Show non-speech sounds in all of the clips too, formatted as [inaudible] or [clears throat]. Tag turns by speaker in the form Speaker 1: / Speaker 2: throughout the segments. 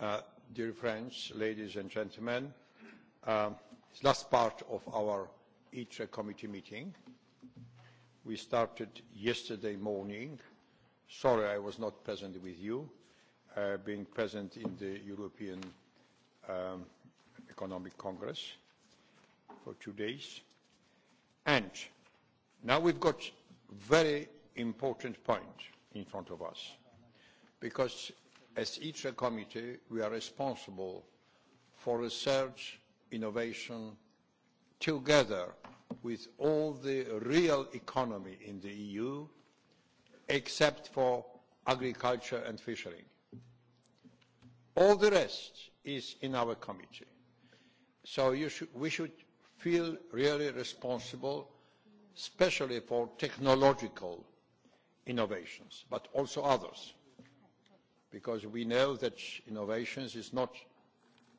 Speaker 1: Uh, dear friends, ladies and gentlemen, uh, last part of our ITRE committee meeting. We started yesterday morning. Sorry I was not present with you, uh, being present in the European um, Economic Congress for two days. And now we've got very important point in front of us because As each a committee, we are responsible for research, innovation, together with all the real economy in the EU, except for agriculture and fishing. All the rest is in our committee. So you should, we should feel really responsible, especially for technological innovations, but also others because we know that innovations is not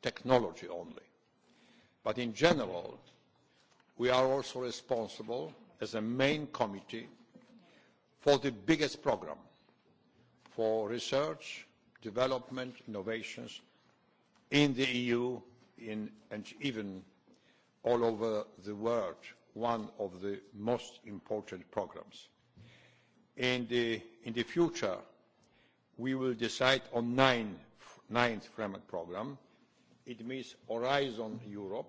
Speaker 1: technology only. But in general, we are also responsible as a main committee for the biggest program for research, development, innovations in the EU in, and even all over the world, one of the most important programs. In the, in the future, we will decide on nine, ninth framework program. It means Horizon Europe,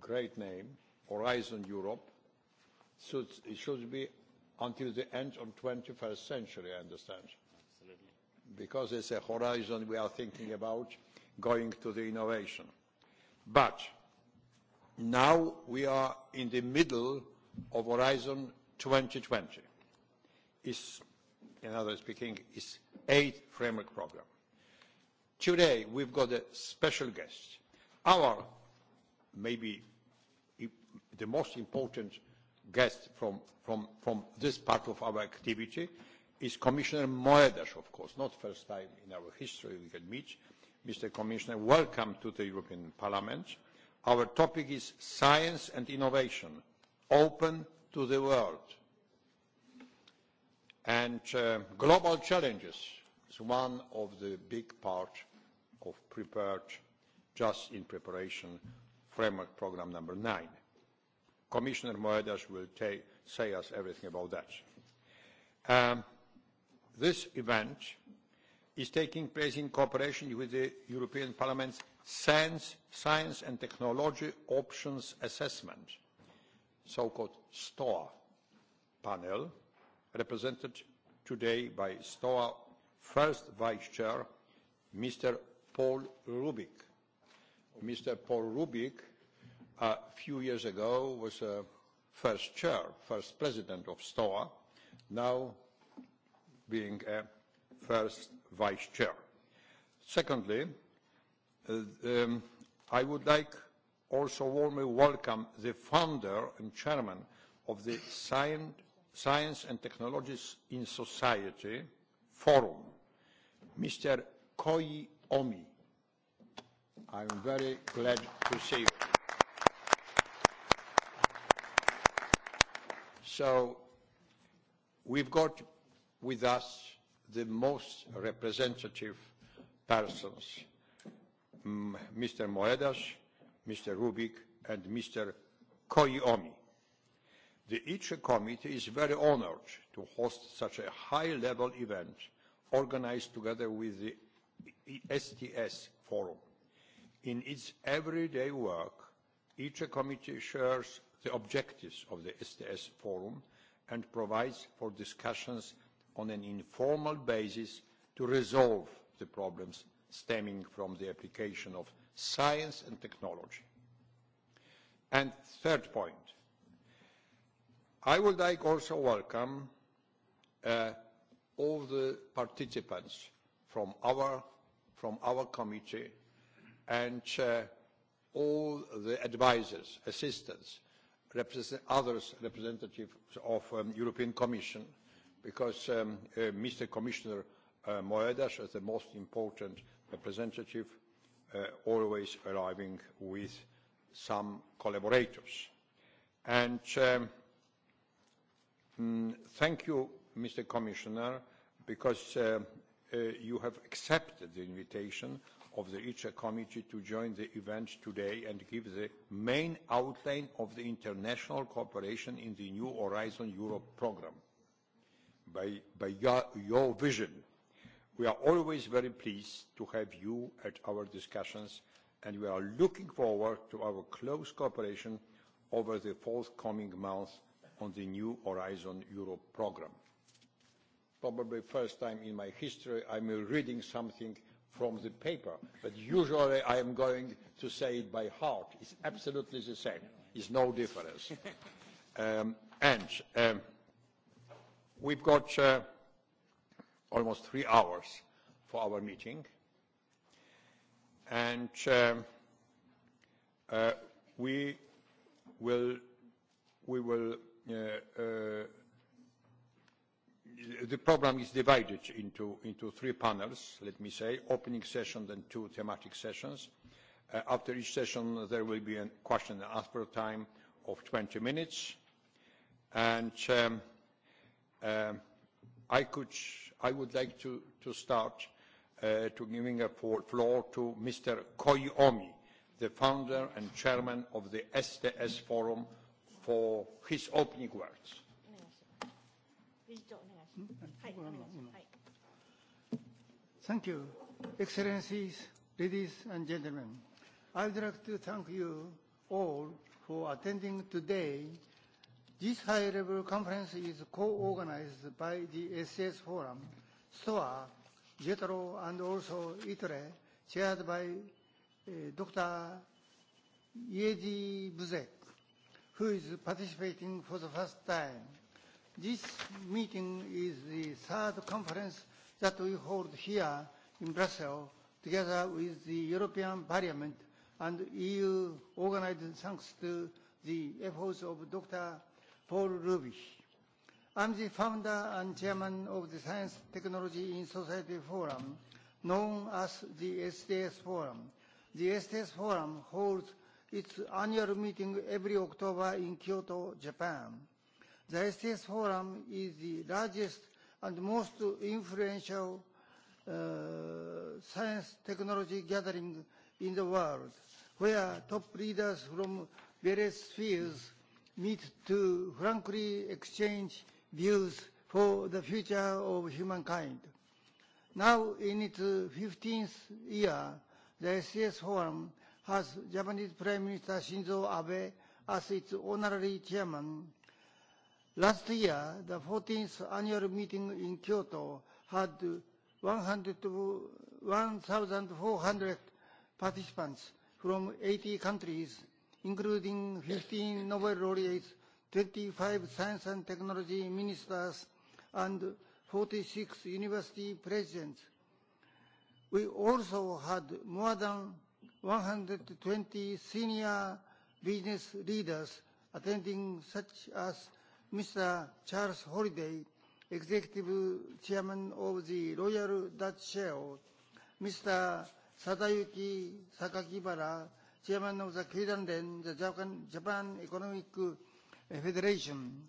Speaker 1: great name, Horizon Europe. So it should be until the end of 21st century, I understand. Absolutely. Because it's a horizon we are thinking about going to the innovation. But now we are in the middle of Horizon 2020. It's in other speaking, is aid framework program. Today, we've got a special guest, our maybe the most important guest from, from, from this part of our activity is Commissioner Moedas, of course, not first time in our history we can meet. Mr. Commissioner, welcome to the European Parliament. Our topic is science and innovation, open to the world and uh, global challenges is one of the big part of prepared just in preparation framework program number nine. Commissioner Moedas will say us everything about that. Um, this event is taking place in cooperation with the European Parliament's Science, Science and Technology Options Assessment, so-called STOA panel, represented today by STOA First Vice Chair, Mr. Paul Rubik. Mr. Paul Rubik, a few years ago, was a uh, first chair, first president of STOA, now being a uh, first vice chair. Secondly, uh, um, I would like also warmly welcome the founder and chairman of the Science Science and Technologies in Society Forum, Mr. Koi Omi. I am very glad to see you. So we've got with us the most representative persons, Mr. Moedas, Mr. Rubik, and Mr. Koyomi. The ICE committee is very honored to host such a high-level event organized together with the STS forum. In its everyday work, ICHE committee shares the objectives of the STS forum and provides for discussions on an informal basis to resolve the problems stemming from the application of science and technology. And third point, I would like also welcome uh, all the participants from our, from our committee and uh, all the advisers, assistants, represent, others representatives of um, European Commission, because um, uh, Mr. Commissioner uh, Moedas is the most important representative, uh, always arriving with some collaborators. And um, Mm, thank you, Mr. Commissioner, because uh, uh, you have accepted the invitation of the ITRE committee to join the event today and give the main outline of the international cooperation in the New Horizon Europe programme. By, by your, your vision, we are always very pleased to have you at our discussions and we are looking forward to our close cooperation over the forthcoming months on the new horizon europe programme. probably the first time in my history i am reading something from the paper but usually i am going to say it by heart. it's absolutely the same. there's no difference. [laughs] um, and um, we've got uh, almost three hours for our meeting and um, uh, we will we will the program is divided into, into three panels, let me say, opening session and two thematic sessions. Uh, after each session, there will be a question and answer time of 20 minutes. And um, uh, I, could, I would like to, to start uh, to giving a floor to Mr. Koyomi, the founder and chairman of the STS Forum for his opening words.
Speaker 2: Thank you, Excellencies, ladies and gentlemen. I'd like to thank you all for attending today. This high-level conference is co-organized by the SS Forum, STOA, JETRO, and also ITRE, chaired by uh, eh, Dr. Yeji Buzek who is participating for the first time. This meeting is the third conference that we hold here in Brussels together with the European Parliament and EU organized thanks to the efforts of Dr. Paul Rubish. I'm the founder and chairman of the Science Technology in Society Forum, known as the STS Forum. The STS Forum holds its annual meeting every October in Kyoto, Japan. The STS Forum is the largest and most influential uh, science technology gathering in the world, where top leaders from various fields meet to frankly exchange views for the future of humankind. Now in its 15th year, the SES Forum has Japanese Prime Minister Shinzo Abe as its honorary chairman. Last year, the 14th annual meeting in Kyoto had 1,400 participants from 80 countries, including 15 Nobel laureates, 25 science and technology ministers, and 46 university presidents. We also had more than 120 senior business leaders attending, such as Mr. Charles Holiday, Executive Chairman of the Royal Dutch Shell, Mr. Sadayuki Sakakibara, Chairman of the Kiranden, the Japan, Japan Economic Federation,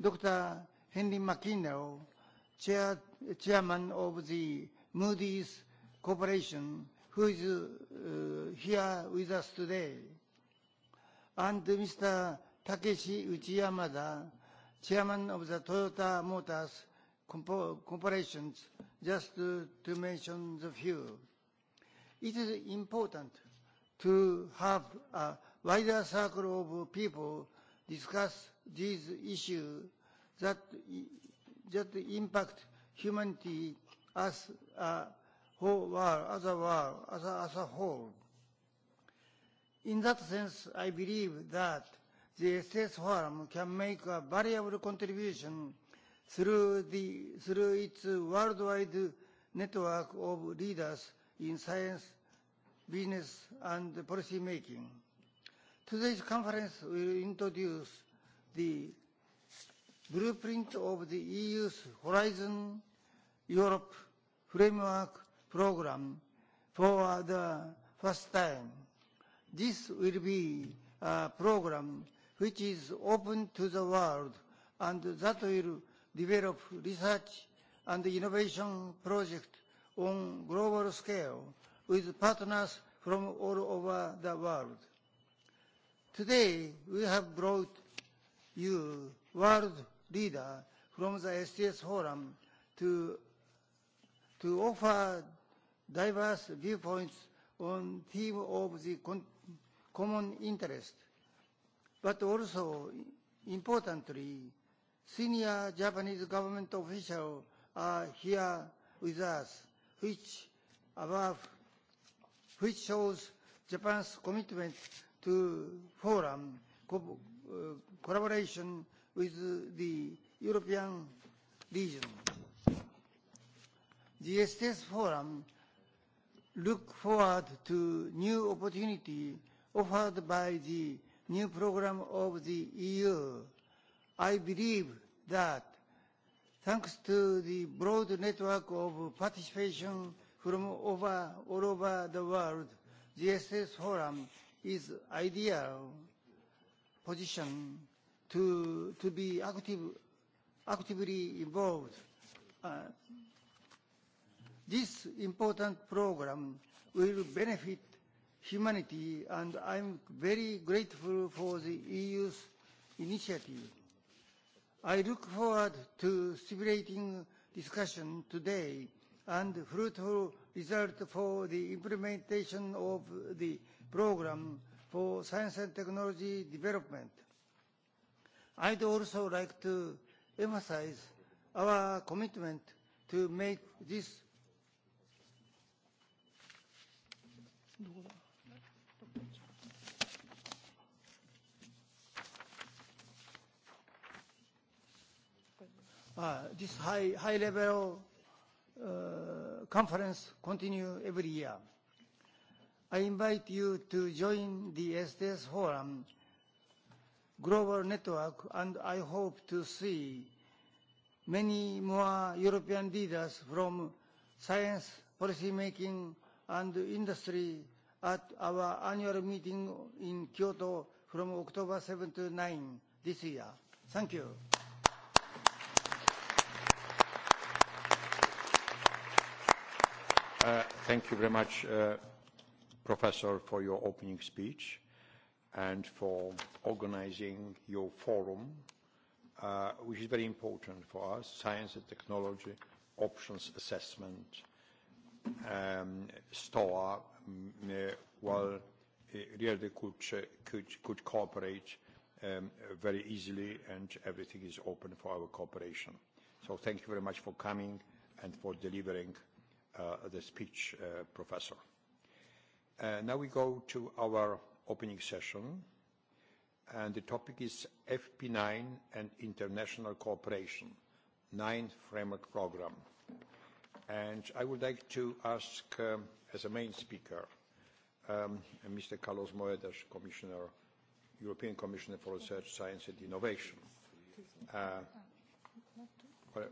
Speaker 2: Dr. Henry McKinnell, Chair, Chairman of the Moody's Corporation, who is uh, here with us today, and Mr. Takeshi Uchiyamada, chairman of the Toyota Motors Corporation, just to, to mention the few. It is important to have a wider circle of people discuss these issues that, that impact humanity as a whole world, other world, as a, whole. In that sense, I believe that the States Forum can make a valuable contribution through, the, through its worldwide network of leaders in science, business, and policy making. Today's conference will introduce the blueprint of the EU's Horizon Europe framework program for the first time. This will be a program which is open to the world and that will develop research and innovation project on global scale with partners from all over the world. Today, we have brought you world leader from the STS Forum to, to offer diverse viewpoints on theme of the con common interest. But also, importantly, senior Japanese government officials are here with us, which above, which shows Japan's commitment to forum co uh, collaboration with the European region. The STS Forum look forward to new opportunity offered by the new program of the EU. I believe that thanks to the broad network of participation from over, all over the world, GSS Forum is ideal position to, to be active, actively involved. Uh, This important program will benefit humanity and I'm very grateful for the EU's initiative. I look forward to stimulating discussion today and fruitful result for the implementation of the program for science and technology development. I'd also like to emphasize our commitment to make this uh, this high, high level uh, conference continue every year. I invite you to join the SDS Forum Global Network and I hope to see many more European leaders from science, policy making and industry at our annual meeting in Kyoto from October 7 to 9 this year. Thank you.
Speaker 1: Uh, thank you very much, uh, Professor, for your opening speech and for organizing your forum, uh, which is very important for us, science and technology, options assessment, um, STOA, um, mm, uh, eh, well, uh, really could, uh, could, could cooperate um, very easily and everything is open for our cooperation. So thank you very much for coming and for delivering uh, the speech uh, professor. Uh, now we go to our opening session, and the topic is FP9 and international cooperation, ninth framework program. And I would like to ask, um, as a main speaker, um, Mr. Carlos Moedas, Commissioner, European Commissioner for Research, Science and Innovation. Uh, well,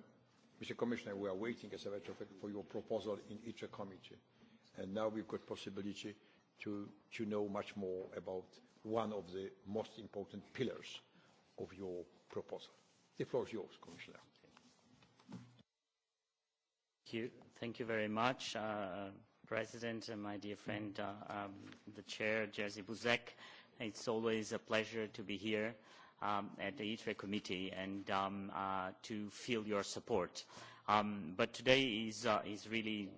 Speaker 1: Mr. Commissioner, we are waiting, as a matter of fact, for your proposal in each committee. And now we've got possibility to, to know much more about one of the most important pillars of your proposal. The floor is yours,
Speaker 3: Commissioner. Thank you, Thank you very much, uh, President, and my dear friend, uh, um, the Chair, Jerzy Buzek. It's always a pleasure to be here. Um, at the ITRE committee and um, uh, to feel your support. Um, but today is, uh, is really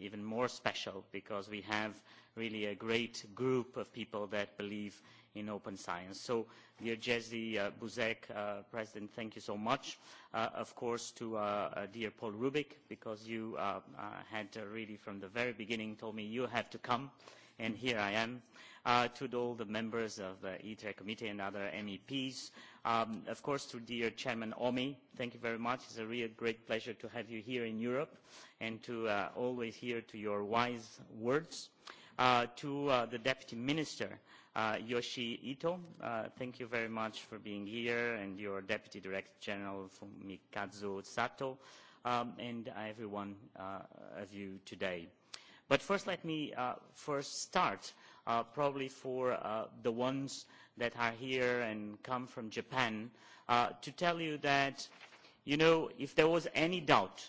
Speaker 3: even more special because we have really a great group of people that believe in open science. So, dear Jesse uh, Buzek, uh, President, thank you so much. Uh, of course, to uh, uh, dear Paul Rubik, because you uh, uh, had uh, really from the very beginning told me you have to come and here I am. Uh, to all the members of the ITRE committee and other MEPs. Um, of course, to dear Chairman Omi, thank you very much. It's a real great pleasure to have you here in Europe and to uh, always hear to your wise words. Uh, to uh, the Deputy Minister, uh, Yoshi Ito, uh, thank you very much for being here and your Deputy Director General, Fumikazu Sato, um, and everyone uh, of you today. But first, let me uh, first start uh, probably for uh, the ones that are here and come from Japan to tell you that, you know, if there was any doubt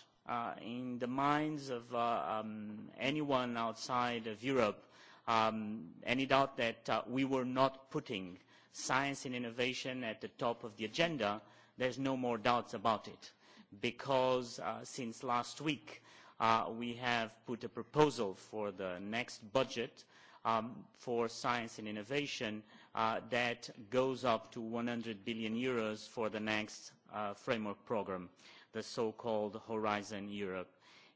Speaker 3: in the minds of um, anyone outside of Europe, um, any doubt that uh, we were not putting science and innovation at the top of the agenda, there's no more doubts about it. Because uh, since last week, uh, we have put a proposal for the next budget um, for science and innovation uh, that goes up to 100 billion euros for the next uh, framework program, the so-called Horizon Europe.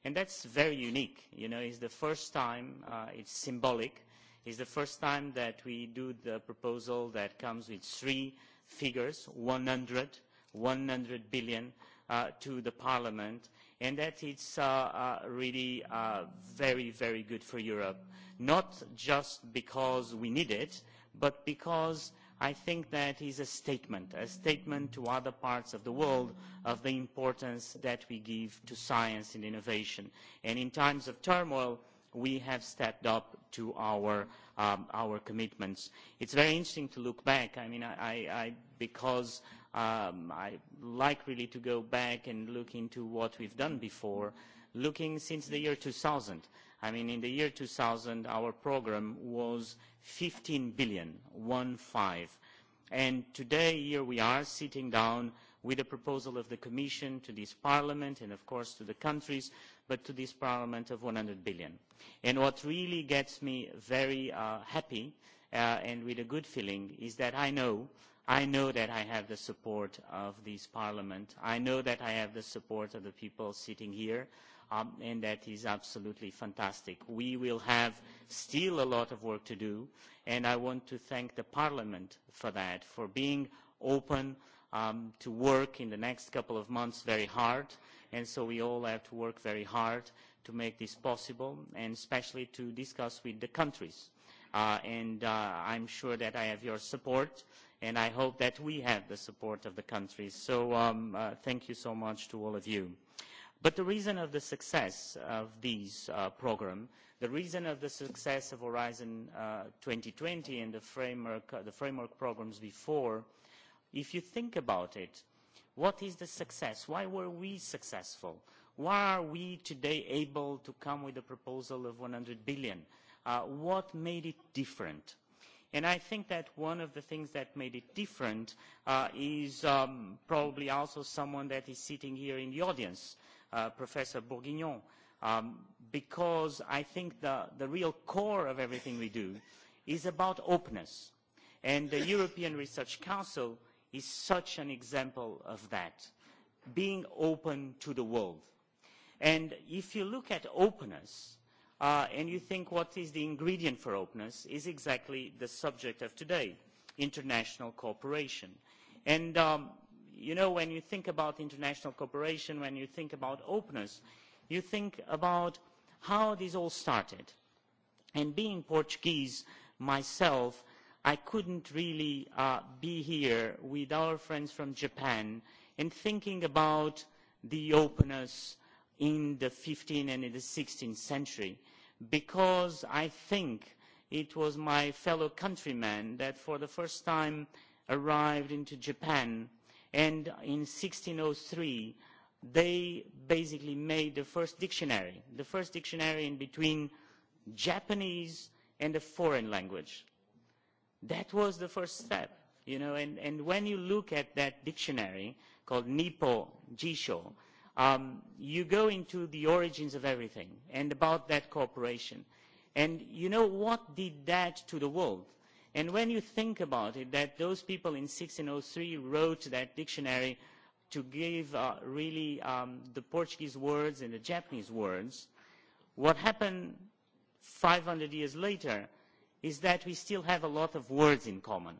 Speaker 3: And that's very unique. You know, it's the first time, uh, it's symbolic, it's the first time that we do the proposal that comes with three figures, 100, 100 billion, uh, to the Parliament and that it's uh, uh, really uh, very, very good for Europe, not just because we need it, but because I think that is a statement, a statement to other parts of the world of the importance that we give to science and innovation. And in times of turmoil, we have stepped up to our, um, our commitments. It's very interesting to look back. I mean, I, I, because um, I like really to go back and look into what we've done before, looking since the year 2000. I mean, in the year 2000, our program was 15 billion, one five. And today, here we are sitting down with a proposal of the Commission to this Parliament and, of course, to the countries, but to this Parliament of 100 billion. And what really gets me very uh, happy uh, and with a good feeling is that I know I know that I have the support of this parliament. I know that I have the support of the people sitting here, um, and that is absolutely fantastic. We will have still a lot of work to do, and I want to thank the parliament for that, for being open um, to work in the next couple of months very hard, and so we all have to work very hard to make this possible, and especially to discuss with the countries. Uh, and uh, I'm sure that I have your support and I hope that we have the support of the countries. So um, uh, thank you so much to all of you. But the reason of the success of these uh, program, the reason of the success of Horizon uh, 2020 and the framework, uh, the framework programs before, if you think about it, what is the success? Why were we successful? Why are we today able to come with a proposal of 100 billion? Uh, what made it different? And I think that one of the things that made it different uh, is um, probably also someone that is sitting here in the audience, uh, Professor Bourguignon, um, because I think the, the real core of everything we do is about openness. And the European Research Council is such an example of that, being open to the world. And if you look at openness, Uh, and you think what is the ingredient for openness is exactly the subject of today, international cooperation. And, um, you know, when you think about international cooperation, when you think about openness, you think about how this all started. And being Portuguese myself, I couldn't really uh, be here with our friends from Japan and thinking about the openness in the 15th and in the 16th century because I think it was my fellow countrymen that for the first time arrived into Japan and in 1603 they basically made the first dictionary, the first dictionary in between Japanese and a foreign language. That was the first step, you know, and, and when you look at that dictionary called Nippo Jisho, um, you go into the origins of everything and about that cooperation. And you know what did that to the world? And when you think about it, that those people in 1603 wrote that dictionary to give uh, really um, the Portuguese words and the Japanese words, what happened 500 years later is that we still have a lot of words in common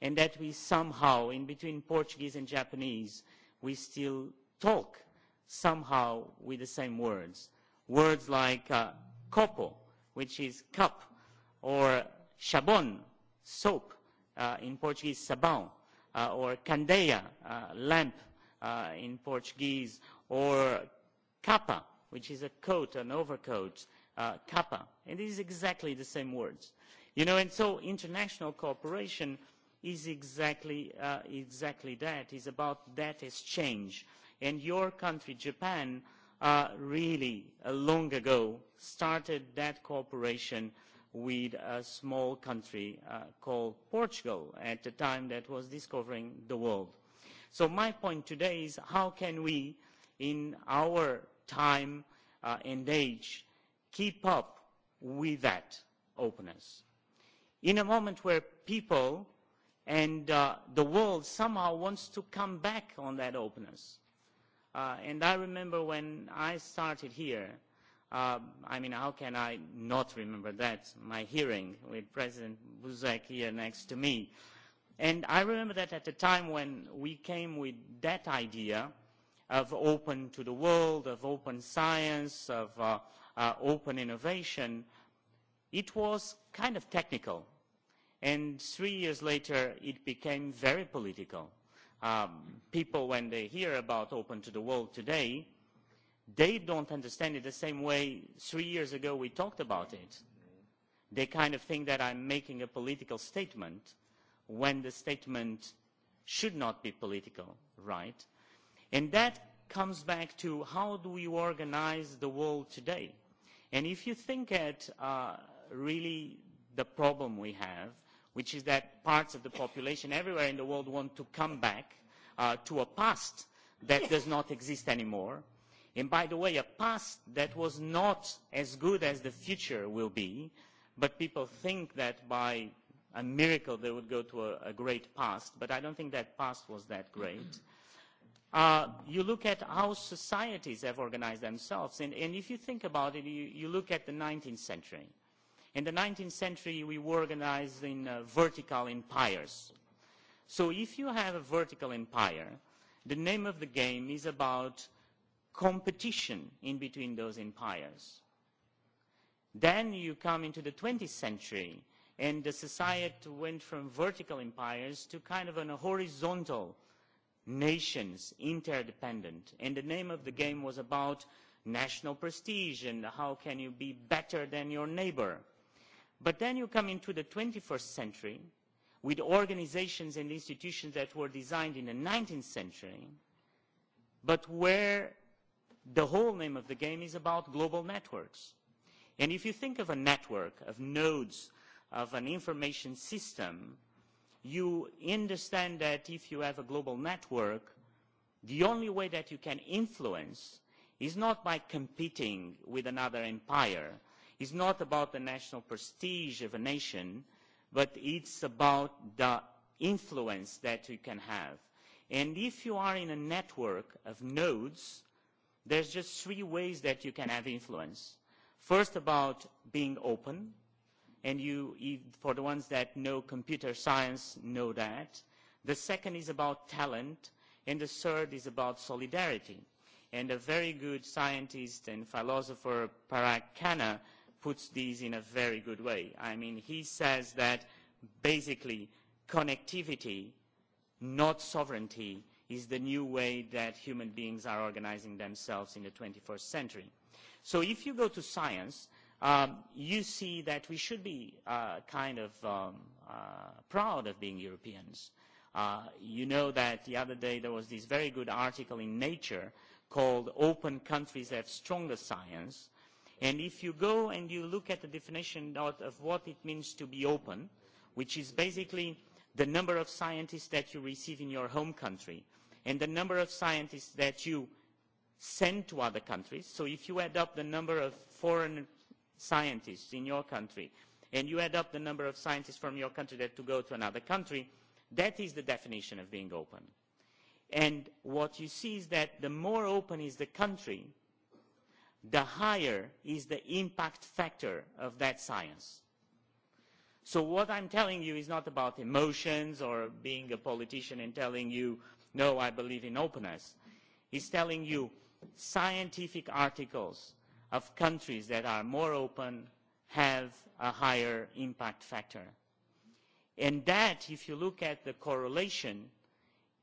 Speaker 3: and that we somehow, in between Portuguese and Japanese, we still talk somehow with the same words. Words like uh, copo, which is cup, or shabon, soap, uh, in Portuguese sabão, uh, or candeia, uh, lamp, uh, in Portuguese, or capa, which is a coat, an overcoat, uh, capa. And it is exactly the same words. You know, and so international cooperation is exactly, uh, exactly that. is about that exchange. Uh, and your country japan uh, really uh, long ago started that cooperation with a small country uh, called portugal at the time that was discovering the world. so my point today is how can we in our time uh, and age keep up with that openness in a moment where people and uh, the world somehow wants to come back on that openness Uh, and I remember when I started here, uh, I mean, how can I not remember that? My hearing with President Buzek here next to me. And I remember that at the time when we came with that idea of open to the world, of open science, of uh, uh, open innovation, it was kind of technical. And three years later, it became very political Um, people, when they hear about Open to the World today, they don't understand it the same way three years ago we talked about it. They kind of think that I'm making a political statement when the statement should not be political, right? And that comes back to how do we organize the world today? And if you think at uh, really the problem we have, which is that parts of the population everywhere in the world want to come back uh, to a past that does not exist anymore. And by the way, a past that was not as good as the future will be, but people think that by a miracle they would go to a, a great past, but I don't think that past was that great. Uh, you look at how societies have organized themselves, and, and if you think about it, you, you look at the 19th century. Uh, In the 19th century, we were organized in uh, vertical empires. So if you have a vertical empire, the name of the game is about competition in between those empires. Then you come into the 20th century, and the society went from vertical empires to kind of an horizontal nations interdependent and the name of the game was about national prestige and how can you be better than your neighbor but then you come into the twenty first century with organisations and institutions that were designed in the nineteenth century but where the whole name of the game is about global networks and if you think of a network of nodes of an information system you understand that if you have a global network the only way that you can influence is not by competing with another empire is not about the national prestige of a nation, but it's about the influence that you can have. And if you are in a network of nodes, there's just three ways that you can have influence. First, about being open, and you, for the ones that know computer science, know that. The second is about talent, and the third is about solidarity. And a very good scientist and philosopher, Parag Khanna, puts these in a very good way. I mean, he says that basically connectivity, not sovereignty, is the new way that human beings are organizing themselves in the 21st century. So if you go to science, um, you see that we should be uh, kind of um, uh, proud of being Europeans. Uh, you know that the other day there was this very good article in Nature called Open Countries Have Stronger Science, and if you go and you look at the definition of, of what it means to be open which is basically the number of scientists that you receive in your home country and the number of scientists that you send to other countries so if you add up the number of foreign scientists in your country and you add up the number of scientists from your country that to go to another country that is the definition of being open and what you see is that the more open is the country the higher is the impact factor of that science. So what I'm telling you is not about emotions or being a politician and telling you, no, I believe in openness. It's telling you scientific articles of countries that are more open have a higher impact factor. And that, if you look at the correlation,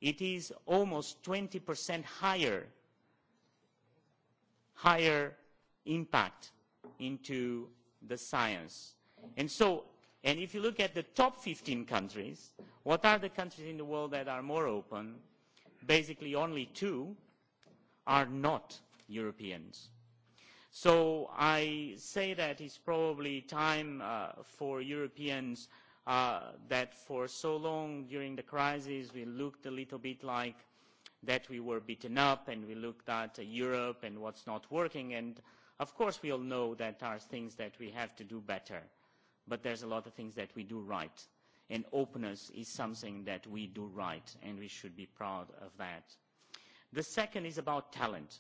Speaker 3: it is almost 20% higher higher impact into the science. And so, and if you look at the top 15 countries, what are the countries in the world that are more open? Basically, only two are not Europeans. So I say that it's probably time uh, for Europeans uh, that for so long during the crisis we looked a little bit like that we were beaten up and we looked at uh, Europe and what's not working. And of course, we all know that there are things that we have to do better, but there's a lot of things that we do right. And openness is something that we do right, and we should be proud of that. The second is about talent.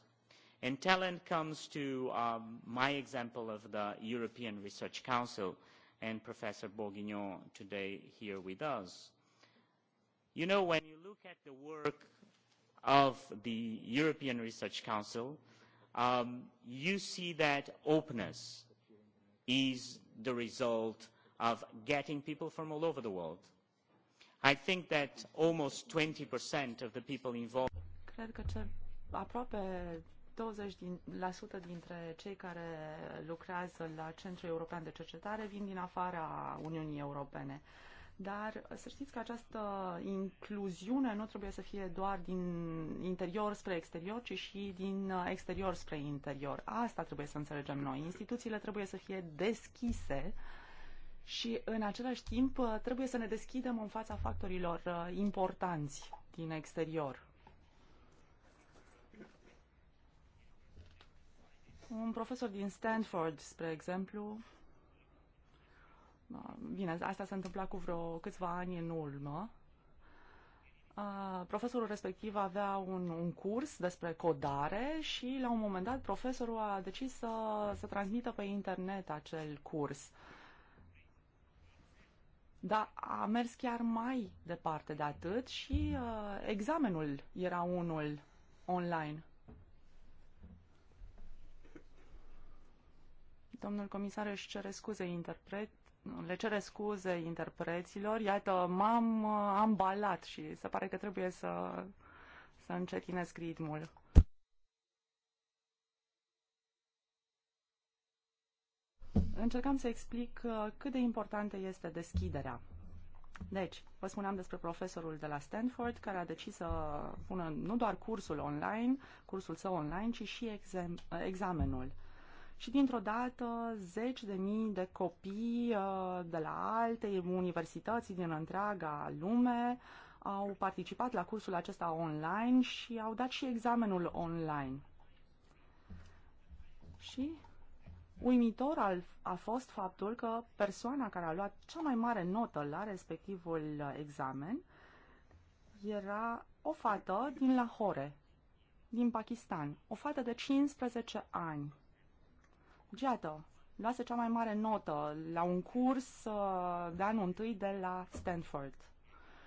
Speaker 3: And talent comes to um, my example of the European Research Council and Professor Bourguignon today here with us. You know, when you look at the work of the European Research Council, um, you see that openness is the result of getting people from all over the world. I think that almost 20% of the people involved
Speaker 4: Cred că ce, aproape 20% din, la sută dintre cei care lucrează la Centrul European de Cercetare vin din afara Uniunii Europene. Uh, dar să știți că această incluziune nu trebuie să fie doar din interior spre exterior, ci și din uh, exterior spre interior. Asta trebuie să înțelegem noi. Instituțiile trebuie să fie deschise și în același timp uh, trebuie să ne deschidem în fața factorilor uh, importanți din exterior. Un profesor din Stanford, spre exemplu, Bine, asta s-a întâmplat cu vreo câțiva ani în urmă. Uh, profesorul respectiv avea un, un curs despre codare și la un moment dat profesorul a decis să, să transmită pe internet acel curs. Dar a mers chiar mai departe de atât și uh, examenul era unul online. Domnul comisar își cere scuze interpret le cere scuze interpreților. Iată, m-am uh, ambalat și se pare că trebuie să, să încetinesc ritmul. Încercam să explic uh, cât de importantă este deschiderea. Deci, vă spuneam despre profesorul de la Stanford care a decis să pună nu doar cursul online, cursul său online, ci și exam- examenul și dintr-o dată zeci de mii de copii uh, de la alte universități din întreaga lume au participat la cursul acesta online și au dat și examenul online. Și uimitor al, a fost faptul că persoana care a luat cea mai mare notă la respectivul examen era o fată din Lahore, din Pakistan, o fată de 15 ani. Iată, luase cea mai mare notă la un curs uh, de anul întâi de la Stanford.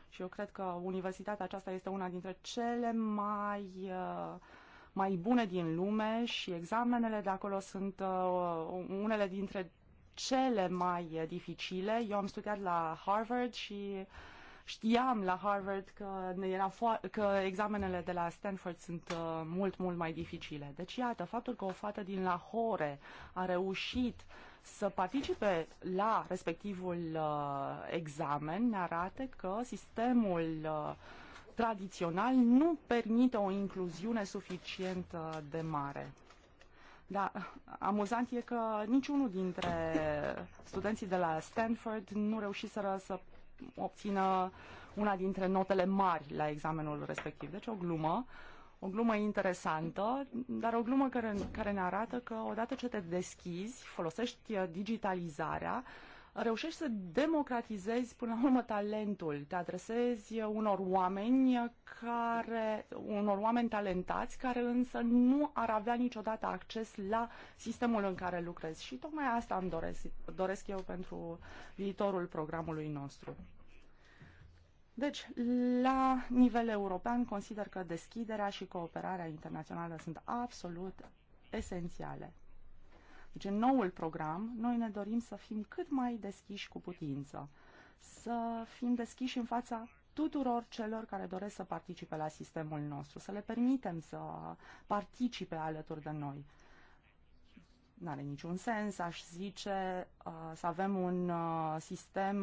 Speaker 4: Și eu cred că universitatea aceasta este una dintre cele mai, uh, mai bune din lume și examenele de acolo sunt uh, unele dintre cele mai dificile. Eu am studiat la Harvard și uh, Știam la Harvard că, ne era că examenele de la Stanford sunt uh, mult, mult mai dificile. Deci, iată, faptul că o fată din Lahore a reușit să participe la respectivul uh, examen ne arată că sistemul uh, tradițional nu permite o incluziune suficient de mare. Da, amuzant e că niciunul dintre studenții de la Stanford nu reușiseră să obțină una dintre notele mari la examenul respectiv. Deci o glumă, o glumă interesantă, dar o glumă care, care ne arată că odată ce te deschizi, folosești uh, digitalizarea, uh, reușești să democratizezi până la urmă talentul, te adresezi unor oameni care, unor oameni talentați care însă nu ar avea niciodată acces la sistemul în care lucrezi și tocmai asta îmi doresc, doresc eu pentru viitorul programului nostru. Deci, la nivel european, consider că deschiderea și cooperarea internațională sunt absolut esențiale. Deci în noul program noi ne dorim să fim cât mai deschiși cu putință, să fim deschiși în fața tuturor celor care doresc să participe la sistemul nostru, să le permitem să participe alături de noi. N-are niciun sens, aș zice, uh, să avem un uh, sistem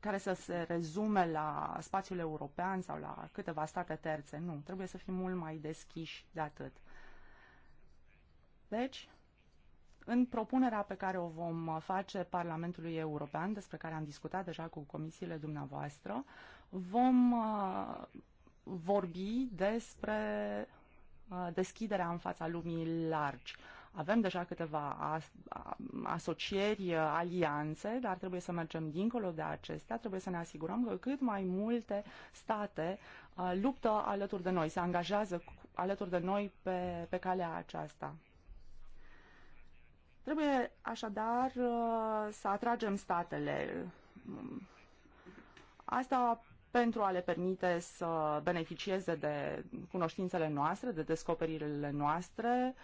Speaker 4: care să se rezume la spațiul european sau la câteva state terțe. Nu, trebuie să fim mult mai deschiși de atât. Deci, în propunerea pe care o vom face Parlamentului European, despre care am discutat deja cu comisiile dumneavoastră, vom uh, vorbi despre uh, deschiderea în fața lumii largi. Avem deja câteva asocieri, uh, alianțe, dar trebuie să mergem dincolo de acestea, trebuie să ne asigurăm că cât mai multe state luptă alături de noi, se angajează alături de noi pe, pe calea aceasta. Trebuie așadar uh, să atragem statele. Asta pentru a le permite să beneficieze de cunoștințele noastre, de descoperirile noastre.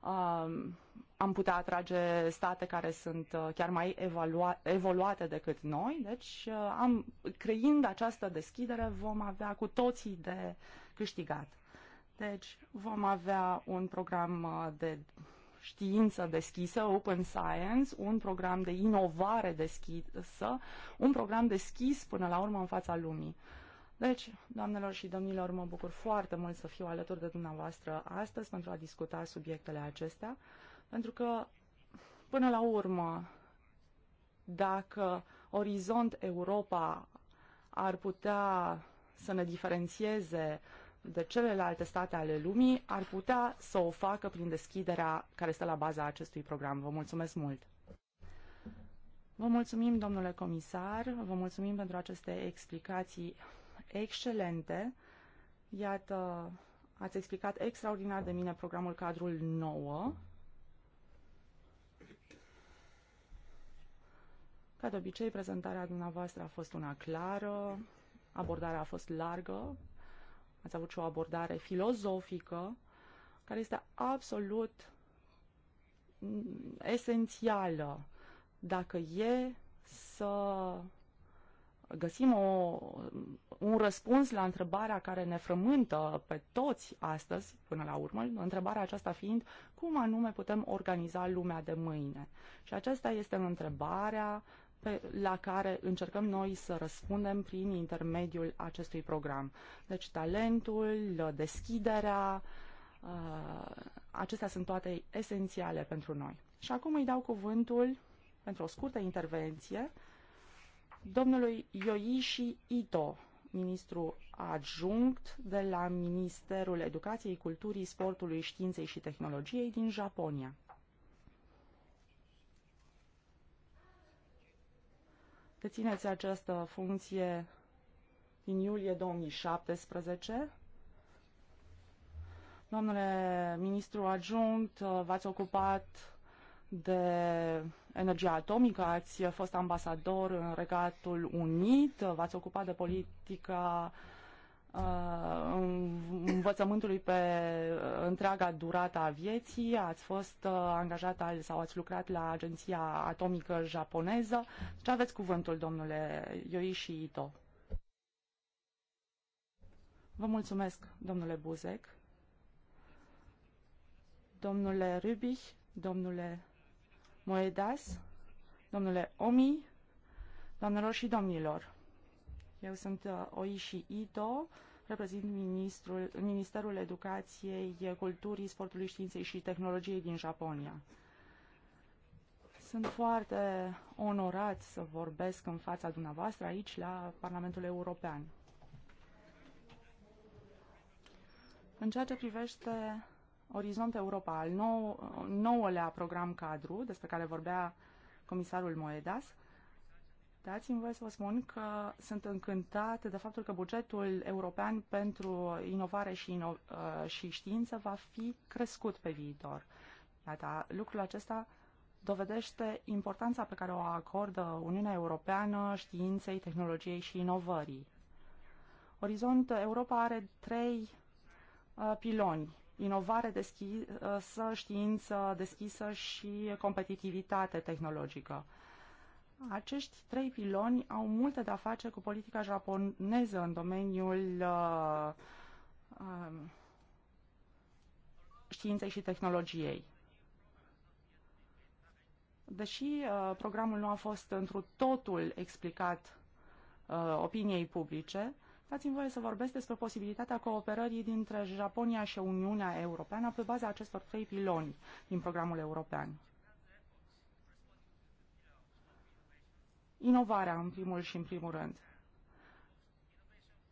Speaker 4: Um, am putea atrage state care sunt uh, chiar mai evalua- evoluate decât noi, deci uh, am, creind această deschidere vom avea cu toții de câștigat. Deci vom avea un program de știință deschisă, Open Science, un program de inovare deschisă, un program deschis până la urmă în fața lumii. Deci, doamnelor și domnilor, mă bucur foarte mult să fiu alături de dumneavoastră astăzi pentru a discuta subiectele acestea, pentru că, până la urmă, dacă Orizont Europa ar putea să ne diferențieze uh, de celelalte state ale lumii ar putea să o facă prin deschiderea care stă la baza acestui program. Vă mulțumesc mult! Vă mulțumim, domnule comisar, vă mulțumim pentru aceste explicații excelente. Iată, ați explicat extraordinar de mine programul cadrul 9. Ca de obicei, prezentarea dumneavoastră a fost una clară, abordarea a fost largă, Ați avut și o abordare filozofică care este absolut mm, esențială dacă e să găsim o, un răspuns la întrebarea care ne frământă pe toți astăzi, până la urmă, întrebarea aceasta fiind cum anume putem organiza lumea de mâine. Și aceasta este întrebarea pe, la care încercăm noi să răspundem prin intermediul acestui program. Deci talentul, deschiderea, uh, acestea sunt toate esențiale pentru noi. Și acum îi dau cuvântul pentru o scurtă intervenție domnului Yoishi Ito, ministru adjunct de la Ministerul Educației, Culturii, Sportului, Științei și Tehnologiei din Japonia. dețineți această funcție din iulie 2017. Domnule ministru adjunct, v-ați ocupat de energia atomică, ați fost ambasador în Regatul Unit, v-ați ocupat de politica uh, Uh, învățământului pe uh, întreaga durată a vieții, ați fost uh, angajat sau ați lucrat la Agenția Atomică Japoneză. Ce deci aveți cuvântul, domnule Yoishi Ito? Vă mulțumesc, domnule Buzek, domnule Rubich, domnule Moedas, domnule Omi, doamnelor și domnilor. Eu sunt uh, Oishi Ito, reprezint ministrul, Ministerul Educației, Culturii, Sportului, Științei și Tehnologiei din Japonia. Sunt foarte onorat să vorbesc în fața dumneavoastră aici, la Parlamentul European. În ceea ce privește Orizont Europa, al nou, nouălea program cadru, despre care vorbea comisarul Moedas, Dați-mi voie să vă spun că sunt încântată de faptul că bugetul european pentru inovare și, ino- uh, și știință va fi crescut pe viitor. Iată, lucrul acesta dovedește importanța pe care o acordă Uniunea Europeană științei, tehnologiei și inovării. Orizont Europa are trei uh, piloni. Inovare deschisă, știință deschisă și competitivitate tehnologică. Acești trei piloni au multe de-a face cu politica japoneză în domeniul uh, um, științei și tehnologiei. Deși uh, programul nu a fost întru totul explicat uh, opiniei publice, dați-mi voie să vorbesc despre posibilitatea cooperării dintre Japonia și Uniunea Europeană pe baza acestor trei piloni din programul european. inovarea, în primul și în primul rând.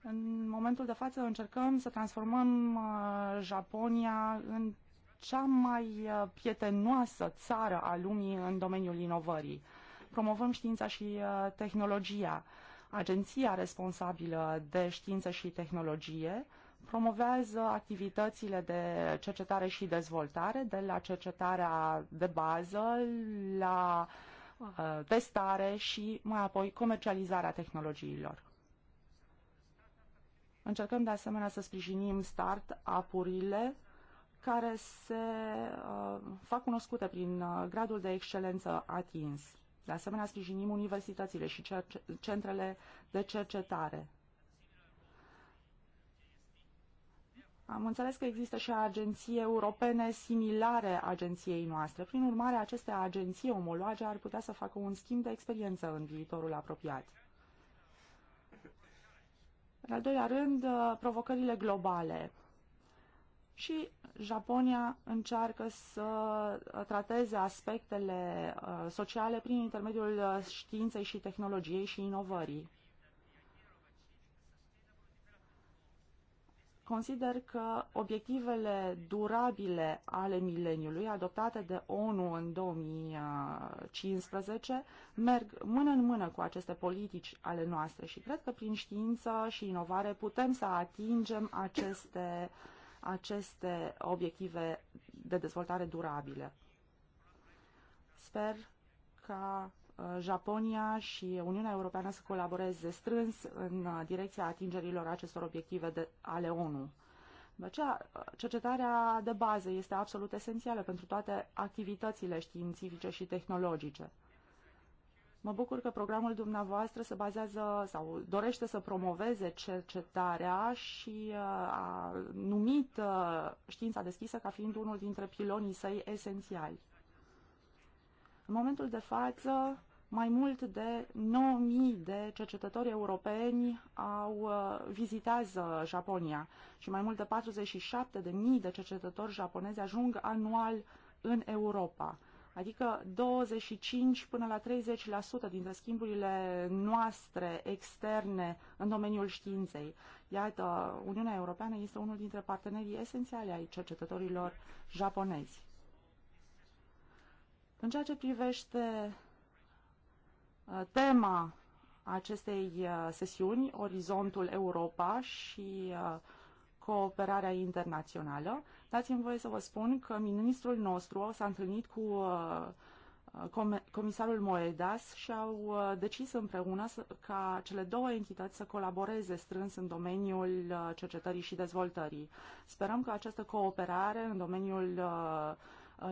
Speaker 4: În momentul de față încercăm să transformăm uh, Japonia în cea mai uh, prietenoasă țară a lumii în domeniul inovării. Promovăm știința și uh, tehnologia. Agenția responsabilă de știință și tehnologie promovează activitățile de cercetare și dezvoltare, de la cercetarea de bază la uh, Uh, testare și mai apoi comercializarea tehnologiilor. Încercăm de asemenea să sprijinim start-up-urile care se uh, fac cunoscute prin uh, gradul de excelență atins. De asemenea, sprijinim universitățile și centrele de cercetare. Am înțeles că există și agenții europene similare agenției noastre. Prin urmare, aceste agenții omologe ar putea să facă un schimb de experiență în viitorul apropiat. În al doilea rând, uh, provocările globale. Și Japonia încearcă să uh, trateze aspectele uh, sociale prin intermediul științei și tehnologiei și inovării. consider că obiectivele durabile ale mileniului adoptate de ONU în 2015 merg mână în mână cu aceste politici ale noastre și cred că prin știință și inovare putem să atingem aceste, aceste obiective de dezvoltare durabile. Sper ca Japonia și Uniunea Europeană să colaboreze strâns în direcția atingerilor acestor obiective de, ale ONU. De aceea, cercetarea de bază este absolut esențială pentru toate activitățile științifice și tehnologice. Mă bucur că programul dumneavoastră se bazează sau dorește să promoveze cercetarea și uh, a numit uh, știința deschisă ca fiind unul dintre pilonii săi esențiali. În momentul de față, mai mult de 9000 de cercetători europeni au uh, vizitează Japonia și mai mult de 47.000 de cercetători japonezi ajung anual în Europa. Adică 25 până la 30% dintre schimburile noastre externe în domeniul științei. Iată, Uniunea Europeană este unul dintre partenerii esențiali ai cercetătorilor japonezi. În ceea ce privește Tema acestei uh, sesiuni, Orizontul Europa și uh, cooperarea internațională. Dați-mi voie să vă spun că ministrul nostru s-a întâlnit cu uh, comisarul Moedas și au decis împreună ca cele două entități să colaboreze strâns în domeniul cercetării și dezvoltării. Sperăm că această cooperare în domeniul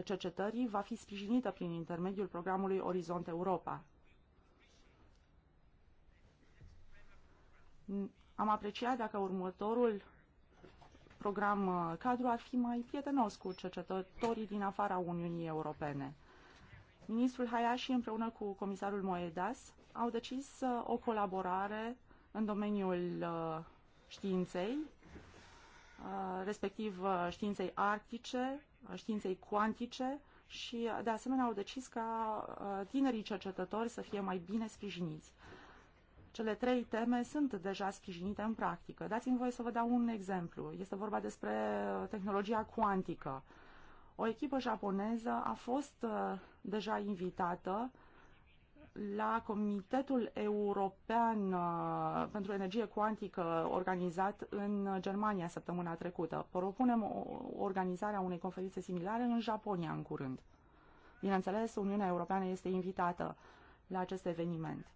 Speaker 4: cercetării va fi sprijinită prin intermediul programului Orizont Europa. Am apreciat dacă următorul program uh, cadru ar fi mai prietenos cu cercetătorii din afara Uniunii Europene. Ministrul Hayashi împreună cu comisarul Moedas au decis uh, o colaborare în domeniul uh, științei, respectiv științei arctice, științei cuantice și de asemenea au decis ca tinerii cercetători să fie mai bine sprijiniți. Cele trei teme sunt deja sprijinite în practică. Dați-mi voie să vă dau un exemplu. Este vorba despre uh, tehnologia cuantică. O echipă japoneză a fost uh, deja invitată la Comitetul European uh, pentru Energie Cuantică organizat în Germania săptămâna trecută. Propunem organizarea unei conferințe similare în Japonia în curând. Bineînțeles, Uniunea Europeană este invitată la acest eveniment.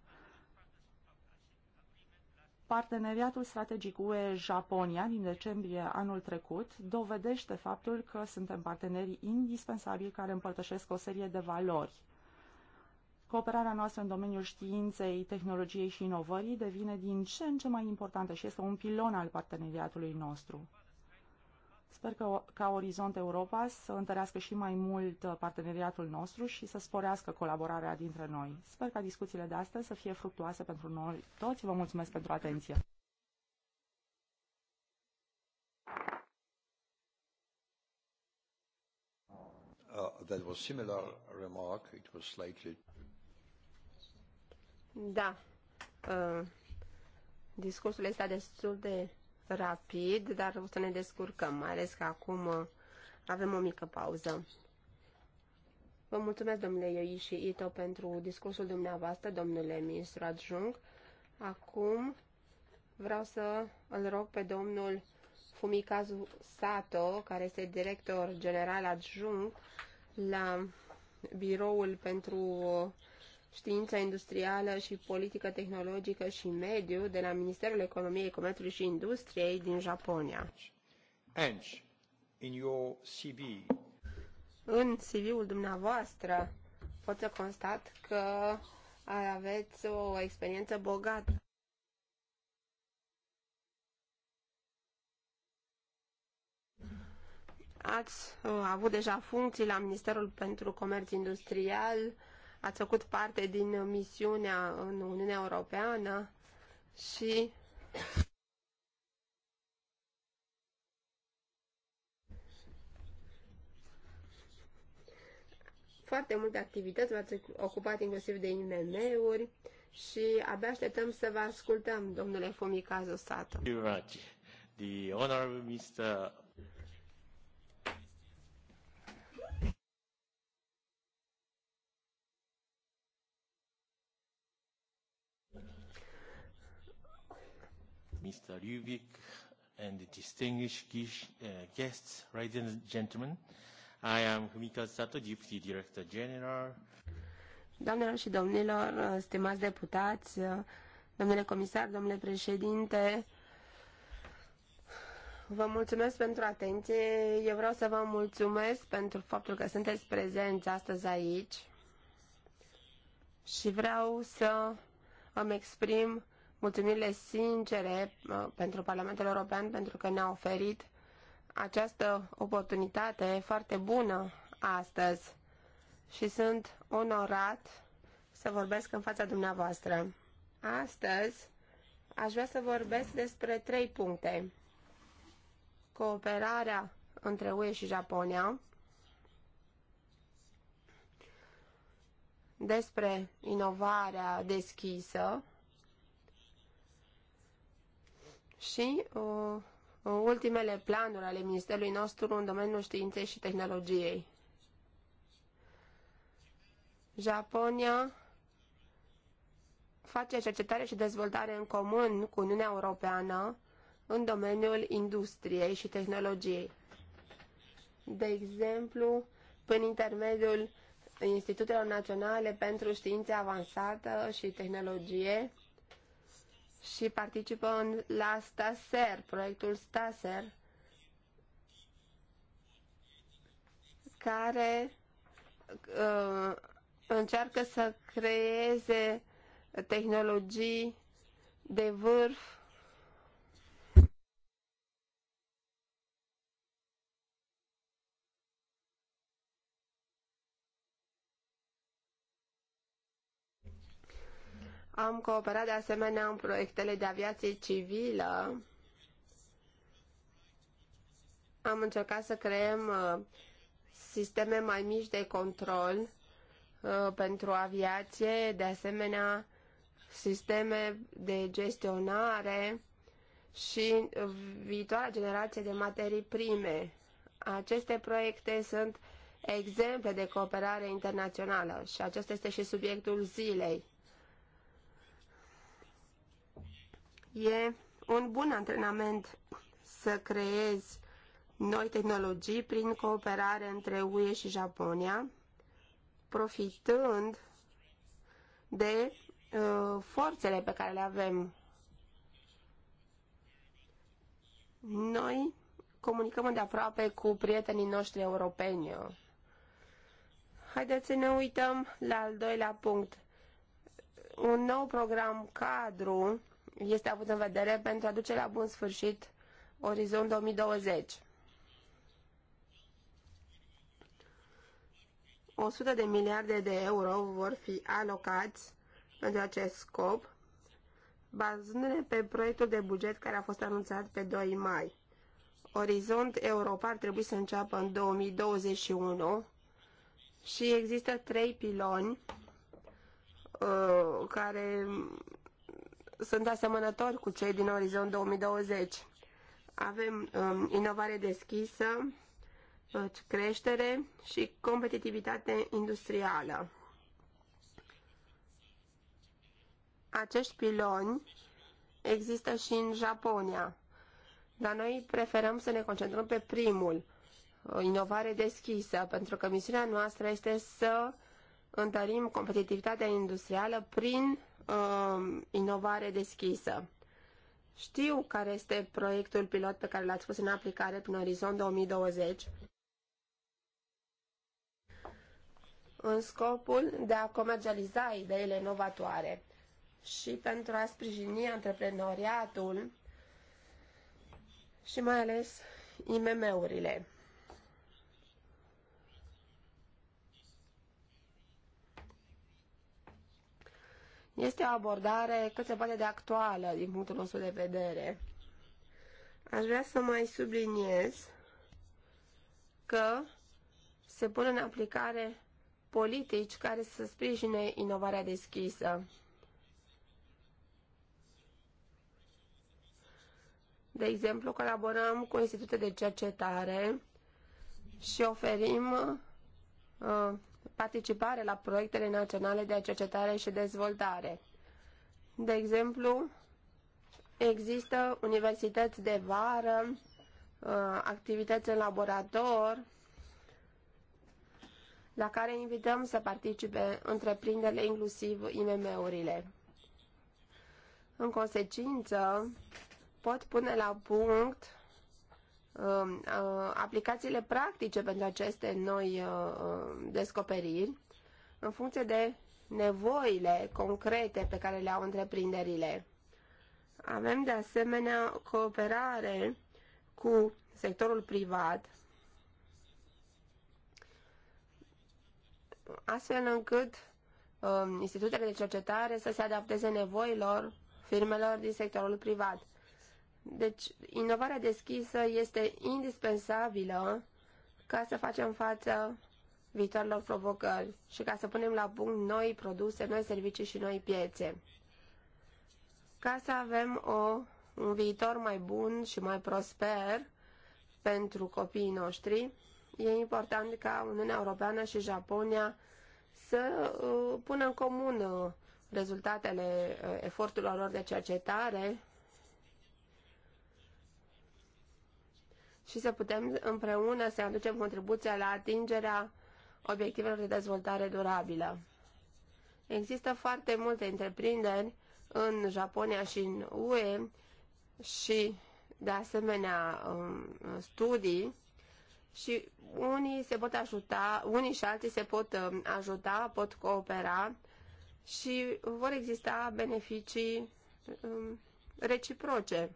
Speaker 4: Parteneriatul strategic UE-Japonia din decembrie anul trecut dovedește faptul că suntem parteneri indispensabili care împărtășesc o serie de valori. Cooperarea noastră în domeniul științei, tehnologiei și inovării devine din ce în ce mai importantă și este un pilon al parteneriatului nostru. Sper că ca Orizont Europa să întărească și mai mult uh, parteneriatul nostru și să sporească colaborarea dintre noi. Sper ca discuțiile de astăzi să fie fructuoase pentru noi toți. Vă mulțumesc pentru atenție.
Speaker 1: Uh, that was similar remark. It was slightly...
Speaker 5: Da. Uh, discursul este destul de rapid, dar o să ne descurcăm, mai ales că acum uh, avem o mică pauză. Vă mulțumesc, domnule Ioi și Ito, pentru discursul dumneavoastră, domnule ministru Adjung. Acum vreau să îl rog pe domnul Fumikazu Sato, care este director general Adjung, la biroul pentru uh, Știința industrială și politică tehnologică și mediu de la Ministerul Economiei, Comerțului și Industriei din Japonia.
Speaker 1: And in your CV.
Speaker 5: În CV-ul dumneavoastră pot să constat că aveți o experiență bogată. Ați uh, avut deja funcții la Ministerul pentru Comerț Industrial, ați făcut parte din misiunea în Uniunea Europeană și foarte multe activități, v-ați ocupat inclusiv de IMM-uri și abia așteptăm să vă ascultăm, domnule Fumicazu Sato.
Speaker 6: The honorable Mr. Mr. Rubik, and the distinguished uh, guests, ladies and gentlemen. I am Fumika Sato, Deputy Director General.
Speaker 5: Doamnelor și domnilor, uh, stimați deputați, uh, domnule comisar, domnule președinte, vă mulțumesc pentru atenție. Eu vreau să vă mulțumesc pentru faptul că sunteți prezenți astăzi aici și vreau să îmi exprim mulțumirile sincere uh, pentru Parlamentul European pentru că ne-a oferit această oportunitate foarte bună astăzi și sunt onorat să vorbesc în fața dumneavoastră. Astăzi aș vrea să vorbesc despre trei puncte. Cooperarea între UE și Japonia, despre inovarea deschisă și uh, uh, ultimele planuri ale Ministerului nostru în domeniul științei și tehnologiei. Japonia face cercetare și dezvoltare în comun cu Uniunea Europeană în domeniul industriei și tehnologiei. De exemplu, prin intermediul Institutelor Naționale pentru Științe Avansată și Tehnologie, și participă în, la STASER, proiectul STASER, care uh, încearcă să creeze tehnologii de vârf Am cooperat de asemenea în proiectele de aviație civilă. Am încercat să creăm uh, sisteme mai mici de control uh, pentru aviație, de asemenea sisteme de gestionare și uh, viitoarea generație de materii prime. Aceste proiecte sunt exemple de cooperare internațională și acesta este și subiectul zilei. E un bun antrenament să creezi noi tehnologii prin cooperare între UE și Japonia, profitând de uh, forțele pe care le avem. Noi comunicăm de aproape cu prietenii noștri europeni. Haideți să ne uităm la al doilea punct. Un nou program cadru este avut în vedere pentru a duce la bun sfârșit Orizont 2020. 100 de miliarde de euro vor fi alocați pentru acest scop, bazându-ne pe proiectul de buget care a fost anunțat pe 2 mai. Orizont Europa ar trebui să înceapă în 2021 și există trei piloni uh, care sunt asemănători cu cei din Orizont 2020. Avem um, inovare deschisă, deci creștere și competitivitate industrială. Acești piloni există și în Japonia, dar noi preferăm să ne concentrăm pe primul, uh, inovare deschisă, pentru că misiunea noastră este să întărim competitivitatea industrială prin uh, inovare deschisă. Știu care este proiectul pilot pe care l-ați pus în aplicare prin Orizont 2020 în scopul de a comercializa ideile inovatoare și pentru a sprijini antreprenoriatul și mai ales IMM-urile. Este o abordare cât se poate de actuală din punctul nostru de vedere. Aș vrea să mai subliniez că se pun în aplicare politici care să sprijine inovarea deschisă. De exemplu, colaborăm cu institute de cercetare și oferim uh, participare la proiectele naționale de cercetare și dezvoltare. De exemplu, există universități de vară, uh, activități în laborator, la care invităm să participe întreprinderile, inclusiv IMM-urile. În consecință, pot pune la punct Um, uh, aplicațiile practice pentru aceste noi uh, uh, descoperiri în funcție de nevoile concrete pe care le au întreprinderile. Avem de asemenea cooperare cu sectorul privat, astfel încât um, institutele de cercetare să se adapteze nevoilor firmelor din sectorul privat. Deci, inovarea deschisă este indispensabilă ca să facem față viitoarelor provocări și ca să punem la punct noi produse, noi servicii și noi piețe. Ca să avem o, un viitor mai bun și mai prosper pentru copiii noștri, e important ca Uniunea Europeană și Japonia să uh, pună în comun uh, rezultatele uh, eforturilor lor de cercetare și să putem împreună să aducem contribuția la atingerea obiectivelor de dezvoltare durabilă. Există foarte multe întreprinderi în Japonia și în UE și de asemenea studii și unii se pot ajuta, unii și alții se pot um, ajuta, pot coopera și vor exista beneficii um, reciproce.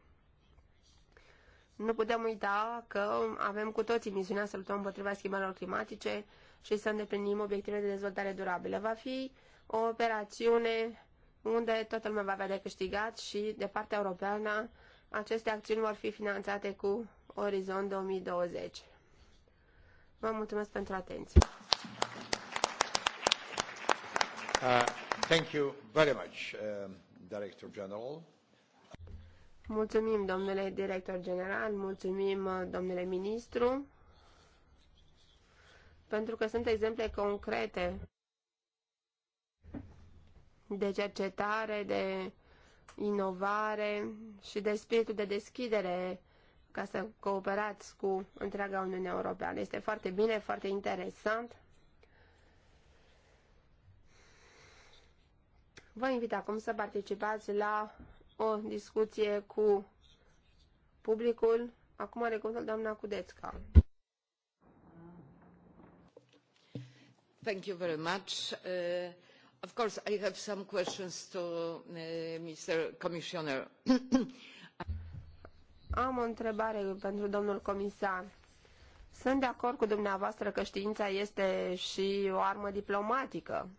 Speaker 5: Nu putem uita că avem cu toții misiunea să luptăm împotriva schimbărilor climatice și să îndeplinim obiectivele de dezvoltare durabilă. Va fi o operațiune unde toată lumea va avea de câștigat și de partea europeană aceste acțiuni vor fi finanțate cu Orizont 2020. Vă mulțumesc pentru atenție.
Speaker 1: Uh, thank you very much, uh, Director General.
Speaker 5: Mulțumim, domnule director general, mulțumim, uh, domnule ministru, pentru că sunt exemple concrete de cercetare, de inovare și de spiritul de deschidere ca să cooperați cu întreaga Uniune Europeană. Este foarte bine, foarte interesant. Vă invit acum să participați la o discuție cu publicul. Acum are cuvântul doamna Cudețca.
Speaker 7: Thank you very much. Uh, of course, I have some questions to uh, Mr. Commissioner.
Speaker 5: [coughs] Am o întrebare pentru domnul comisar. Sunt de acord cu dumneavoastră că știința este și o armă diplomatică.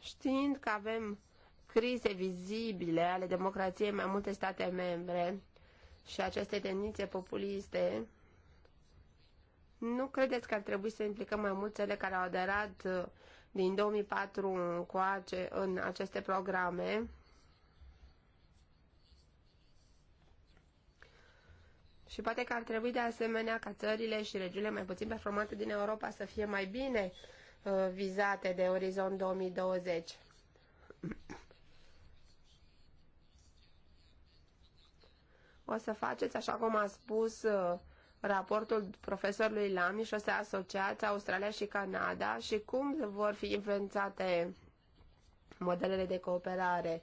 Speaker 5: Știind că avem crize vizibile ale democrației în mai multe state membre și aceste tendințe populiste, nu credeți că ar trebui să implicăm mai mult cele care au aderat uh, din 2004 ace- în aceste programe? Și poate că ar trebui de asemenea ca țările și regiunile mai puțin performante din Europa să fie mai bine uh, vizate de Orizont 2020. O să faceți, așa cum a spus uh, raportul profesorului Lamy și o să asociați Australia și Canada și cum vor fi influențate modelele de cooperare.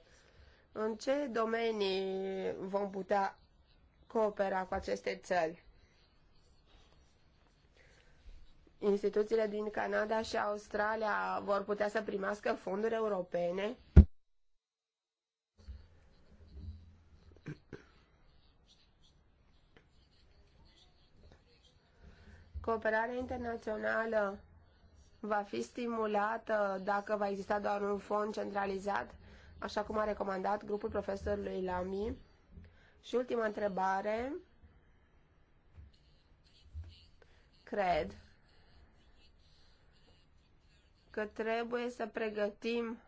Speaker 5: În ce domenii vom putea coopera cu aceste țări? Instituțiile din Canada și Australia vor putea să primească fonduri europene Cooperarea internațională va fi stimulată dacă va exista doar un fond centralizat, așa cum a recomandat grupul profesorului Lamy. Și ultima întrebare, cred că trebuie să pregătim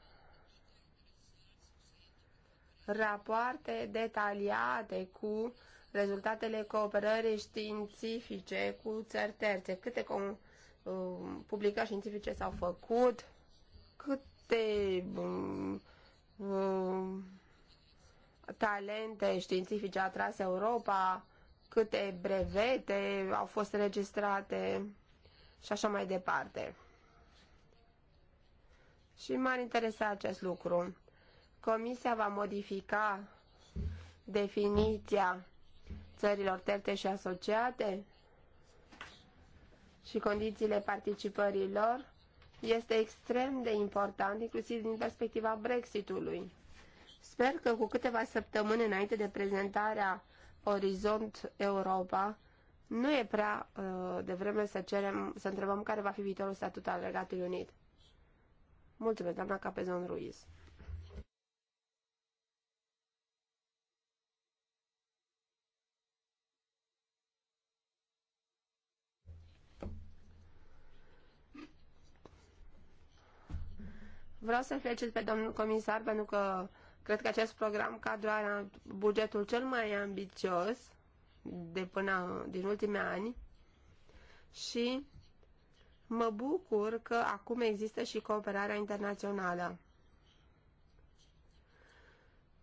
Speaker 5: rapoarte detaliate cu rezultatele cooperării științifice cu țări terțe, câte com, uh, publicări științifice s-au făcut, câte um, talente științifice a tras Europa, câte brevete au fost registrate și așa mai departe. Și m-ar interesa acest lucru. Comisia va modifica definiția țărilor terte și asociate și condițiile participării lor este extrem de important, inclusiv din perspectiva Brexitului. Sper că cu câteva săptămâni înainte de prezentarea Orizont Europa, nu e prea uh, devreme să cerem, să întrebăm care va fi viitorul statut al Regatului Unit. Mulțumesc, doamna Capezon Ruiz. Vreau să felicit pe domnul comisar pentru că cred că acest program cadru are bugetul cel mai ambițios de până din ultimii ani și mă bucur că acum există și cooperarea internațională.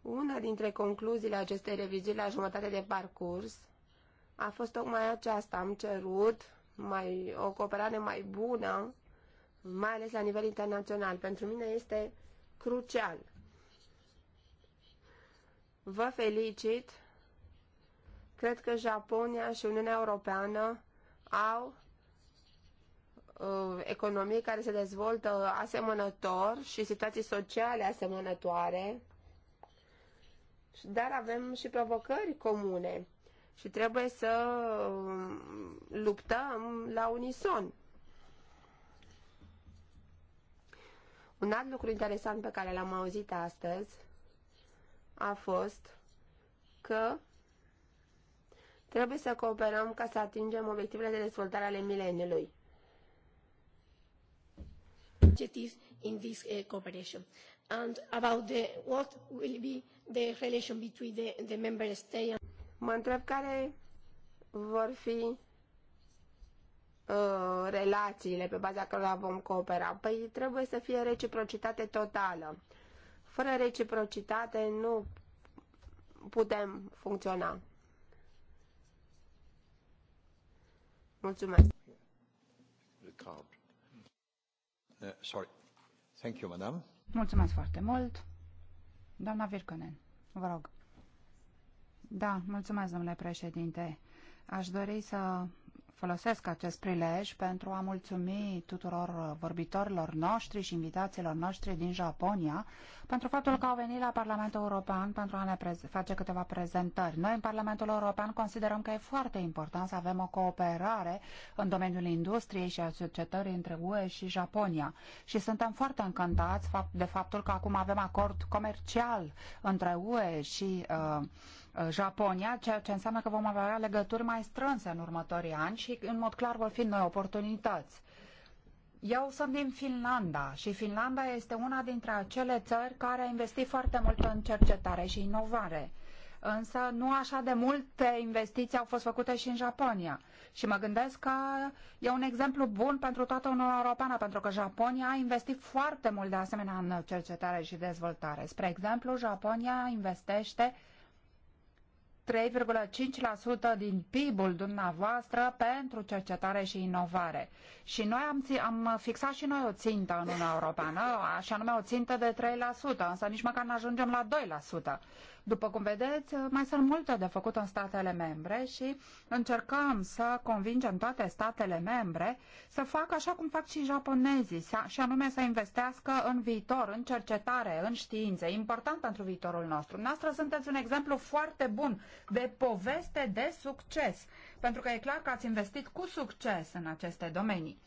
Speaker 5: Una dintre concluziile acestei revizii la jumătate de parcurs a fost tocmai aceasta. Am cerut mai, o cooperare mai bună mai ales la nivel internațional, pentru mine este crucial. Vă felicit! Cred că Japonia și Uniunea Europeană au uh, economii care se dezvoltă asemănător și situații sociale asemănătoare, dar avem și provocări comune și trebuie să uh, luptăm la unison. Un alt lucru interesant pe care l-am auzit astăzi a fost că trebuie să cooperăm ca să atingem obiectivele de dezvoltare ale mileniului. Objectives in this uh, cooperation and about the, what will be the relation between the, the member states. Mă întreb care vor fi Uh, relațiile pe baza cărora vom coopera? Păi trebuie să fie reciprocitate totală. Fără reciprocitate nu putem funcționa. Mulțumesc. Uh,
Speaker 1: sorry. Thank you, madam.
Speaker 7: Mulțumesc foarte mult. Doamna Virconen, vă rog. Da, mulțumesc, domnule președinte. Aș dori să folosesc acest prilej pentru a mulțumi tuturor vorbitorilor noștri și invitațiilor noștri din Japonia pentru faptul că au venit la Parlamentul European pentru a ne face câteva prezentări. Noi în Parlamentul European considerăm că e foarte important să avem o cooperare în domeniul industriei și a cercetării între UE și Japonia și suntem foarte încântați de faptul că acum avem acord comercial între UE și uh, Uh, Japonia, ceea ce înseamnă că vom avea legături mai strânse în următorii ani și în mod clar vor fi noi oportunități. Eu sunt din Finlanda și Finlanda este una dintre acele țări care a investit foarte mult în cercetare și inovare. Însă nu așa de multe investiții au fost făcute și în Japonia. Și mă gândesc că e un exemplu bun pentru toată Uniunea Europeană, pentru că Japonia a investit foarte mult de asemenea în cercetare și dezvoltare. Spre exemplu, Japonia investește 3,5% din PIB-ul dumneavoastră pentru cercetare și inovare. Și noi am, am fixat și noi o țintă în Uniunea Europeană, așa anume o țintă de 3%, însă nici măcar nu ajungem la 2%. După cum vedeți, mai sunt multe de făcut în statele membre și încercăm să convingem toate statele membre să facă așa cum fac și japonezii, și anume să investească în viitor, în cercetare, în științe, important pentru viitorul nostru. Noastră sunteți un exemplu foarte bun de poveste de succes, pentru că e clar că ați investit cu succes în aceste domenii.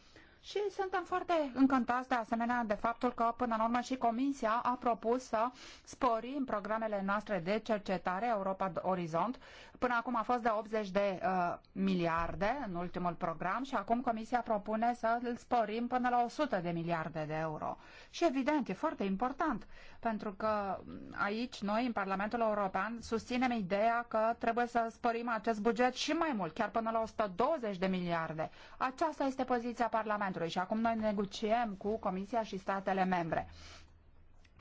Speaker 7: Și suntem foarte încântați de asemenea de faptul că până la urmă și Comisia a propus să sporim programele noastre de cercetare Europa Orizont până acum a fost de 80 de uh, miliarde în ultimul program și acum Comisia propune să îl sporim până la 100 de miliarde de euro. Și evident, e foarte important, pentru că aici noi, în Parlamentul European, susținem ideea că trebuie să sporim acest buget și mai mult, chiar până la 120 de miliarde. Aceasta este poziția Parlamentului și acum noi negociem cu Comisia și statele membre.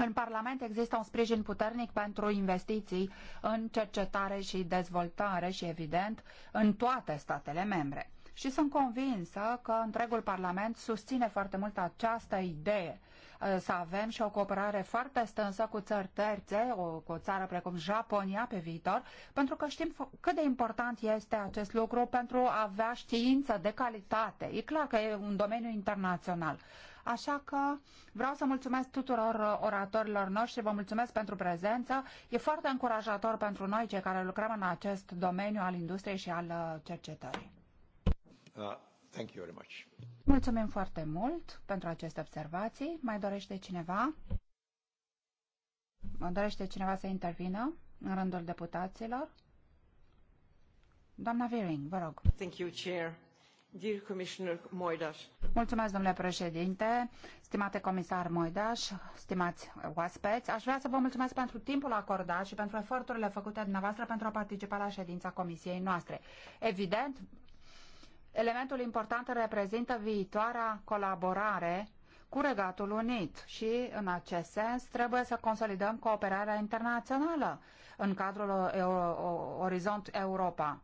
Speaker 7: În Parlament există un sprijin puternic pentru investiții în cercetare și dezvoltare și, evident, în toate statele membre. Și sunt convinsă că întregul Parlament susține foarte mult această idee uh, să avem și o cooperare foarte stânsă cu țări terțe, o, cu o țară precum Japonia pe viitor, pentru că știm cât de important este acest lucru pentru a avea știință de calitate. E clar că e un domeniu internațional. Așa că vreau să mulțumesc tuturor oratorilor noștri, vă mulțumesc pentru prezență. E foarte încurajator pentru noi, cei care lucrăm în acest domeniu al industriei și al uh, cercetării.
Speaker 1: Uh, thank you very much.
Speaker 7: Mulțumim foarte mult pentru aceste observații. Mai dorește cineva? Mă dorește cineva să intervină în rândul deputaților? Doamna Viring, vă rog.
Speaker 5: Thank you, Chair.
Speaker 7: Mulțumesc, domnule președinte, stimate comisar moedas stimați oaspeți. Aș vrea să vă mulțumesc pentru timpul acordat și pentru eforturile făcute dumneavoastră pentru a participa la ședința comisiei noastre. Evident, elementul important reprezintă viitoarea colaborare cu Regatul Unit și, în acest sens, trebuie să consolidăm cooperarea internațională în cadrul Euro Orizont Europa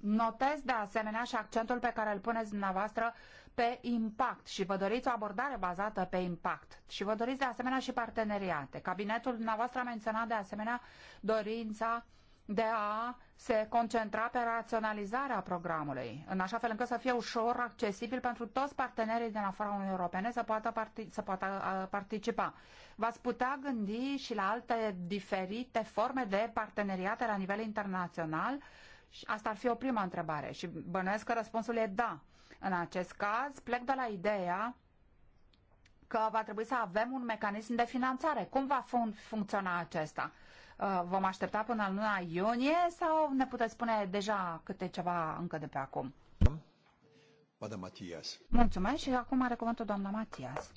Speaker 7: Notez de asemenea și accentul pe care îl puneți dumneavoastră pe impact și vă doriți o abordare bazată pe impact și vă doriți de asemenea și parteneriate. Cabinetul dumneavoastră a menționat de asemenea dorința de a se concentra pe raționalizarea programului, în așa fel încât să fie ușor accesibil pentru toți partenerii din afara Uniunii Europene să poată, parti- să poată participa. V-ați putea gândi și la alte diferite forme de parteneriate la nivel internațional și asta ar fi o prima întrebare și bănuiesc că răspunsul e da. În acest caz, plec de la ideea că va trebui să avem un mecanism de finanțare. Cum va fun- funcționa acesta? Uh, vom aștepta până în luna iunie sau ne puteți spune deja câte ceva încă de pe acum?
Speaker 1: Madame Matias.
Speaker 7: Mulțumesc și acum are cuvântul doamna Matias.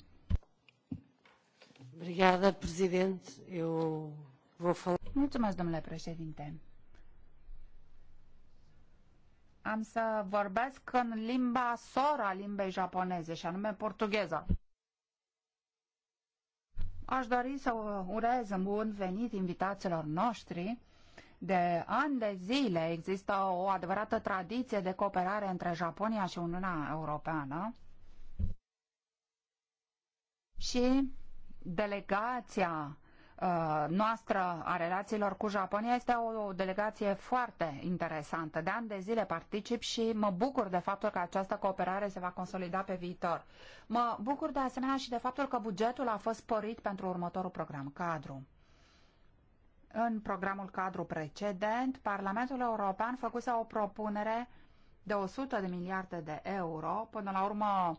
Speaker 1: Obrigada, președinte. Eu
Speaker 7: vă Mulțumesc, domnule președinte am să vorbesc în limba sora limbei japoneze, și anume portugheza. Aș dori să urez în bun venit invitațiilor noștri. De ani de zile există o adevărată tradiție de cooperare între Japonia și Uniunea Europeană. Și delegația Uh, noastră a relațiilor cu Japonia este o delegație foarte interesantă. De ani de zile particip și mă bucur de faptul că această cooperare se va consolida pe viitor. Mă bucur de asemenea și de faptul că bugetul a fost sporit pentru următorul program cadru. În programul cadru precedent, Parlamentul European făcuse o propunere de 100 de miliarde de euro. Până la urmă,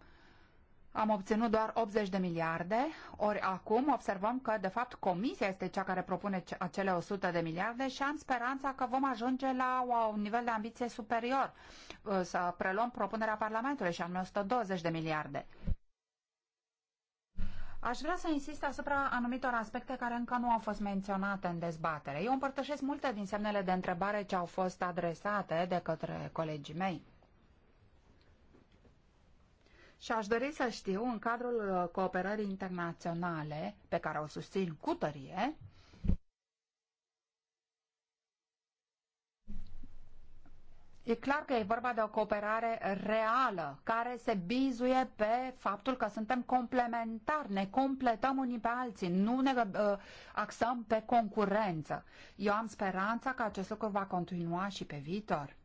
Speaker 7: am obținut doar 80 de miliarde, ori acum observăm că, de fapt, Comisia este cea care propune acele 100 de miliarde și am speranța că vom ajunge la un nivel de ambiție superior, uh, să preluăm propunerea Parlamentului și anume 120 de miliarde. Aș vrea să insist asupra anumitor aspecte care încă nu au fost menționate în dezbatere. Eu împărtășesc multe din semnele de întrebare ce au fost adresate de către colegii mei. Și aș dori să știu, în cadrul uh, cooperării internaționale, pe care o susțin cu tărie, E clar că e vorba de o cooperare reală, care se bizuie pe faptul că suntem complementari, ne completăm unii pe alții, nu ne uh, axăm pe concurență. Eu am speranța că acest lucru va continua și pe viitor.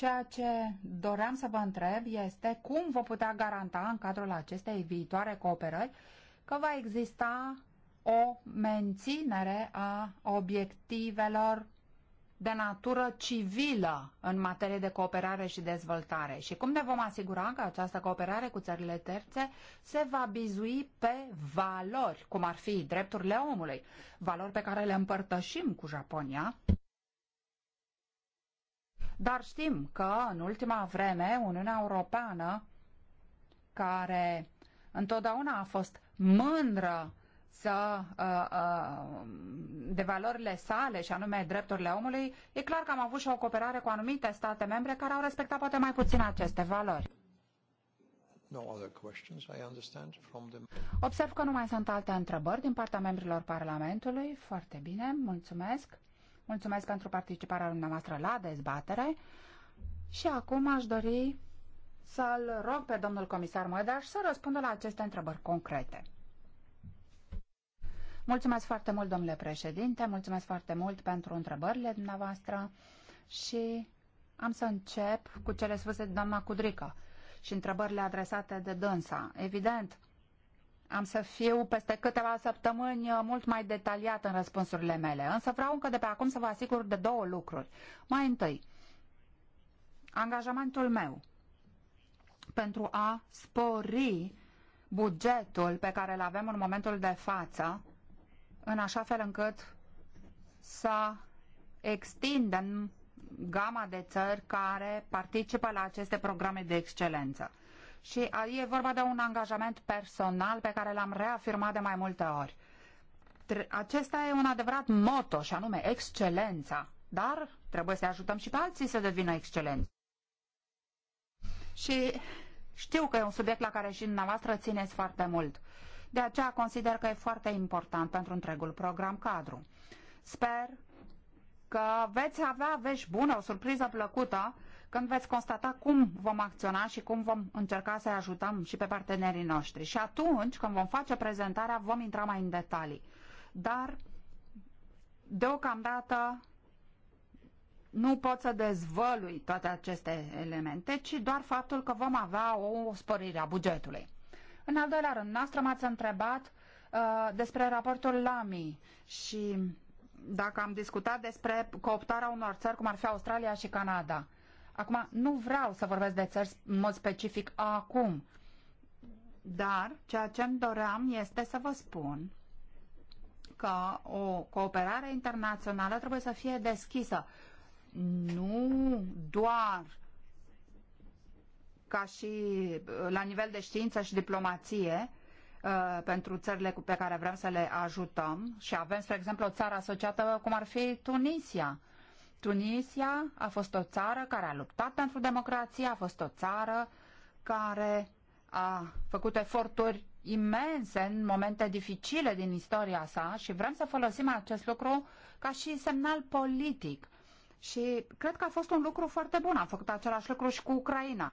Speaker 7: Ceea ce doream să vă întreb este cum vă putea garanta în cadrul acestei viitoare cooperări că va exista o menținere a obiectivelor de natură civilă în materie de cooperare și dezvoltare și cum ne vom asigura că această cooperare cu țările terțe se va bizui pe valori, cum ar fi drepturile omului, valori pe care le împărtășim cu Japonia dar știm că în ultima vreme Uniunea Europeană, care întotdeauna a fost mândră să, uh, uh, de valorile sale și anume drepturile omului, e clar că am avut și o cooperare cu anumite state membre care au respectat poate mai puțin aceste valori.
Speaker 1: No other questions, I understand, from the...
Speaker 7: Observ că nu mai sunt alte întrebări din partea membrilor Parlamentului. Foarte bine, mulțumesc. Mulțumesc pentru participarea dumneavoastră la dezbatere și acum aș dori să-l rog pe domnul comisar Moedaș să răspundă la aceste întrebări concrete. Mulțumesc foarte mult, domnule președinte, mulțumesc foarte mult pentru întrebările dumneavoastră și am să încep cu cele spuse de doamna Cudrică și întrebările adresate de dânsa. Evident, am să fiu peste câteva săptămâni uh, mult mai detaliat în răspunsurile mele, însă vreau încă de pe acum să vă asigur de două lucruri. Mai întâi, angajamentul meu pentru a spori bugetul pe care îl avem în momentul de față, în așa fel încât să extindem gama de țări care participă la aceste programe de excelență și e vorba de un angajament personal pe care l-am reafirmat de mai multe ori. Acesta e un adevărat moto și anume excelența, dar trebuie să ajutăm și pe alții să devină excelenți. Și știu că e un subiect la care și dumneavoastră țineți foarte mult. De aceea consider că e foarte important pentru întregul program cadru. Sper că veți avea vești bune, o surpriză plăcută când veți constata cum vom acționa și cum vom încerca să i ajutăm și pe partenerii noștri. Și atunci, când vom face prezentarea, vom intra mai în detalii. Dar, deocamdată, nu pot să dezvălui toate aceste elemente, ci doar faptul că vom avea o sporire a bugetului. În al doilea rând, noastră m-ați întrebat uh, despre raportul LAMI și dacă am discutat despre cooptarea unor țări, cum ar fi Australia și Canada. Acum, nu vreau să vorbesc de țări în mod specific acum, dar ceea ce îmi doream este să vă spun că o cooperare internațională trebuie să fie deschisă. Nu doar ca și uh, la nivel de știință și diplomație uh, pentru țările pe care vrem să le ajutăm și avem, spre exemplu, o țară asociată cum ar fi Tunisia Tunisia a fost o țară care a luptat pentru democrație, a fost o țară care a făcut eforturi imense în momente dificile din istoria sa și vrem să folosim acest lucru ca și semnal politic. Și cred că a fost un lucru foarte bun. Am făcut același lucru și cu Ucraina.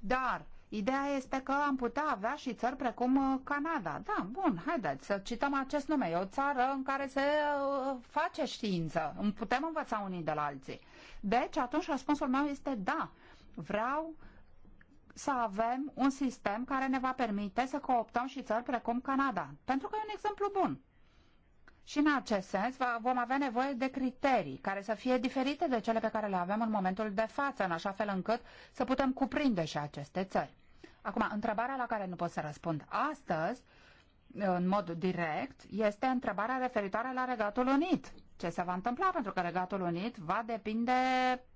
Speaker 7: Dar Ideea este că am putea avea și țări precum uh, Canada. Da, bun, haideți să cităm acest nume. E o țară în care se uh, face știință. Putem învăța unii de la alții. Deci, atunci răspunsul meu este da. Vreau să avem un sistem care ne va permite să cooptăm și țări precum Canada. Pentru că e un exemplu bun. Și în acest sens vom avea nevoie de criterii care să fie diferite de cele pe care le avem în momentul de față, în așa fel încât să putem cuprinde și aceste țări. Acum, întrebarea la care nu pot să răspund astăzi, în mod direct, este întrebarea referitoare la Regatul Unit. Ce se va întâmpla? Pentru că Regatul Unit va depinde,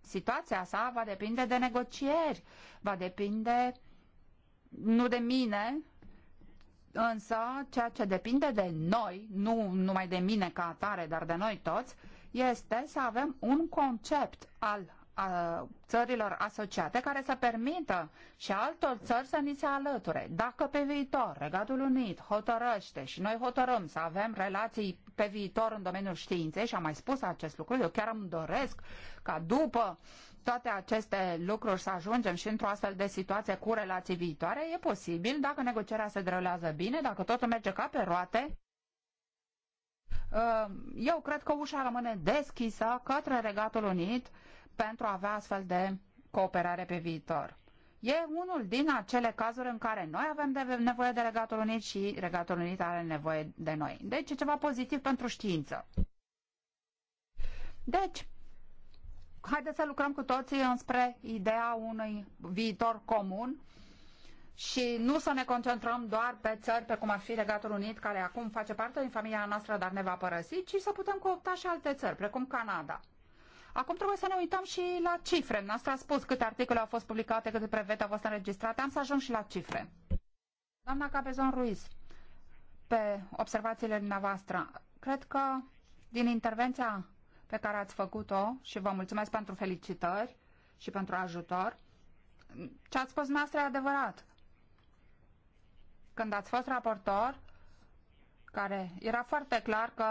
Speaker 7: situația sa va depinde de negocieri, va depinde nu de mine, Însă, ceea ce depinde de noi, nu numai de mine ca atare, dar de noi toți, este să avem un concept al a țărilor asociate care să permită și altor țări să ni se alăture. Dacă pe viitor Regatul Unit hotărăște și noi hotărâm să avem relații pe viitor în domeniul științei, și am mai spus acest lucru, eu chiar îmi doresc ca după uh, toate aceste lucruri să ajungem și într-o astfel de situație cu relații viitoare, e posibil dacă negocierea se drălează bine, dacă totul merge ca pe roate. Uh, eu cred că ușa rămâne deschisă către Regatul Unit pentru a avea astfel de cooperare pe viitor. E unul din acele cazuri în care noi avem de nevoie de Regatul Unit și Regatul Unit are nevoie de noi. Deci e ceva pozitiv pentru știință. Deci, haideți să lucrăm cu toții înspre ideea unui viitor comun și nu să ne concentrăm doar pe țări pe cum ar fi Regatul Unit, care acum face parte din familia noastră, dar ne va părăsi, ci să putem coopta și alte țări, precum Canada. Acum trebuie să ne uităm și la cifre. Noastră a spus câte articole au fost publicate, câte prevete au fost înregistrate. Am să ajung și la cifre. Doamna Cabezon Ruiz, pe observațiile dumneavoastră, cred că din intervenția pe care ați făcut-o și vă mulțumesc pentru felicitări și pentru ajutor. Ce ați spus noastră e adevărat. Când ați fost raportor, care era foarte clar că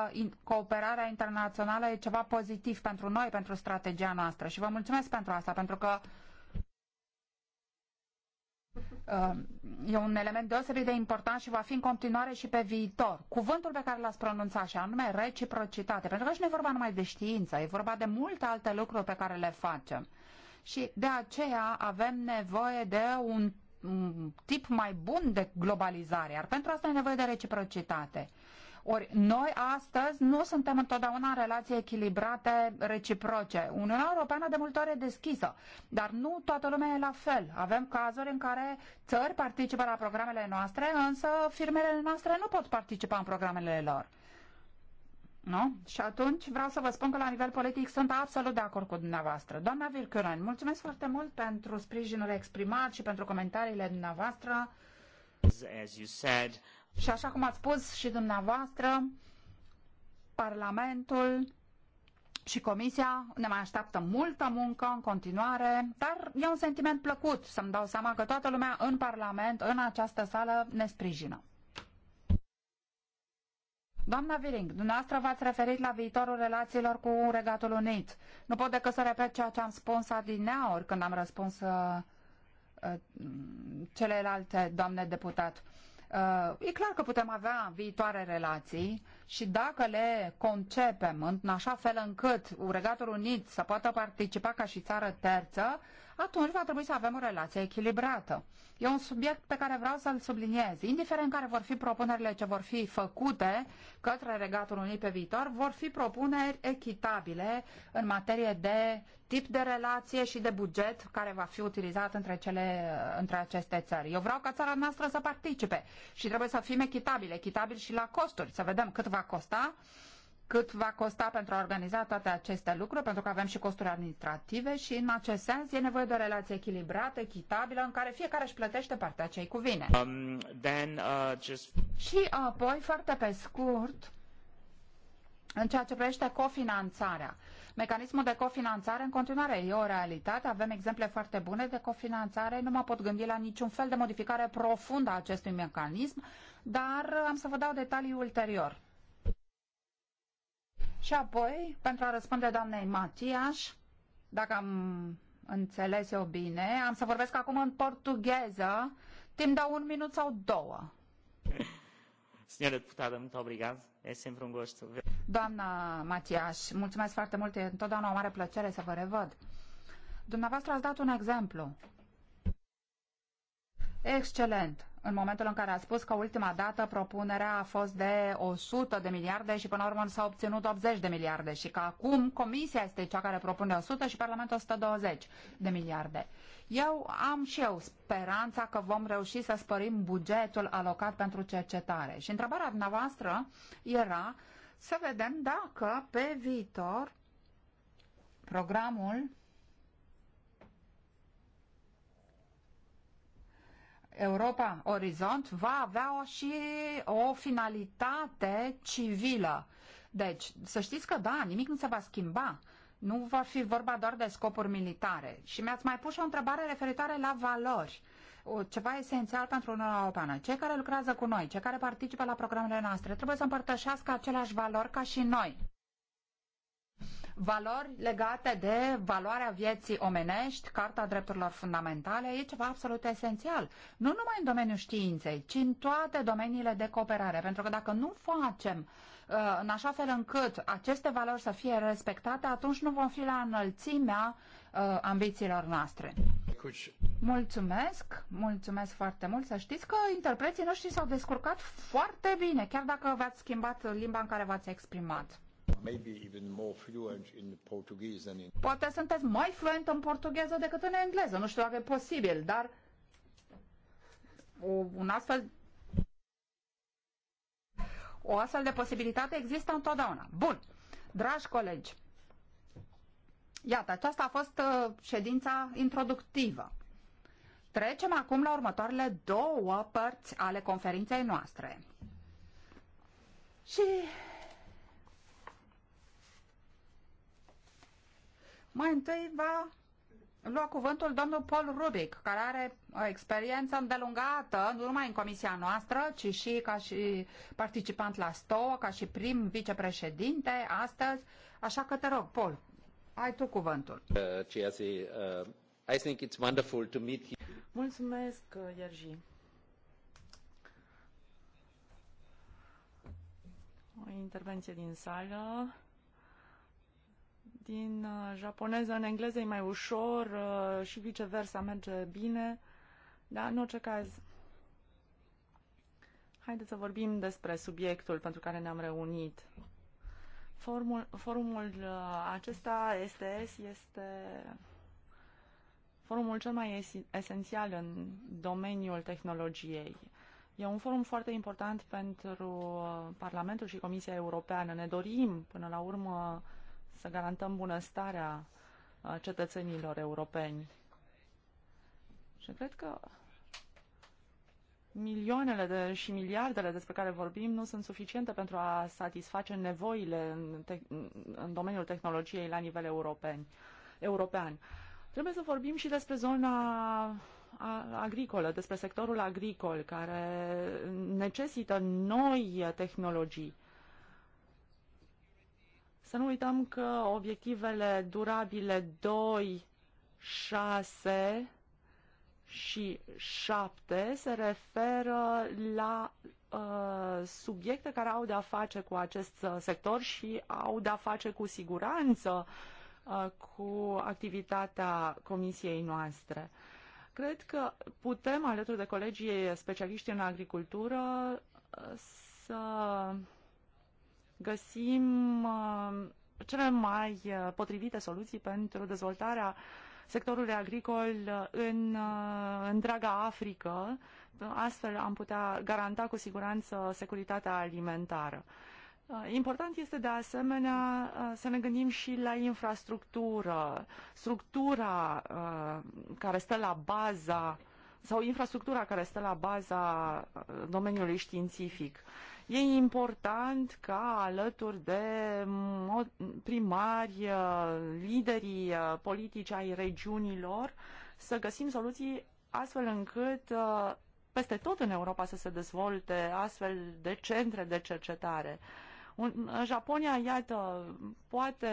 Speaker 7: cooperarea internațională e ceva pozitiv pentru noi, pentru strategia noastră și vă mulțumesc pentru asta, pentru că Um, e un element deosebit de important și va fi în continuare și pe viitor. Cuvântul pe care l-ați pronunțat și anume reciprocitate, pentru că și nu e vorba numai de știință, e vorba de multe alte lucruri pe care le facem. Și de aceea avem nevoie de un, un tip mai bun de globalizare, iar pentru asta e nevoie de reciprocitate. Ori noi astăzi nu suntem întotdeauna în relații echilibrate reciproce. Uniunea Europeană de multe ori e deschisă, dar nu toată lumea e la fel. Avem cazuri în care țări participă la programele noastre, însă firmele noastre nu pot participa în programele lor. Nu? Și atunci vreau să vă spun că la nivel politic sunt absolut de acord cu dumneavoastră. Doamna Vircuren, mulțumesc foarte mult pentru sprijinul exprimat și pentru comentariile dumneavoastră.
Speaker 3: As you said,
Speaker 7: și așa cum ați spus și dumneavoastră, Parlamentul și Comisia ne mai așteaptă multă muncă în continuare, dar e un sentiment plăcut să-mi dau seama că toată lumea în Parlament, în această sală, ne sprijină. Doamna Viring, dumneavoastră v-ați referit la viitorul relațiilor cu Regatul Unit. Nu pot decât să repet ceea ce am spus adineaori când am răspuns uh, uh, celelalte doamne deputat. Uh, Uh, e clar că putem avea viitoare relații și dacă le concepem în așa fel încât Regatul Unit să poată participa ca și țară terță, atunci va trebui să avem o relație echilibrată. E un subiect pe care vreau să-l subliniez. Indiferent care vor fi propunerile ce vor fi făcute către Regatul Unii pe viitor, vor fi propuneri echitabile în materie de tip de relație și de buget care va fi utilizat între, cele, între aceste țări. Eu vreau ca țara noastră să participe și trebuie să fim echitabili, echitabili și la costuri, să vedem cât va costa cât va costa pentru a organiza toate aceste lucruri, pentru că avem și costuri administrative și în acest sens e nevoie de o relație echilibrată, echitabilă, în care fiecare își plătește partea ce cu cuvine.
Speaker 3: Um, then, uh, just...
Speaker 7: Și apoi, foarte pe scurt, în ceea ce privește cofinanțarea. Mecanismul de cofinanțare în continuare e o realitate, avem exemple foarte bune de cofinanțare, nu mă pot gândi la niciun fel de modificare profundă a acestui mecanism, dar am să vă dau detalii ulterior. Și apoi, pentru a răspunde doamnei Matias, dacă am înțeles eu bine, am să vorbesc acum în portugheză, timp de un minut sau două.
Speaker 3: Senhora deputada, muito obrigado. É sempre um gosto.
Speaker 7: Doamna Matias, mulțumesc foarte mult. E întotdeauna o mare plăcere să vă revăd. Dumneavoastră ați dat un exemplu. Excelent în momentul în care a spus că ultima dată propunerea a fost de 100 de miliarde și până la urmă s-a obținut 80 de miliarde și că acum Comisia este cea care propune 100 și Parlamentul 120 de miliarde. Eu am și eu speranța că vom reuși să spărim bugetul alocat pentru cercetare. Și întrebarea dumneavoastră era să vedem dacă pe viitor programul Europa Orizont va avea o și o finalitate civilă. Deci, să știți că da, nimic nu se va schimba. Nu va fi vorba doar de scopuri militare. Și mi-ați mai pus o întrebare referitoare la valori. ceva esențial pentru Uniunea Europeană. Cei care lucrează cu noi, cei care participă la programele noastre, trebuie să împărtășească aceleași valori ca și noi valori legate de valoarea vieții omenești, Carta Drepturilor Fundamentale, e ceva absolut esențial. Nu numai în domeniul științei, ci în toate domeniile de cooperare. Pentru că dacă nu facem uh, în așa fel încât aceste valori să fie respectate, atunci nu vom fi la înălțimea uh, ambițiilor noastre. Mulțumesc, mulțumesc foarte mult. Să știți că interpreții noștri s-au descurcat foarte bine, chiar dacă v-ați schimbat limba în care v-ați exprimat. Poate sunteți mai fluent în portugheză decât în engleză, nu știu dacă e posibil, dar o, un astfel o astfel de posibilitate există întotdeauna. Bun, dragi colegi, iată, aceasta a fost uh, ședința introductivă. Trecem acum la următoarele două părți ale conferinței noastre. Și Mai întâi va lua cuvântul domnul Paul Rubic, care are o uh, experiență îndelungată, nu numai în comisia noastră, ci și ca și participant la STOA, ca și prim vicepreședinte astăzi. Așa că te rog, Paul, ai tu cuvântul.
Speaker 1: Uh, uh, I think it's wonderful to meet you. Mulțumesc,
Speaker 4: uh, Iergi. O intervenție din sală din uh, japoneză în engleză e mai ușor uh, și viceversa merge bine. Da, în orice caz, haideți să vorbim despre subiectul pentru care ne-am reunit. Formul, forumul uh, acesta, STS, este forumul cel mai es esențial în domeniul tehnologiei. E un forum foarte important pentru Parlamentul și Comisia Europeană. Ne dorim, până la urmă, să garantăm bunăstarea uh, cetățenilor europeni. Și cred că milioanele de, și miliardele despre care vorbim nu sunt suficiente pentru a satisface nevoile în, te- în domeniul tehnologiei la nivel european. european. Trebuie să vorbim și despre zona agricolă, despre sectorul agricol care necesită noi tehnologii. Să nu uităm că obiectivele durabile 2, 6 și 7 se referă la uh, subiecte care au de-a face cu acest uh, sector și au de-a face cu siguranță uh, cu activitatea comisiei noastre. Cred că putem, alături de colegii specialiști în agricultură, uh, să găsim uh, cele mai uh, potrivite soluții pentru dezvoltarea sectorului agricol în uh, întreaga Africă. Astfel am putea garanta cu siguranță securitatea alimentară. Important este de asemenea să ne gândim și la infrastructură, structura care stă la baza sau infrastructura care stă la baza domeniului științific. E important ca alături de primari, uh, liderii uh, politici ai regiunilor, să găsim soluții astfel încât uh, peste tot în Europa să se dezvolte astfel de centre de cercetare. Japonia, iată, poate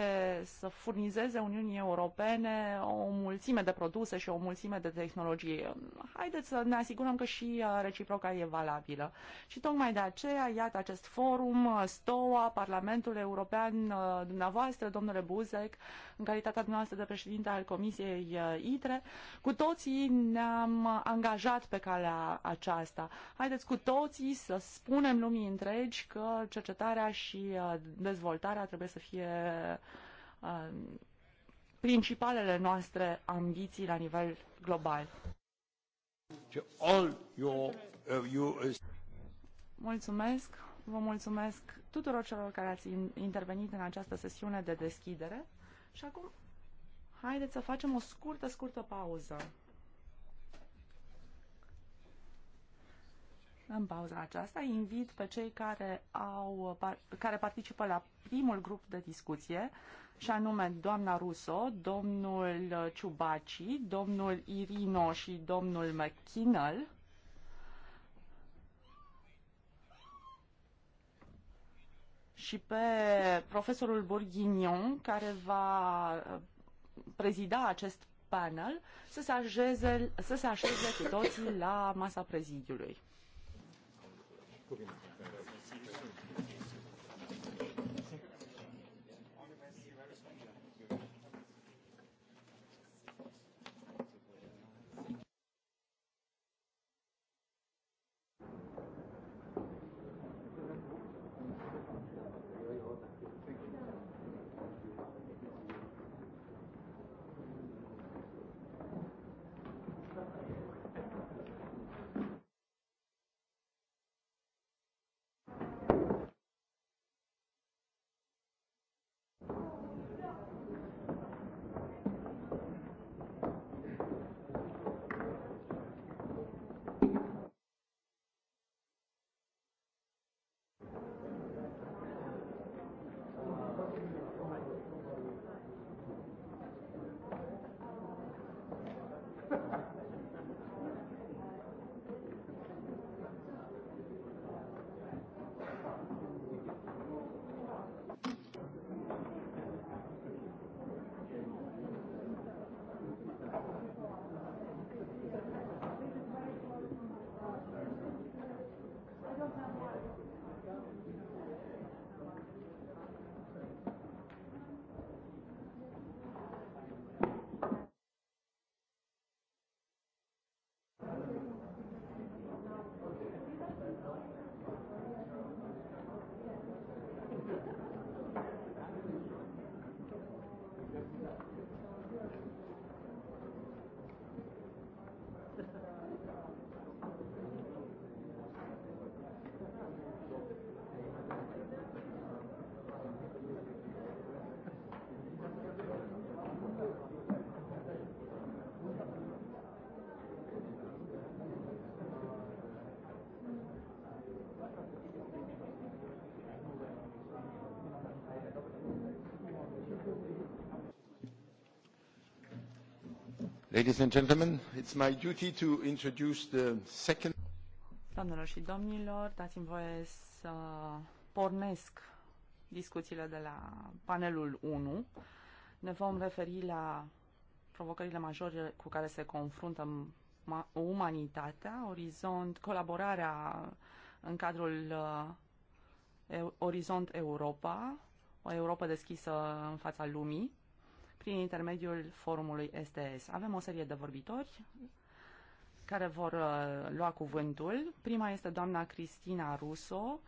Speaker 4: să furnizeze Uniunii Europene o mulțime de produse și o mulțime de tehnologie. Haideți să ne asigurăm că și uh, reciproca e valabilă. Și tocmai de aceea, iată acest forum, uh, STOA, Parlamentul European, uh, dumneavoastră, domnule Buzek, în calitatea dumneavoastră de președinte al Comisiei ITRE, cu toții ne-am angajat pe calea aceasta. Haideți cu toții să spunem lumii întregi că cercetarea și dezvoltarea trebuie să fie Uh, uh, principalele noastre ambiții la nivel global.
Speaker 1: Uh,
Speaker 4: mulțumesc, vă mulțumesc tuturor celor care ați intervenit în această sesiune de deschidere și acum haideți să facem o scurtă, scurtă pauză. În pauza aceasta invit pe cei care, au, care participă la primul grup de discuție, și anume doamna Russo, domnul Ciubaci, domnul Irino și domnul McKinnell, și pe profesorul Bourguignon, care va uh, prezida acest panel, să se așeze, să se așeze cu toții la masa prezidiului.
Speaker 3: Cuvinte.
Speaker 6: Ladies and gentlemen, it's my duty to introduce the second...
Speaker 4: Doamnelor și domnilor, dați-mi voie să pornesc discuțiile de la panelul 1. Ne vom referi la provocările majore cu care se confruntă umanitatea, orizont, colaborarea în cadrul uh, Orizont Europa, o Europa deschisă în fața lumii prin intermediul forumului STS. Avem o serie de vorbitori care vor uh, lua cuvântul. Prima este doamna Cristina Russo,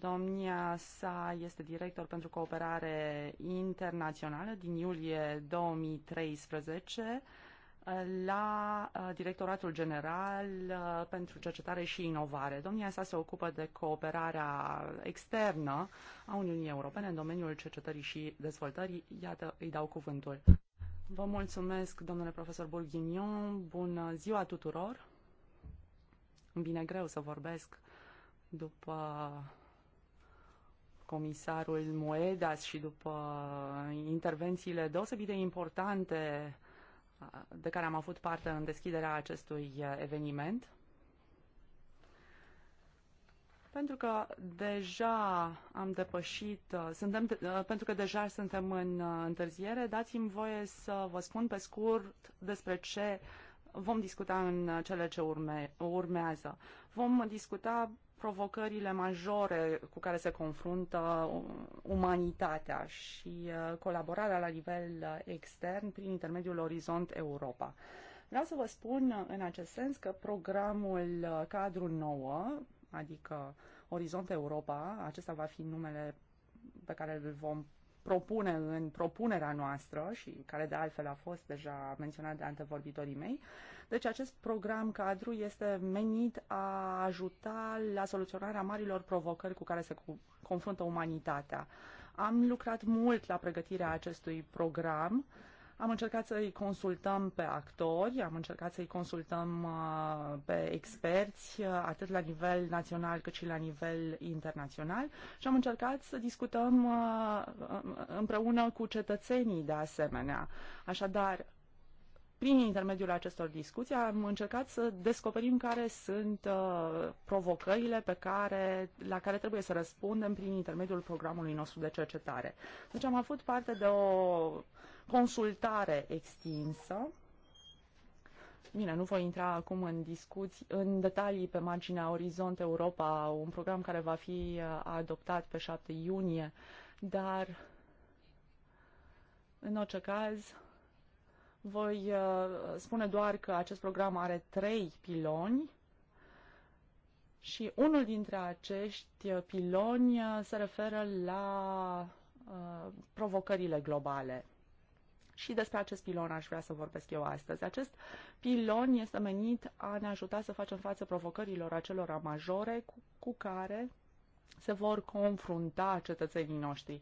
Speaker 4: Domnia sa este director pentru cooperare internațională din iulie 2013 la uh, Directoratul General uh, pentru Cercetare și Inovare. Domnia sa se ocupă de cooperarea externă a Uniunii Europene în domeniul cercetării și dezvoltării. Iată, îi dau cuvântul. Vă mulțumesc, domnule profesor Bourguignon. Bună ziua tuturor. Îmi vine greu să vorbesc după comisarul Moedas și după intervențiile deosebit de importante uh, de care am avut parte în deschiderea acestui uh, eveniment. Pentru că deja am depășit, uh, suntem, uh, pentru că deja suntem în întârziere, dați-mi voie să vă spun pe scurt despre ce vom discuta în cele ce urme, urmează. Vom discuta provocările majore cu care se confruntă umanitatea și uh, colaborarea la nivel uh, extern prin intermediul Orizont Europa. Vreau să vă spun uh, în acest sens că programul cadru nouă, adică Orizont Europa, acesta va fi numele pe care îl vom propune în propunerea noastră și care de altfel a fost deja menționat de antevorbitorii mei, uh, deci acest program cadru este menit a ajuta la soluționarea marilor provocări cu care se confruntă umanitatea. Am lucrat mult la pregătirea acestui program. Am încercat să-i consultăm pe actori, am încercat să-i consultăm uh, pe experți, uh, atât la nivel național cât și la nivel internațional și am încercat să discutăm uh, împreună cu cetățenii de asemenea. Așadar, prin intermediul acestor discuții am încercat să descoperim care sunt uh, provocările pe care, la care trebuie să răspundem prin intermediul programului nostru de cercetare. Deci am avut parte de o consultare extinsă. Bine, nu voi intra acum în discuții, în detalii pe marginea Orizont Europa, un program care va fi uh, adoptat pe 7 iunie, dar în orice caz, voi uh, spune doar că acest program are trei piloni și unul dintre acești uh, piloni uh, se referă la provocările globale. Și despre acest pilon aș vrea să vorbesc eu astăzi. Acest pilon este menit a ne ajuta să facem față provocărilor acelora majore cu, cu care se vor confrunta cetățenii noștri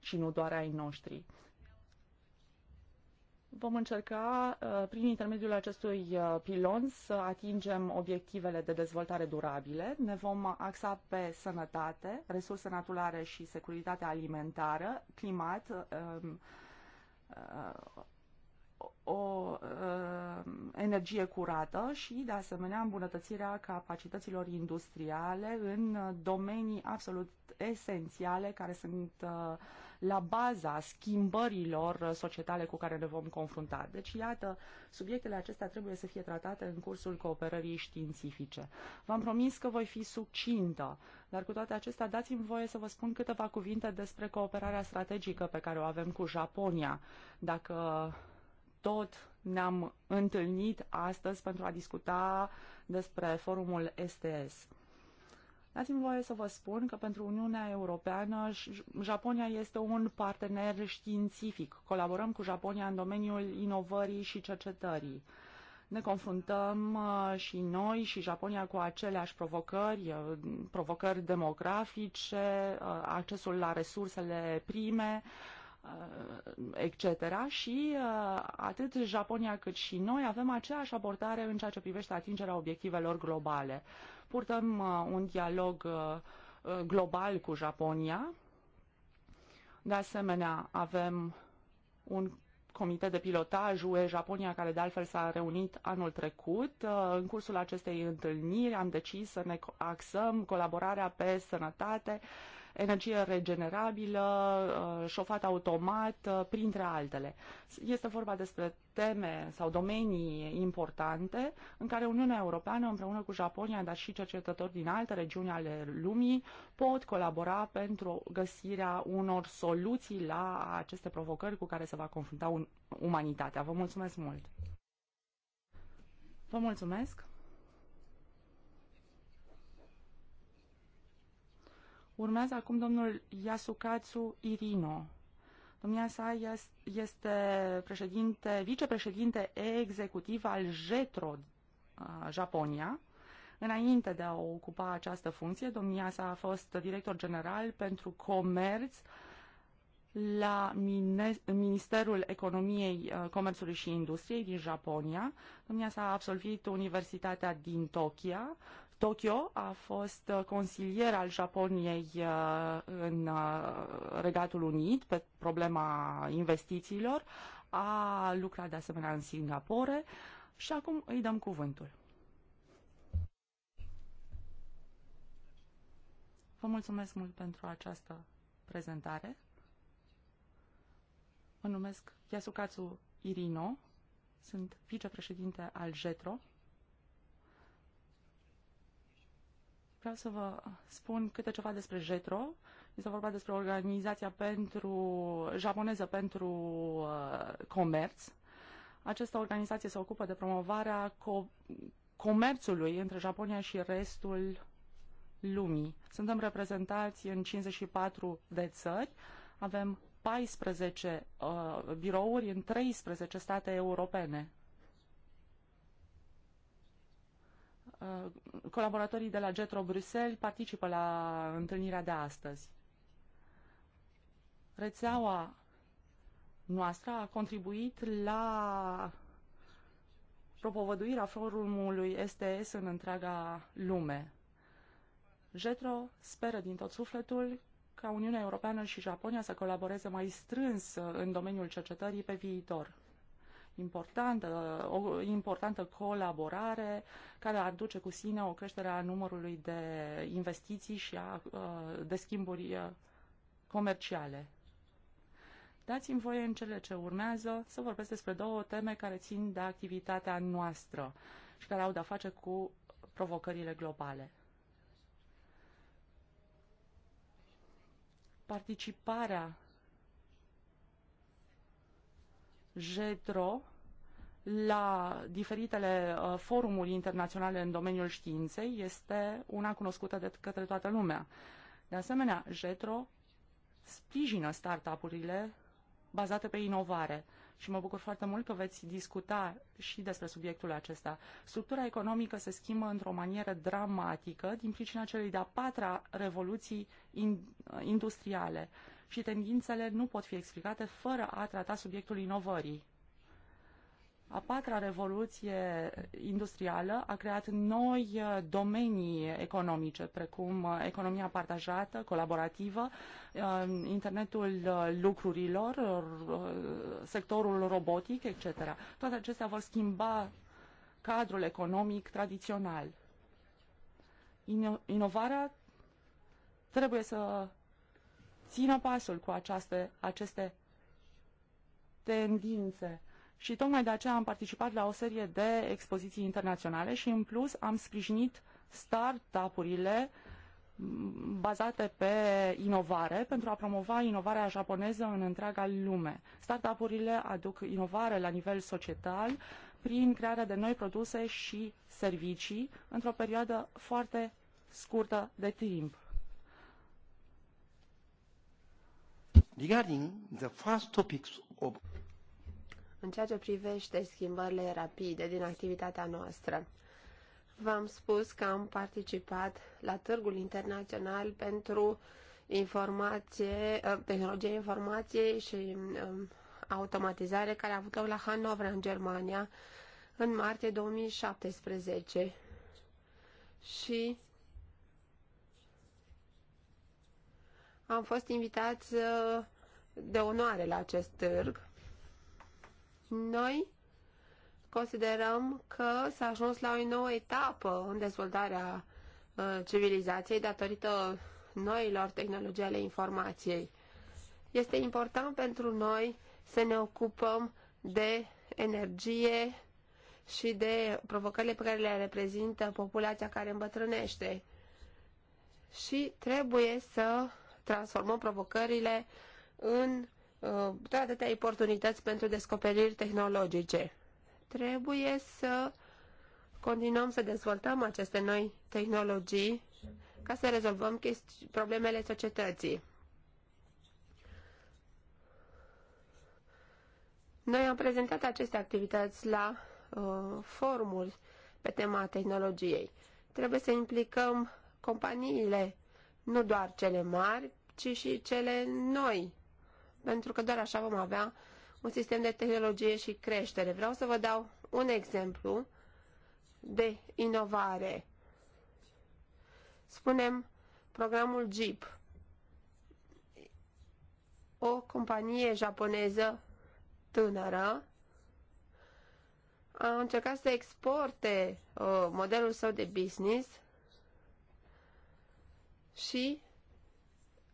Speaker 4: și nu doar ai noștri. Vom încerca, uh, prin intermediul acestui uh, pilon, să atingem obiectivele de dezvoltare durabile. Ne vom axa pe sănătate, resurse naturale și securitate alimentară, climat, um, uh, o energie curată și, de asemenea, îmbunătățirea capacităților industriale în domenii absolut esențiale care sunt uh, la baza schimbărilor societale cu care ne vom confrunta. Deci, iată, subiectele acestea trebuie să fie tratate în cursul cooperării științifice. V-am promis că voi fi succintă, dar cu toate acestea dați-mi voie să vă spun câteva cuvinte despre cooperarea strategică pe care o avem cu Japonia. Dacă tot ne-am întâlnit astăzi pentru a discuta despre forumul STS. Dați-mi voie să vă spun că pentru Uniunea Europeană Japonia este un partener științific. Colaborăm cu Japonia în domeniul inovării și cercetării. Ne confruntăm uh, și noi și Japonia cu aceleași provocări, uh, provocări demografice, uh, accesul la resursele prime, etc. Și atât Japonia cât și noi avem aceeași abordare în ceea ce privește atingerea obiectivelor globale. Purtăm uh, un dialog uh, global cu Japonia. De asemenea, avem un comitet de pilotaj UE Japonia, care de altfel s-a reunit anul trecut. Uh, în cursul acestei întâlniri am decis să ne axăm colaborarea pe sănătate, energie regenerabilă, uh, șofat automat, uh, printre altele. Este vorba despre teme sau domenii importante în care Uniunea Europeană împreună cu Japonia, dar și cercetători din alte regiuni ale lumii pot colabora pentru găsirea unor soluții la aceste provocări cu care se va confrunta umanitatea. Vă mulțumesc mult! Vă mulțumesc! Urmează acum domnul Yasukatsu Irino. Domnia sa este președinte, vicepreședinte executiv al JETRO Japonia. Înainte de a ocupa această funcție, domnia sa a fost director general pentru comerț la Ministerul Economiei, Comerțului și Industriei din Japonia. Domnia sa a absolvit Universitatea din Tokyo, Tokyo a fost uh, consilier al Japoniei uh, în uh, Regatul Unit pe problema investițiilor, a lucrat de asemenea în Singapore și acum îi dăm cuvântul. Vă mulțumesc mult pentru această prezentare. Mă numesc Yasukatsu Irino, sunt vicepreședinte al JETRO, vreau să vă spun câte ceva despre JETRO. Este vorba despre organizația pentru, japoneză pentru uh, comerț. Această organizație se ocupă de promovarea co- comerțului între Japonia și restul lumii. Suntem reprezentați în 54 de țări. Avem 14 uh, birouri în 13 state europene. Uh, colaboratorii de la Getro Bruxelles participă la întâlnirea de astăzi. Rețeaua noastră a contribuit la propovăduirea forumului STS în întreaga lume. Jetro speră din tot sufletul ca Uniunea Europeană și Japonia să colaboreze mai strâns în domeniul cercetării pe viitor importantă, o importantă colaborare care ar duce cu sine o creștere a numărului de investiții și a, uh, de schimburi uh, comerciale. Dați-mi voie în cele ce urmează să vorbesc despre două teme care țin de activitatea noastră și care au de-a face cu provocările globale. Participarea JETRO la diferitele uh, forumuri internaționale în domeniul științei este una cunoscută de către toată lumea. De asemenea, JETRO sprijină startup-urile bazate pe inovare și mă bucur foarte mult că veți discuta și despre subiectul acesta. Structura economică se schimbă într-o manieră dramatică din pricina celei de-a patra revoluții in, uh, industriale și tendințele nu pot fi explicate fără a trata subiectul inovării. A patra revoluție industrială a creat noi uh, domenii economice, precum uh, economia partajată, colaborativă, uh, internetul lucrurilor, sectorul robotic, etc. Toate acestea vor schimba cadrul economic tradițional. Inovarea trebuie să țină pasul cu aceaste, aceste tendințe. Și tocmai de aceea am participat la o serie de expoziții internaționale și în plus am sprijinit start-up-urile bazate pe inovare pentru a promova inovarea japoneză în întreaga lume. start urile aduc inovare la nivel societal prin crearea de noi produse și servicii într-o perioadă foarte scurtă de timp.
Speaker 2: Regarding the first topics of
Speaker 5: în ceea ce privește schimbările rapide din activitatea noastră. V-am spus că am participat la Târgul Internațional pentru informație, uh, tehnologie informației și um, automatizare care a avut loc la Hannover, în Germania, în martie 2017. Și am fost invitați uh, de onoare la acest târg. Noi considerăm că s-a ajuns la o nouă etapă în dezvoltarea uh, civilizației datorită noilor tehnologii ale informației. Este important pentru noi să ne ocupăm de energie și de provocările pe care le reprezintă populația care îmbătrânește. Și trebuie să transformăm provocările în uh, toate oportunități pentru descoperiri tehnologice. Trebuie să continuăm să dezvoltăm aceste noi tehnologii ca să rezolvăm problemele societății. Noi am prezentat aceste activități la uh, forumuri pe tema tehnologiei. Trebuie să implicăm companiile nu doar cele mari, ci și cele noi, pentru că doar așa vom avea un sistem de tehnologie și creștere. Vreau să vă dau un exemplu de inovare. Spunem programul Jeep. O companie japoneză tânără a încercat să exporte uh, modelul său de business și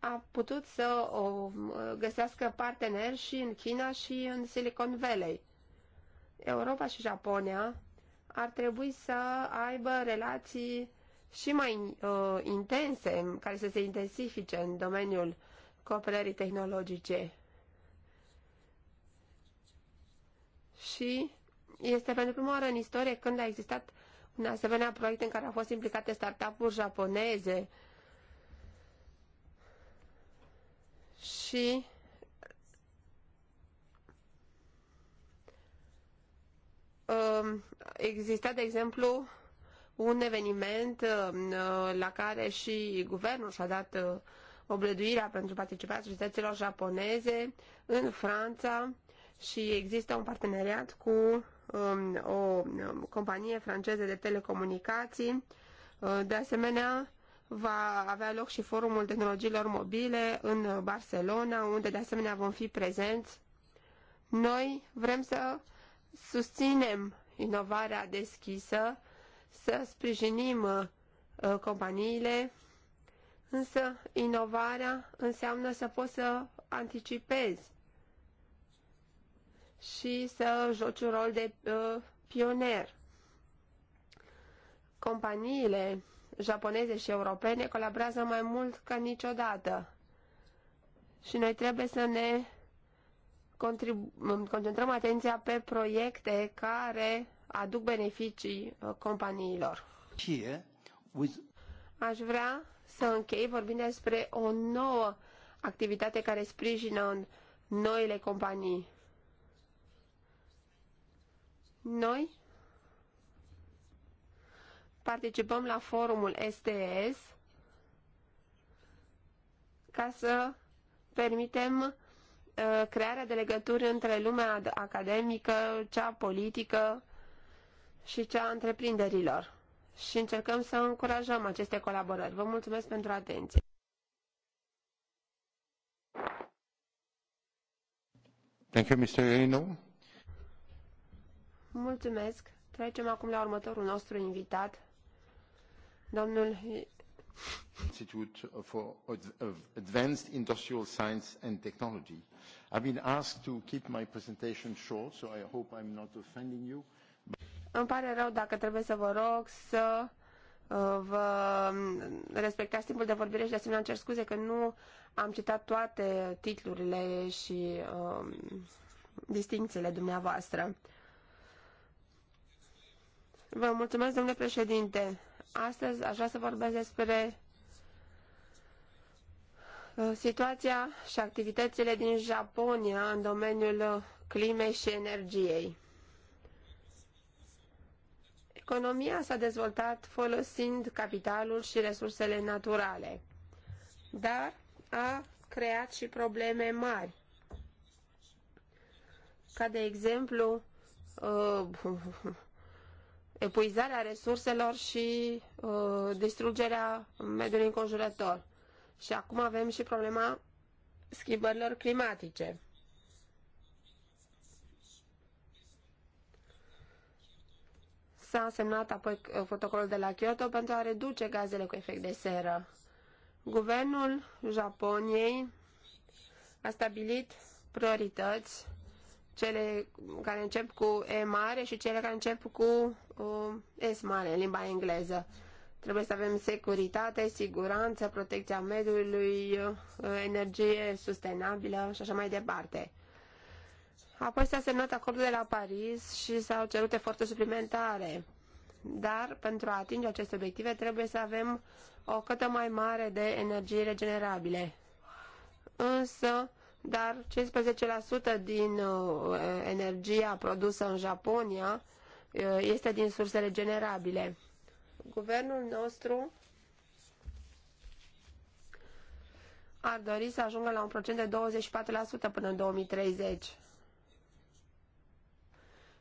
Speaker 5: a putut să o găsească parteneri și în China și în Silicon Valley. Europa și Japonia ar trebui să aibă relații și mai uh, intense, care să se intensifice în domeniul cooperării tehnologice. Și este pentru prima oară în istorie când a existat un asemenea proiect în care au fost implicate startup-uri japoneze, uh, și um, exista, de exemplu, un eveniment um, la care și guvernul și-a dat uh, oblăduirea pentru participarea societăților japoneze în Franța și există un parteneriat cu um, o companie franceză de telecomunicații. Uh, de asemenea, va avea loc și Forumul Tehnologiilor Mobile în Barcelona, unde de asemenea vom fi prezenți. Noi vrem să susținem inovarea deschisă, să sprijinim uh, companiile, însă inovarea înseamnă să poți să anticipezi și să joci un rol de uh, pionier. Companiile japoneze și europene colaborează mai mult ca niciodată. Și noi trebuie să ne concentrăm atenția pe proiecte care aduc beneficii uh, companiilor. Aș vrea să închei vorbind despre o nouă activitate care sprijină noile companii. Noi participăm la forumul STS ca să permitem uh, crearea de legături între lumea academică, cea politică și cea a întreprinderilor. Și încercăm să încurajăm aceste colaborări. Vă mulțumesc pentru atenție.
Speaker 6: Thank you, Mr.
Speaker 5: Mulțumesc. Trecem acum la următorul nostru invitat, Domnul
Speaker 6: Institute for Advanced Industrial Science and Technology. I've been asked to keep my presentation short, so I hope I'm not offending you.
Speaker 5: Îmi pare rău dacă trebuie să vă rog să uh, vă um, respectați timpul de vorbire și de asemenea cer scuze că nu am citat toate titlurile și um, distințiile dumneavoastră. Vă mulțumesc, domnule președinte. Astăzi aș vrea să vorbesc despre uh, situația și activitățile din Japonia în domeniul uh, climei și energiei. Economia s-a dezvoltat folosind capitalul și resursele naturale, dar a creat și probleme mari, ca de exemplu uh, [laughs] epuizarea resurselor și uh, distrugerea mediului înconjurător. Și acum avem și problema schimbărilor climatice. S-a semnat apoi uh, protocolul de la Kyoto pentru a reduce gazele cu efect de seră. Guvernul Japoniei a stabilit priorități cele care încep cu E mare și cele care încep cu uh, S mare în limba engleză. Trebuie să avem securitate, siguranță, protecția mediului, uh, energie sustenabilă și așa mai departe. Apoi s-a semnat acordul de la Paris și s-au cerut eforturi suplimentare. Dar pentru a atinge aceste obiective trebuie să avem o cotă mai mare de energie regenerabile. Însă, dar 15% din uh, energia produsă în Japonia uh, este din surse regenerabile. Guvernul nostru ar dori să ajungă la un procent de 24% până în 2030.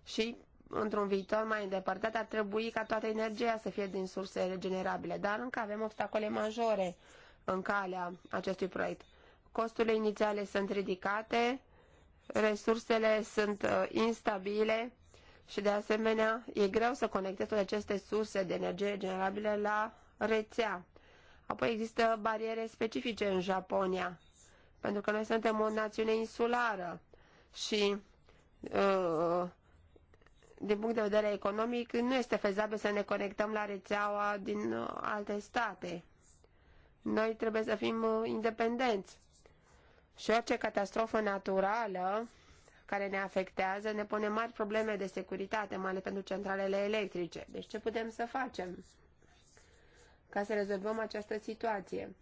Speaker 5: Și într-un viitor mai îndepărtat ar trebui ca toată energia să fie din surse regenerabile, dar încă avem obstacole majore în calea acestui proiect costurile inițiale sunt ridicate, resursele sunt uh, instabile și de asemenea e greu să conectezi toate aceste surse de energie generabile la rețea. Apoi există bariere specifice în Japonia, pentru că noi suntem o națiune insulară și uh, din punct de vedere economic nu este fezabil să ne conectăm la rețeaua din uh, alte state. Noi trebuie să fim uh, independenți și orice catastrofă naturală care ne afectează ne pune mari probleme de securitate, mai ales pentru centralele electrice. Deci ce putem să facem ca să rezolvăm această situație?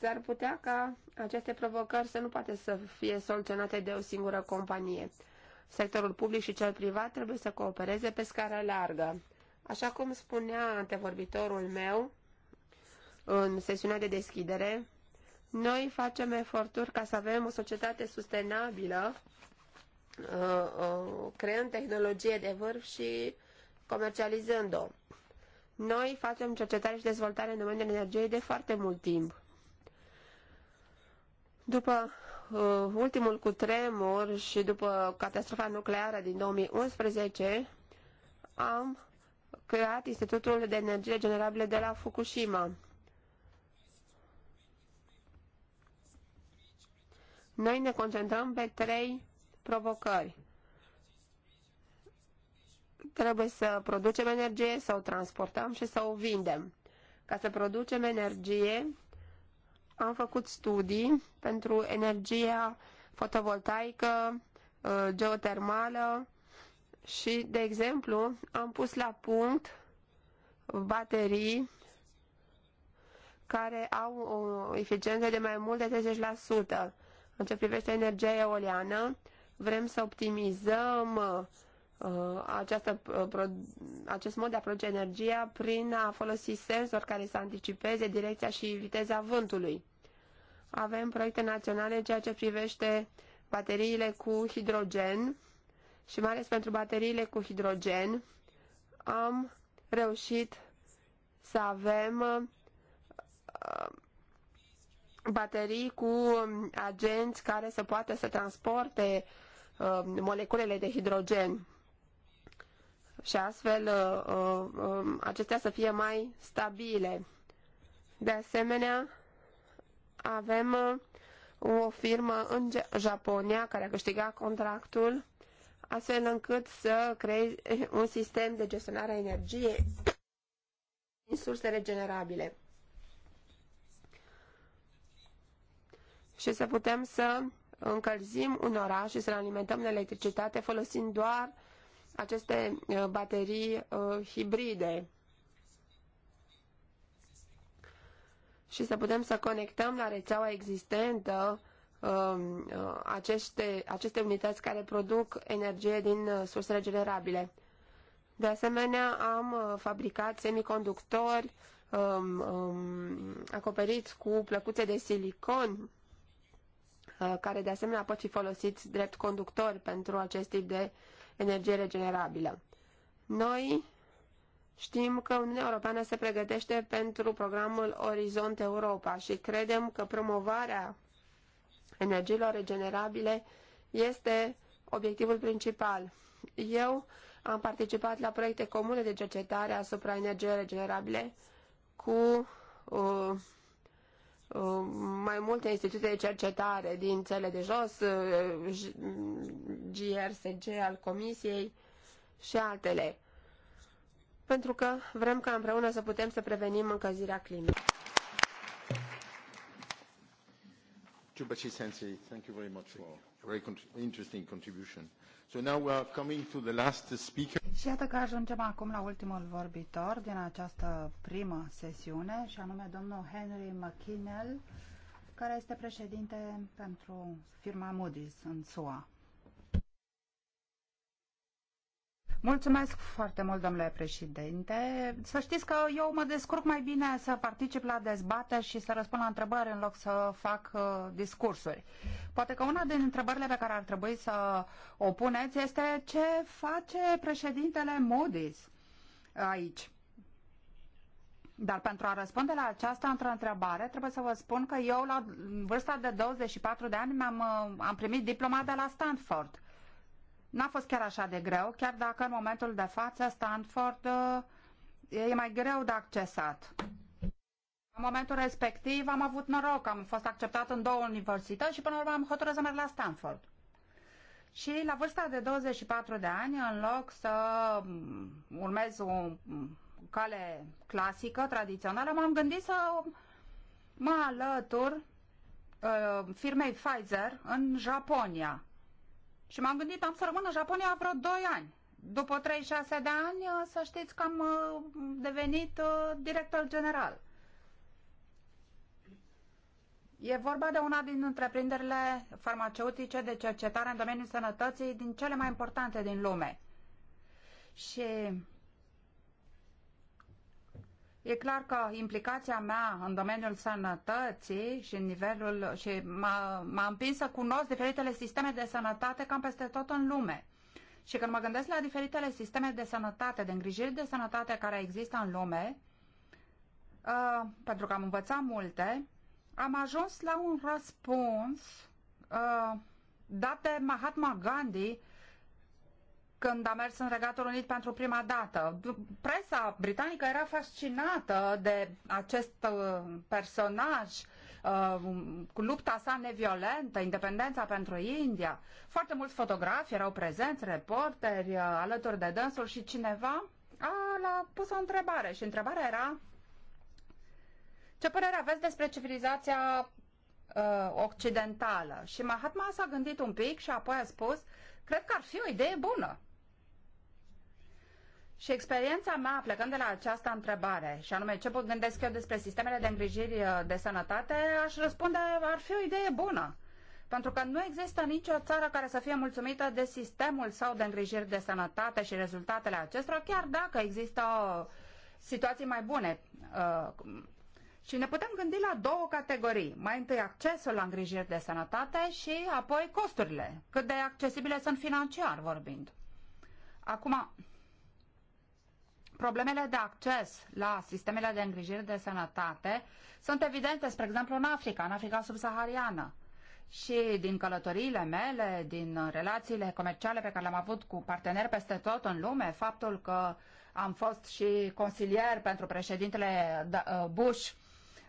Speaker 5: S-ar putea ca aceste provocări să nu poate să fie soluționate de o singură companie. Sectorul public și cel privat trebuie să coopereze pe scară largă. Așa cum spunea antevorbitorul meu în sesiunea de deschidere, noi facem eforturi ca să avem o societate sustenabilă, uh, uh, creând tehnologie de vârf și comercializând-o. Noi facem cercetare și dezvoltare în domeniul energiei de foarte mult timp. După uh, ultimul cutremur și după catastrofa nucleară din 2011, am creat Institutul de Energie Generabile de la Fukushima, Noi ne concentrăm pe trei provocări. Trebuie să producem energie, să o transportăm și să o vindem. Ca să producem energie, am făcut studii pentru energia fotovoltaică, uh, geotermală și, de exemplu, am pus la punct baterii care au o eficiență de mai mult de 30%. În ce privește energia eoliană, vrem să optimizăm uh, această, uh, acest mod de a produce energia prin a folosi senzori care să anticipeze direcția și viteza vântului. Avem proiecte naționale în ceea ce privește bateriile cu hidrogen și mai ales pentru bateriile cu hidrogen am reușit să avem uh, baterii cu um, agenți care să poată să transporte uh, moleculele de hidrogen și astfel uh, uh, um, acestea să fie mai stabile. De asemenea, avem uh, o firmă în Japonia care a câștigat contractul astfel încât să creeze un sistem de gestionare a energiei din surse regenerabile. și să putem să încălzim un oraș și să-l alimentăm de electricitate folosind doar aceste uh, baterii uh, hibride. Și să putem să conectăm la rețeaua existentă um, uh, aceste, aceste unități care produc energie din uh, surse regenerabile. De asemenea, am uh, fabricat semiconductori um, um, acoperiți cu plăcuțe de silicon Uh, care de asemenea pot fi folosiți drept conductor pentru acest tip de energie regenerabilă. Noi știm că Uniunea Europeană se pregătește pentru programul Orizont Europa și credem că promovarea energiilor regenerabile este obiectivul principal. Eu am participat la proiecte comune de cercetare asupra energiei regenerabile cu uh, Uh, mai multe institute de cercetare din țele de jos, GRSG uh, al Comisiei și altele. Pentru că vrem ca împreună să putem să prevenim încălzirea climei.
Speaker 6: Thank you very much for a very interesting contribution. So now we are coming to the last speaker.
Speaker 7: Și iată că ajungem acum la ultimul vorbitor din această primă sesiune, și anume domnul Henry McKinnell, care este președinte pentru firma Moody's în SUA. Mulțumesc foarte mult, domnule președinte. Să știți că eu mă descurc mai bine să particip la dezbateri și să răspund la întrebări în loc să fac uh, discursuri. Poate că una din întrebările pe care ar trebui să o puneți este ce face președintele Moody's aici. Dar pentru a răspunde la această întrebare, trebuie să vă spun că eu, la vârsta de 24 de ani, am uh, am primit diploma de la Stanford. N-a fost chiar așa de greu, chiar dacă în momentul de față Stanford uh, e mai greu de accesat. În momentul respectiv am avut noroc, am fost acceptat în două universități și până la urmă am hotărât să merg la Stanford. Și la vârsta de 24 de ani, în loc să mm, urmez o mm, cale clasică, tradițională, m-am gândit să mă alătur uh, firmei Pfizer în Japonia. Și m-am gândit, am să rămân în Japonia vreo 2 ani. După 36 de ani, uh, să știți că am uh, devenit uh, director general. E vorba de una din întreprinderile farmaceutice de cercetare în domeniul sănătății din cele mai importante din lume. Și E clar că implicația mea în domeniul sănătății și în nivelul și m-a, împins să cunosc diferitele sisteme de sănătate cam peste tot în lume. Și când mă gândesc la diferitele sisteme de sănătate, de îngrijiri de sănătate care există în lume, uh, pentru că am învățat multe, am ajuns la un răspuns uh, dat de Mahatma Gandhi când a mers în Regatul Unit pentru prima dată. Presa britanică era fascinată de acest uh, personaj uh, cu lupta sa neviolentă, independența pentru India. Foarte mulți fotografi erau prezenți, reporteri uh, alături de dânsul și cineva a, l-a pus o întrebare și întrebarea era ce părere aveți despre civilizația uh, occidentală? Și Mahatma s-a gândit un pic și apoi a spus cred că ar fi o idee bună. Și experiența mea, plecând de la această întrebare, și anume ce pot gândesc eu despre sistemele de îngrijiri uh, de sănătate, aș răspunde, ar fi o idee bună. Pentru că nu există nicio țară care să fie mulțumită de sistemul sau de îngrijiri de sănătate și rezultatele acestora, chiar dacă există uh, situații mai bune. Uh, și ne putem gândi la două categorii. Mai întâi accesul la îngrijiri de sănătate și apoi costurile, cât de accesibile sunt financiar vorbind. Acum, problemele de acces la sistemele de îngrijire de sănătate sunt evidente, spre exemplu, în Africa, în Africa subsahariană. Și din călătoriile mele, din relațiile comerciale pe care le-am avut cu parteneri peste tot în lume, faptul că am fost și consilier pentru președintele da, uh, Bush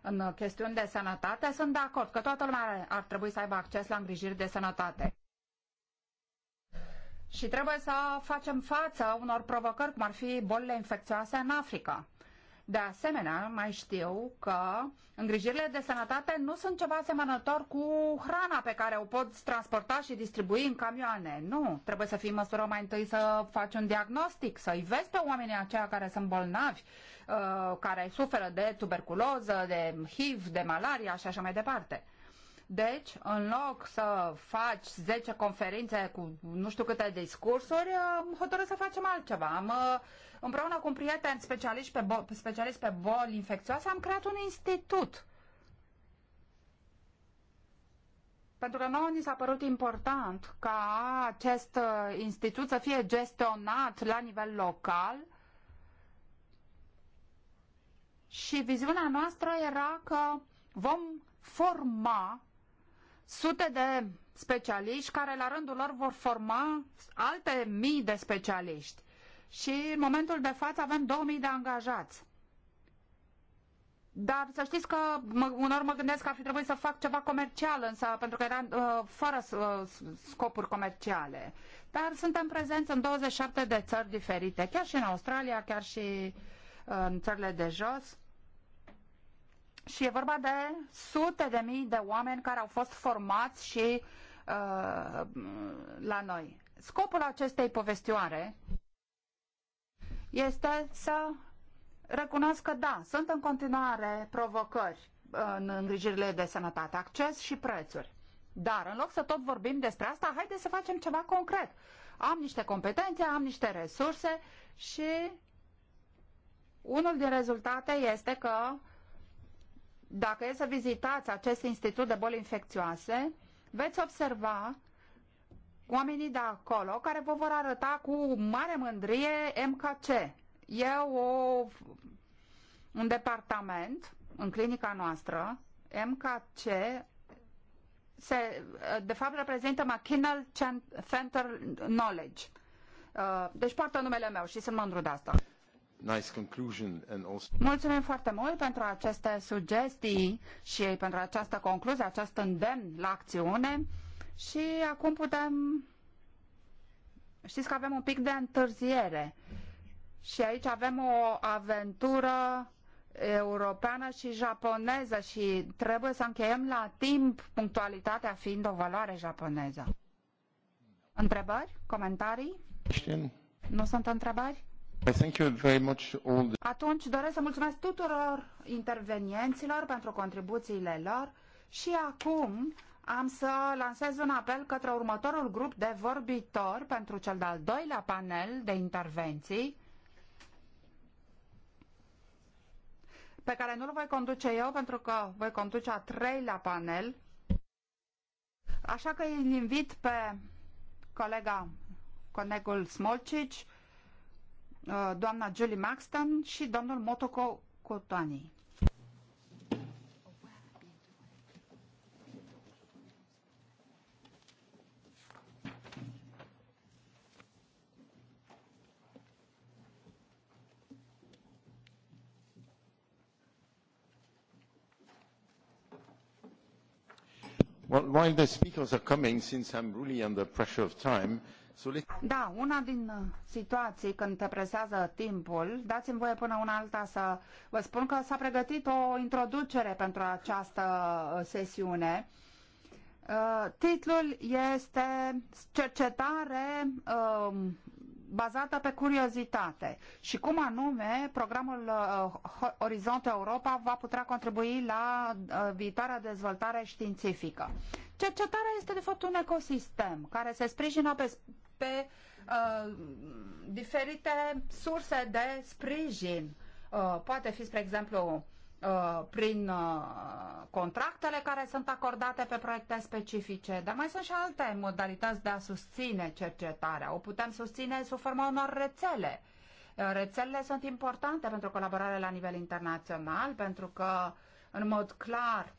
Speaker 7: în chestiuni de sănătate, sunt de acord că toată lumea ar trebui să aibă acces la îngrijiri de sănătate și trebuie să facem față unor provocări, cum ar fi bolile infecțioase în Africa. De asemenea, mai știu că îngrijirile de sănătate nu sunt ceva asemănător cu hrana pe care o poți transporta și distribui în camioane. Nu, trebuie să fii măsură mai întâi să faci un diagnostic, să-i vezi pe oamenii aceia care sunt bolnavi, uh, care suferă de tuberculoză, de HIV, de malaria și așa mai departe. Deci, în loc să faci 10 conferințe cu nu știu câte discursuri, am hotărât să facem altceva. Am, uh, împreună cu un prieten specialist pe, bol, specialist pe boli infecțioase, am creat un institut. Pentru că nouă ni s-a părut important ca acest uh, institut să fie gestionat la nivel local și viziunea noastră era că vom forma sute de specialiști care la rândul lor vor forma alte mii de specialiști. Și în momentul de față avem 2000 de angajați. Dar să știți că mă, unor mă gândesc că ar fi trebuit să fac ceva comercial, însă pentru că era uh, fără uh, scopuri comerciale. Dar suntem prezenți în 27 de țări diferite, chiar și în Australia, chiar și uh, în țările de jos. Și e vorba de sute de mii de oameni care au fost formați și uh, la noi. Scopul acestei povestioare este să recunosc că da, sunt în continuare provocări în îngrijirile de sănătate, acces și prețuri. Dar în loc să tot vorbim despre asta, haideți să facem ceva concret. Am niște competențe, am niște resurse și unul din rezultate este că dacă e să vizitați acest institut de boli infecțioase, veți observa oamenii de acolo care vă vor arăta cu mare mândrie MKC. E o, un departament în clinica noastră, MKC, se, de fapt reprezintă McKinnell Center Knowledge. Uh, deci poartă numele meu și sunt mândru de asta
Speaker 6: nice conclusion and also...
Speaker 7: Mulțumim foarte mult pentru aceste sugestii și pentru această concluzie, acest îndemn la acțiune și acum putem... Știți că avem un pic de întârziere și aici avem o aventură europeană și japoneză și trebuie să încheiem la timp, punctualitatea fiind o valoare japoneză. Întrebări? Comentarii? Nu sunt întrebări? Atunci doresc să mulțumesc tuturor intervenienților pentru contribuțiile lor și acum am să lansez un apel către următorul grup de vorbitori pentru cel de-al doilea panel de intervenții pe care nu-l voi conduce eu pentru că voi conduce a treilea panel. Așa că îl invit pe colega, conegul Smolcici, Uh, doamna Julie Maxton și domnul Motoko Kotani.
Speaker 6: Well, while the speakers are coming, since I'm really under pressure of time,
Speaker 7: da, una din uh, situații când te presează timpul, dați-mi voie până una alta să vă spun că s-a pregătit o introducere pentru această uh, sesiune. Uh, titlul este Cercetare bazată pe curiozitate și cum anume programul Orizont Europa va putea contribui la viitoarea dezvoltare științifică. Cercetarea este de fapt un ecosistem care se sprijină pe pe uh, diferite surse de sprijin. Uh, poate fi, spre exemplu, uh, prin uh, contractele care sunt acordate pe proiecte specifice, dar mai sunt și alte modalități de a susține cercetarea. O putem susține sub forma unor rețele. Uh, rețelele sunt importante pentru colaborare la nivel internațional, pentru că, în mod clar,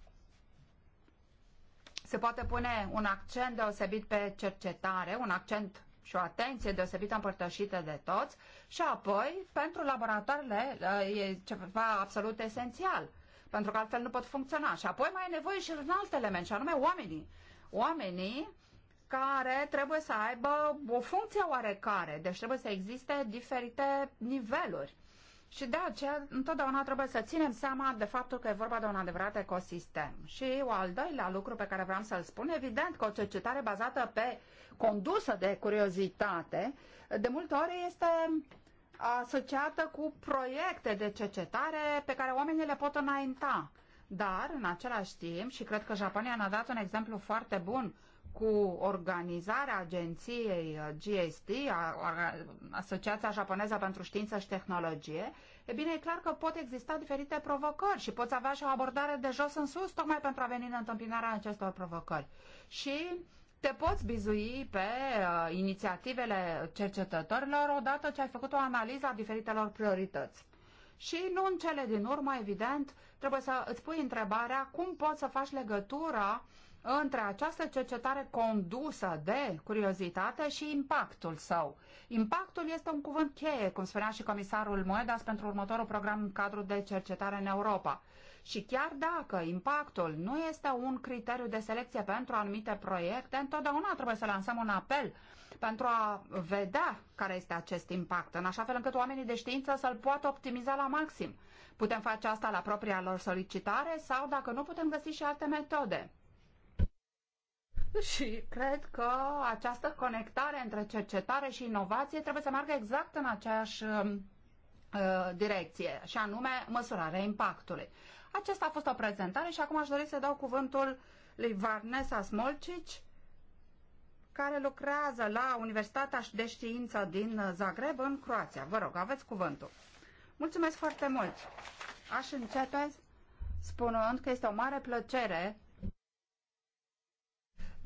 Speaker 7: se poate pune un accent deosebit pe cercetare, un accent și o atenție deosebită împărtășită de toți și apoi pentru laboratoarele uh, e ceva absolut esențial pentru că altfel nu pot funcționa. Și apoi mai e nevoie și în alt element, și anume oamenii. Oamenii care trebuie să aibă o funcție oarecare, deci trebuie să existe diferite niveluri. Și de aceea, întotdeauna trebuie să ținem seama de faptul că e vorba de un adevărat ecosistem. Și o al doilea lucru pe care vreau să-l spun, evident că o cercetare bazată pe condusă de curiozitate, de multe ori este asociată cu proiecte de cercetare pe care oamenii le pot înainta. Dar, în același timp, și cred că Japonia ne-a dat un exemplu foarte bun cu organizarea agenției uh, GST, Asociația Japoneză pentru Știință și Tehnologie, e bine, e clar că pot exista diferite provocări și poți avea și o abordare de jos în sus, tocmai pentru a veni în întâmpinarea acestor provocări. Și te poți bizui pe uh, inițiativele cercetătorilor odată ce ai făcut o analiză a diferitelor priorități. Și nu în cele din urmă, evident, trebuie să îți pui întrebarea cum poți să faci legătura între această cercetare condusă de curiozitate și impactul său. Impactul este un cuvânt cheie, cum spunea și comisarul Moedas pentru următorul program în cadrul de cercetare în Europa. Și chiar dacă impactul nu este un criteriu de selecție pentru anumite proiecte, întotdeauna trebuie să lansăm un apel pentru a vedea care este acest impact, în așa fel încât oamenii de știință să-l poată optimiza la maxim. Putem face asta la propria lor solicitare sau, dacă nu, putem găsi și alte metode. Și cred că această conectare între cercetare și inovație trebuie să meargă exact în aceeași uh, direcție, și anume măsurarea impactului. Acesta a fost o prezentare și acum aș dori să dau cuvântul lui Varnesa Smolcici, care lucrează la Universitatea de Știință din Zagreb, în Croația. Vă rog, aveți cuvântul. Mulțumesc foarte mult! Aș începe spunând că este o mare plăcere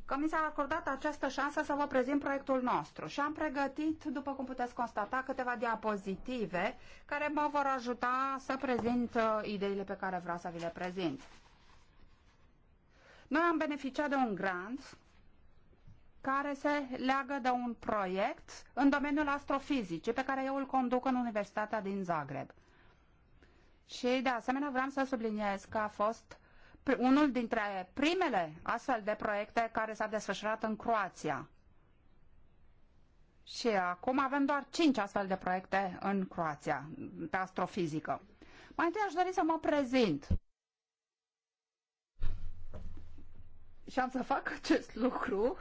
Speaker 7: Comisia a acordat această șansă să vă prezint proiectul nostru și am pregătit, după cum puteți constata, câteva diapozitive care mă vor ajuta să prezint uh, ideile pe care vreau să vi le prezint. Noi am beneficiat de un grant care se leagă de un proiect în domeniul astrofizicii pe care eu îl conduc în Universitatea din Zagreb. Și de asemenea vreau să subliniez că a fost unul dintre primele astfel de proiecte care s-a desfășurat în Croația. Și acum avem doar cinci astfel de proiecte în Croația, pe astrofizică. Mai întâi aș dori să mă prezint. Și am să fac acest lucru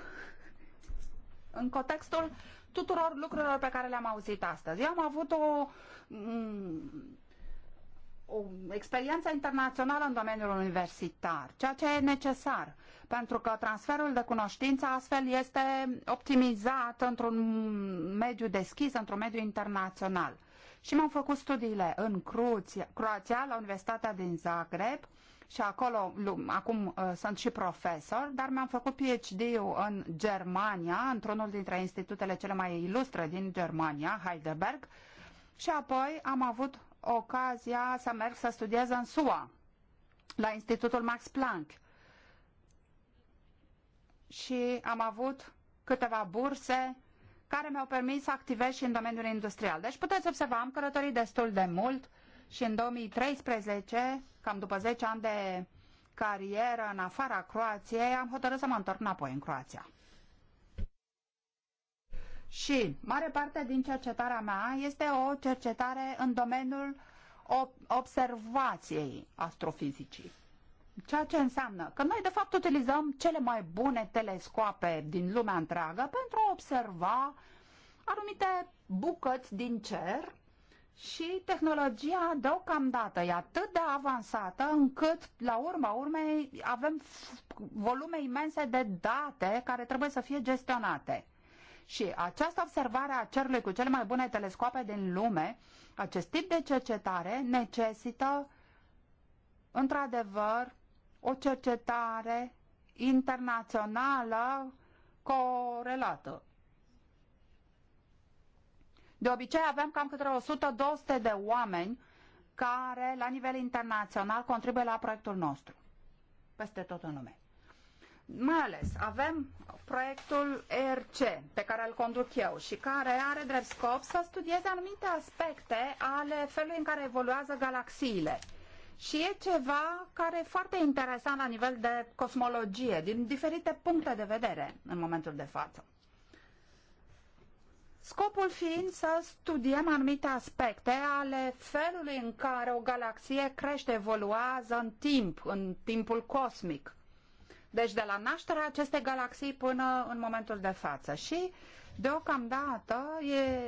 Speaker 7: în contextul tuturor lucrurilor pe care le-am auzit astăzi. Eu am avut o mm, o experiență internațională în domeniul universitar, ceea ce e necesar, pentru că transferul de cunoștință astfel este optimizat într-un mediu deschis, într-un mediu internațional. Și m am făcut studiile în Cruția, Croația, la Universitatea din Zagreb, și acolo acum uh, sunt și profesor, dar mi-am făcut PhD-ul în Germania, într-unul dintre institutele cele mai ilustre din Germania, Heidelberg, și apoi am avut ocazia să merg să studiez în SUA, la Institutul Max Planck. Și am avut câteva burse care mi-au permis să activez și în domeniul industrial. Deci puteți observa, am călătorit destul de mult și în 2013, cam după 10 ani de carieră în afara Croației, am hotărât să mă întorc înapoi în Croația. Și mare parte din cercetarea mea este o cercetare în domeniul observației astrofizicii. Ceea ce înseamnă că noi, de fapt, utilizăm cele mai bune telescoape din lumea întreagă pentru a observa anumite bucăți din cer și tehnologia deocamdată e atât de avansată încât, la urma urmei, avem volume imense de date care trebuie să fie gestionate. Și această observare a cerului cu cele mai bune telescoape din lume, acest tip de cercetare necesită într-adevăr o cercetare internațională corelată. De obicei avem cam câte 100-200 de oameni care, la nivel internațional, contribuie la proiectul nostru, peste tot în lume. Mai ales avem proiectul ERC pe care îl conduc eu și care are drept scop să studieze anumite aspecte ale felului în care evoluează galaxiile. Și e ceva care e foarte interesant la nivel de cosmologie, din diferite puncte de vedere în momentul de față. Scopul fiind să studiem anumite aspecte ale felului în care o galaxie crește, evoluează în timp, în timpul cosmic deci de la nașterea acestei galaxii până în momentul de față. Și deocamdată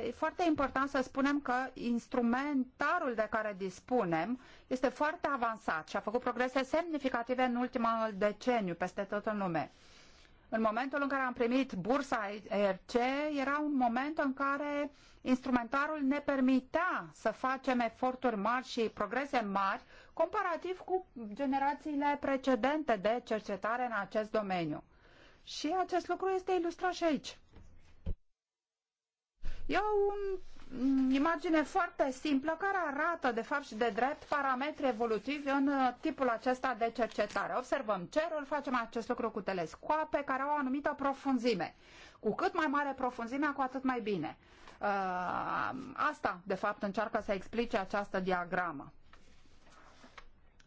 Speaker 7: e foarte important să spunem că instrumentarul de care dispunem este foarte avansat și a făcut progrese semnificative în ultimul deceniu peste tot în lume. În momentul în care am primit bursa ERC, era un moment în care instrumentarul ne permitea să facem eforturi mari și progrese mari comparativ cu generațiile precedente de cercetare în acest domeniu. Și acest lucru este ilustrat și aici. E o mm, imagine foarte simplă care arată, de fapt și de drept, parametri evolutivi în uh, tipul acesta de cercetare. Observăm cerul, facem acest lucru cu telescoape care au o anumită profunzime. Cu cât mai mare profunzimea, cu atât mai bine. Uh, asta, de fapt, încearcă să explice această diagramă.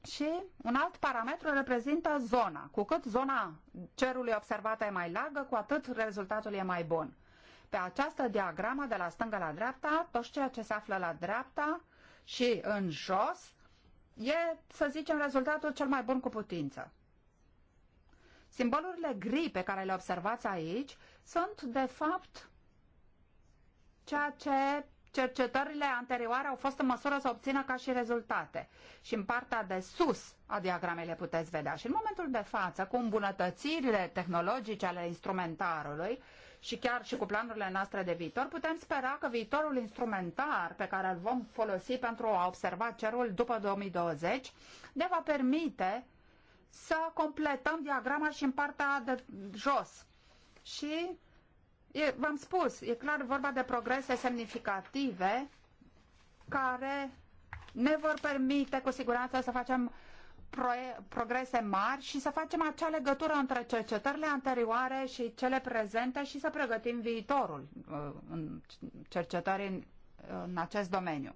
Speaker 7: Și un alt parametru reprezintă zona. Cu cât zona cerului observată e mai largă, cu atât rezultatul e mai bun. Pe această diagramă de la stânga la dreapta, tot ceea ce se află la dreapta și în jos e, să zicem, rezultatul cel mai bun cu putință. Simbolurile gri pe care le observați aici sunt, de fapt, ceea ce cercetările anterioare au fost în măsură să obțină ca și rezultate. Și în partea de sus a diagramei le puteți vedea. Și în momentul de față, cu îmbunătățirile tehnologice ale instrumentarului și chiar și cu planurile noastre de viitor, putem spera că viitorul instrumentar pe care îl vom folosi pentru a observa cerul după 2020 ne va permite să completăm diagrama și în partea de jos. Și V-am spus, e clar vorba de progrese semnificative care ne vor permite cu siguranță să facem progrese mari și să facem acea legătură între cercetările anterioare și cele prezente și să pregătim viitorul uh, în cercetări în, în acest domeniu.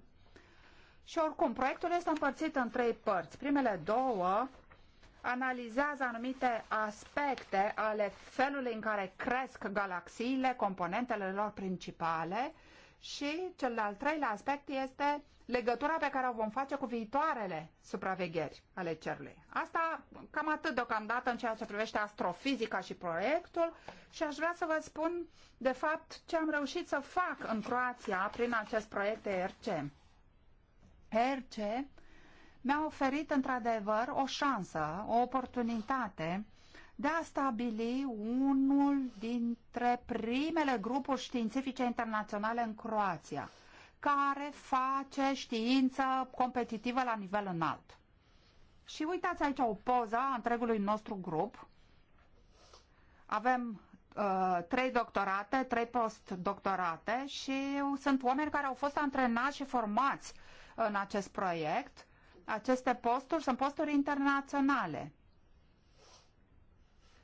Speaker 7: Și oricum, proiectul este împărțit în trei părți. Primele două analizează anumite aspecte ale felului în care cresc galaxiile, componentele lor principale și cel de-al treilea aspect este legătura pe care o vom face cu viitoarele supravegheri ale cerului. Asta cam atât deocamdată în ceea ce privește astrofizica și proiectul și aș vrea să vă spun de fapt ce am reușit să fac în Croația prin acest proiect ERC. ERC mi-a oferit într-adevăr o șansă, o oportunitate de a stabili unul dintre primele grupuri științifice internaționale în Croația, care face știință competitivă la nivel înalt. Și uitați aici o poză a întregului nostru grup. Avem uh, trei doctorate, trei postdoctorate și sunt oameni care au fost antrenați și formați în acest proiect aceste posturi sunt posturi internaționale.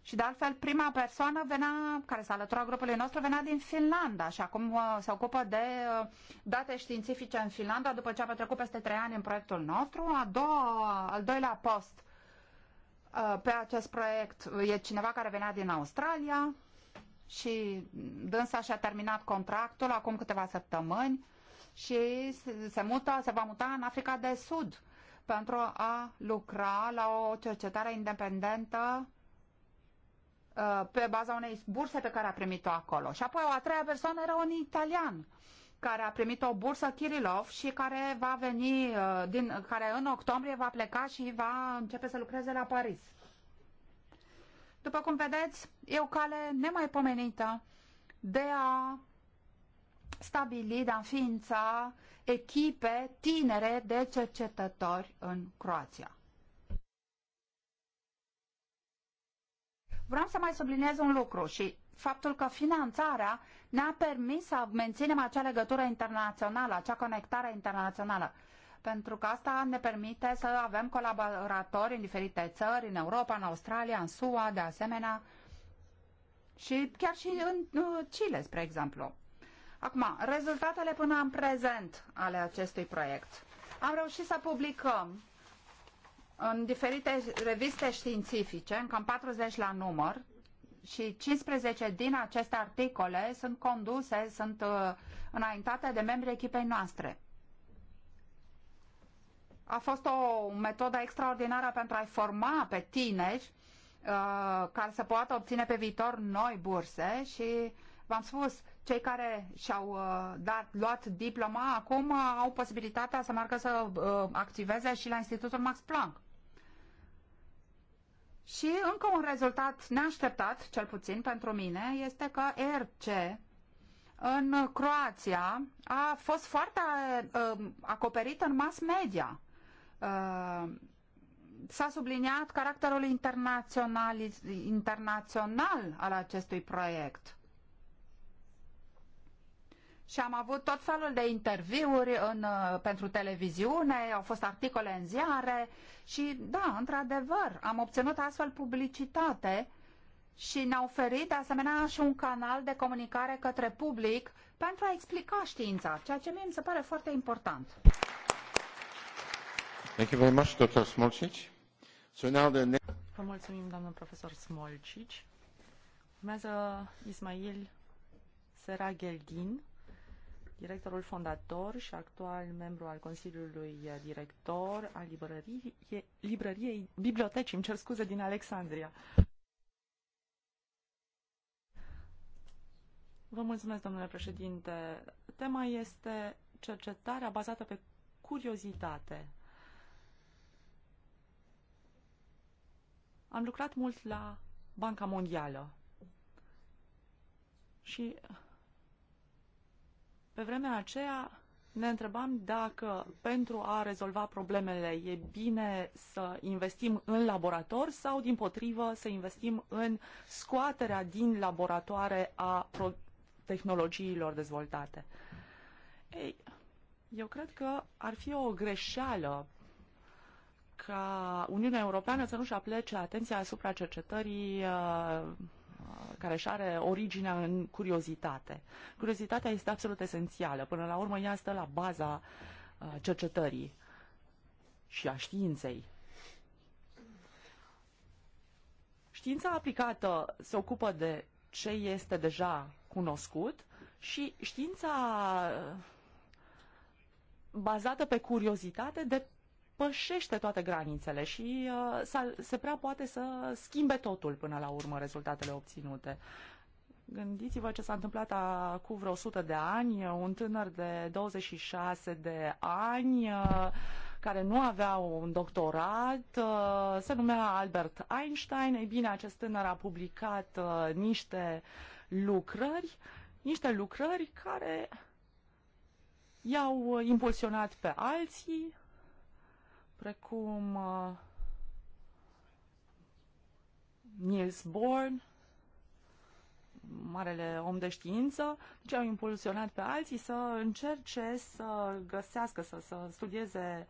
Speaker 7: Și de altfel, prima persoană venea, care s-a alăturat grupului nostru venea din Finlanda și acum uh, se ocupă de uh, date științifice în Finlanda după ce a petrecut peste trei ani în proiectul nostru. A doua, al doilea post uh, pe acest proiect uh, e cineva care venea din Australia și dânsa și-a terminat contractul acum câteva săptămâni și se, mută, se va muta în Africa de Sud pentru a lucra la o cercetare independentă uh, pe baza unei burse pe care a primit-o acolo. Și apoi o a treia persoană era un italian care a primit o bursă Kirilov și care va veni, uh, din, care în octombrie va pleca și va începe să lucreze la Paris. După cum vedeți, e o cale nemaipomenită de a stabili, de a înființa uh, echipe tinere de cercetători în Croația. Vreau să mai subliniez un lucru și faptul că finanțarea ne-a permis să menținem acea legătură internațională, acea conectare internațională. Pentru că asta ne permite să avem colaboratori în diferite țări, în Europa, în Australia, în SUA, de asemenea, și chiar și în Chile, spre exemplu. Acum, rezultatele până în prezent ale acestui proiect. Am reușit să publicăm în diferite reviste științifice, în cam 40 la număr, și 15 din aceste articole sunt conduse, sunt uh, înaintate de membrii echipei noastre. A fost o metodă extraordinară pentru a-i forma pe tineri uh, care să poată obține pe viitor noi burse și v-am spus, cei care și-au uh, dat, luat diploma acum uh, au posibilitatea să meargă să uh, activeze și la Institutul Max Planck. Și încă un rezultat neașteptat, cel puțin pentru mine, este că RC în Croația a fost foarte uh, acoperit în mass media. Uh, s-a subliniat caracterul internațional, internațional al acestui proiect și am avut tot felul de interviuri în, uh, pentru televiziune, au fost articole în ziare și da, într-adevăr, am obținut astfel publicitate și ne-a oferit de asemenea și un canal de comunicare către public pentru a explica știința, ceea ce mie mi se pare foarte important.
Speaker 6: Thank you very much, Dr. Smolcic. So now the next...
Speaker 4: Vă mulțumim, doamnă profesor Smolcic. Urmează Ismail Seraghelghin directorul fondator și actual membru al Consiliului Director al librăriei, librăriei bibliotecii, îmi cer scuze, din Alexandria. Vă mulțumesc, domnule președinte. Tema este cercetarea bazată pe curiozitate. Am lucrat mult la Banca Mondială și pe vremea aceea ne întrebam dacă pentru a rezolva problemele e bine să investim în laborator sau, din potrivă, să investim în scoaterea din laboratoare a tehnologiilor dezvoltate. Ei, eu cred că ar fi o greșeală ca Uniunea Europeană să nu-și aplece atenția asupra cercetării uh, care își are originea în curiozitate. Curiozitatea este absolut esențială. Până la urmă, ea stă la baza uh, cercetării și a științei. Știința aplicată se ocupă de ce este deja cunoscut și știința uh, bazată pe curiozitate de depășește toate granițele și uh, se prea poate să schimbe totul până la urmă rezultatele obținute. Gândiți-vă ce s-a întâmplat cu vreo 100 de ani, un tânăr de 26 de ani uh, care nu avea un doctorat, uh, se numea Albert Einstein. Ei bine, acest tânăr a publicat uh, niște lucrări, niște lucrări care i-au uh, impulsionat pe alții precum uh, Niels Bohr, marele om de știință, ce au impulsionat pe alții să încerce să găsească, să, să studieze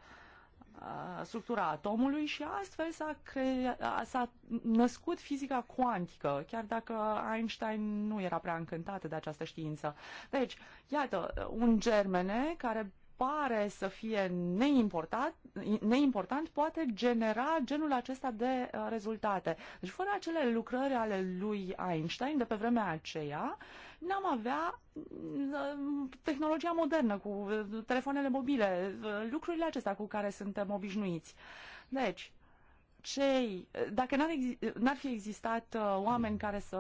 Speaker 4: uh, structura atomului și astfel s-a, crea, s-a născut fizica cuantică, chiar dacă Einstein nu era prea încântat de această știință. Deci, iată, un germene care pare să fie neimportant, neimportant poate genera genul acesta de uh, rezultate. Deci fără acele lucrări ale lui Einstein de pe vremea aceea, n-am avea uh, tehnologia modernă cu uh, telefoanele mobile, lucrurile acestea cu care suntem obișnuiți. Deci, cei, dacă n-ar, n-ar fi existat uh, oameni care să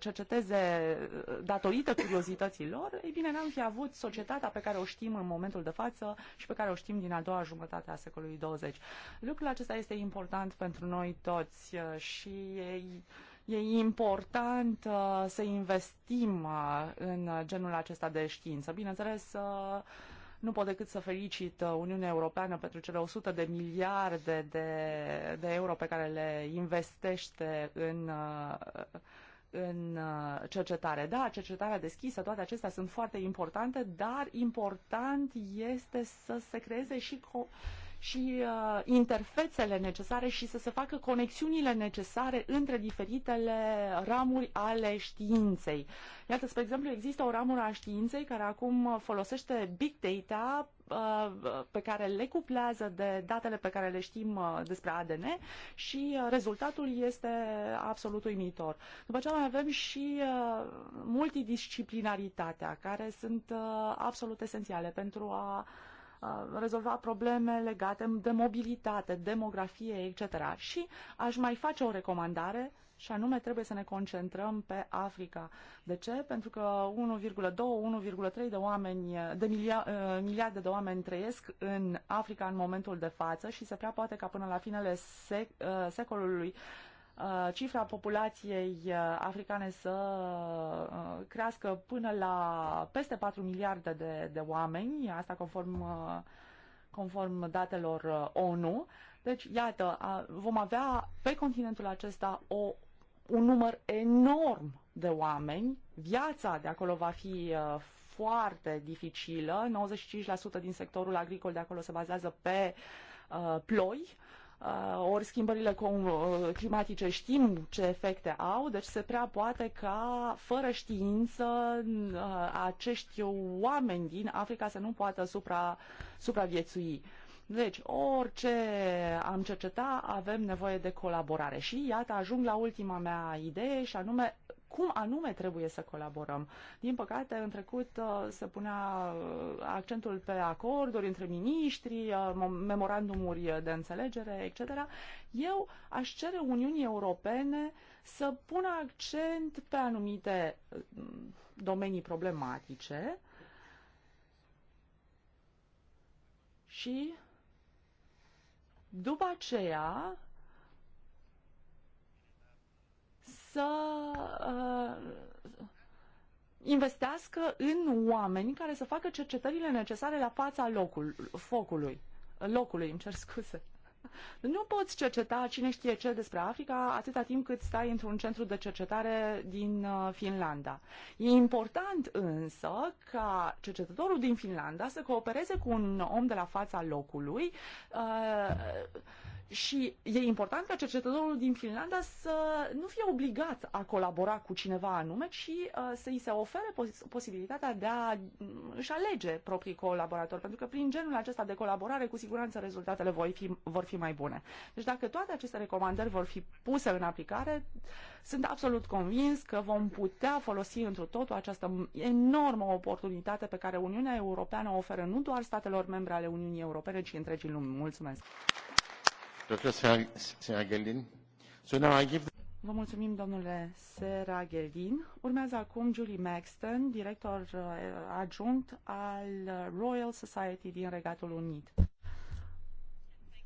Speaker 4: cerceteze uh, datorită curiozității lor, ei bine, n-am fi avut societatea pe care o știm în momentul de față și pe care o știm din a doua jumătate a secolului 20. Lucrul acesta este important pentru noi toți uh, și e, e important uh, să investim uh, în genul acesta de știință. Bineînțeles, uh, nu pot decât să felicit uh, Uniunea Europeană pentru cele 100 de miliarde de, de euro pe care le investește în, uh, în uh, cercetare. Da, cercetarea deschisă, toate acestea sunt foarte importante, dar important este să se creeze și co- și uh, interfețele necesare și să se facă conexiunile necesare între diferitele ramuri ale științei. Iată, spre exemplu, există o ramură a științei care acum folosește big data uh, pe care le cuplează de datele pe care le știm uh, despre ADN și uh, rezultatul este absolut uimitor. După aceea mai avem și multidisciplinaritatea, care sunt absolut esențiale pentru a Uh, rezolva probleme legate de mobilitate, demografie, etc. Și aș mai face o recomandare și anume trebuie să ne concentrăm pe Africa. De ce? Pentru că 1,2-1,3 de oameni, de milia, uh, miliarde de oameni trăiesc în Africa în momentul de față și se prea poate ca până la finele sec, uh, secolului Uh, cifra populației uh, africane să uh, crească până la peste 4 miliarde de, de oameni, asta conform conform datelor ONU. Deci, iată, vom avea pe continentul acesta o, un număr enorm de oameni. Viața de acolo va fi foarte dificilă. 95% din sectorul agricol de acolo se bazează pe uh, ploi. Uh, ori schimbările uh, climatice știm ce efecte au, deci se prea poate ca, fără știință, uh, acești oameni din Africa să nu poată supra, supraviețui. Deci, orice am cercetat, avem nevoie de colaborare. Și iată, ajung la ultima mea idee și anume cum anume trebuie să colaborăm. Din păcate, în trecut uh, se punea uh, accentul pe acorduri între miniștri, uh, memorandumuri de înțelegere, etc. Eu aș cere Uniunii Europene să pună accent pe anumite domenii problematice și după aceea să uh, investească în oameni care să facă cercetările necesare la fața locul, focului, locului, îmi cer scuze. Nu poți cerceta cine știe ce despre Africa atâta timp cât stai într-un centru de cercetare din uh, Finlanda. E important însă ca cercetătorul din Finlanda să coopereze cu un om de la fața locului uh, și e important ca cercetătorul din Finlanda să nu fie obligat a colabora cu cineva anume, ci uh, să îi se ofere pos- posibilitatea de a mm, își alege proprii colaboratori, pentru că prin genul acesta de colaborare, cu siguranță rezultatele vor fi, vor fi mai bune. Deci dacă toate aceste recomandări vor fi puse în aplicare, sunt absolut convins că vom putea folosi într totul această enormă oportunitate pe care Uniunea Europeană o oferă nu doar statelor membre ale Uniunii Europene, ci întregii lumi. Mulțumesc! Vă mulțumim, domnule Seraghelin. Urmează acum Julie Maxton, director uh, adjunct al Royal Society din Regatul Unit.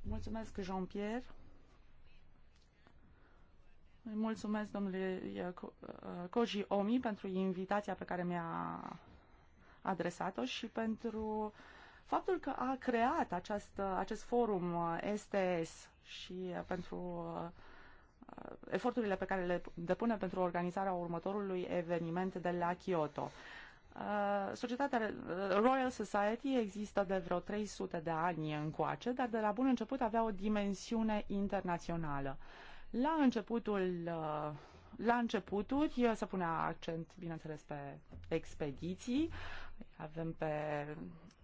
Speaker 4: Mulțumesc, Jean-Pierre. mulțumesc domnului uh, uh, Koji Omi pentru invitația pe care mi-a adresat-o și pentru faptul că a creat acest, acest forum STS și uh, pentru uh, eforturile pe care le depune pentru organizarea următorului eveniment de la Kyoto. Uh, societatea Royal Society există de vreo 300 de ani încoace, dar de la bun început avea o dimensiune internațională. La începutul la începuturi se punea accent, bineînțeles, pe expediții, avem pe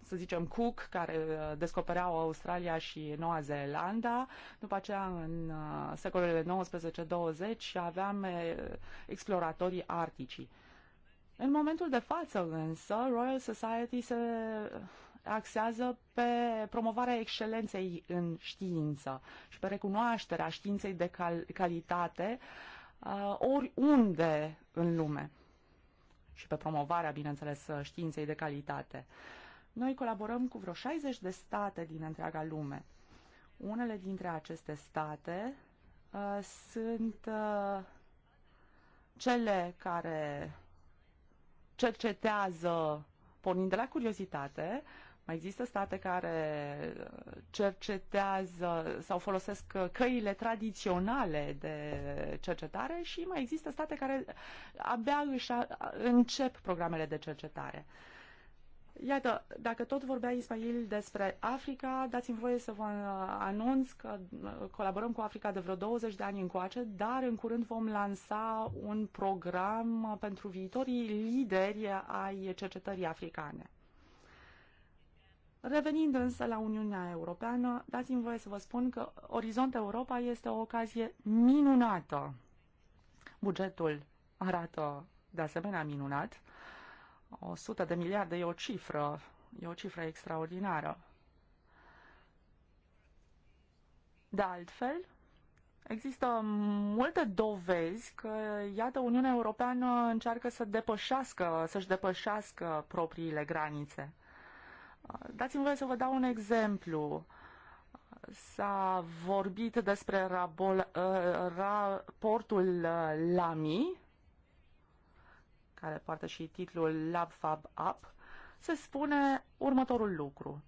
Speaker 4: să zicem, Cook, care uh, descopereau Australia și Noua Zeelandă. După aceea, în uh, secolele 19-20, aveam uh, exploratorii articii. În momentul de față, însă, Royal Society se axează pe promovarea excelenței în știință și pe recunoașterea științei de cal- calitate uh, oriunde în lume și pe promovarea, bineînțeles, științei de calitate. Uh, noi colaborăm cu vreo 60 de state din întreaga lume. Unele dintre aceste state uh, sunt uh, cele care cercetează, pornind de la curiozitate, mai există state care uh, cercetează sau folosesc uh, căile tradiționale de cercetare și mai există state care abia își încep programele de cercetare. Uh, Iată, dacă tot vorbea Ismail despre Africa, dați-mi voie să vă uh, anunț că uh, colaborăm cu Africa de vreo 20 de ani încoace, dar în curând vom lansa un program uh, pentru viitorii lideri ai cercetării africane. Revenind însă la Uniunea Europeană, dați-mi voie să vă spun că Orizont Europa este o ocazie minunată. Bugetul arată de asemenea minunat. 100 de miliarde e o cifră, e o cifră extraordinară. De altfel, există multe dovezi că, iată, Uniunea Europeană încearcă să depășească, să-și depășească propriile granițe. Dați-mi voie să vă dau un exemplu. S-a vorbit despre rabol, ă, raportul ă, Lamy, care poartă și titlul Lab Fab Up, se spune următorul lucru.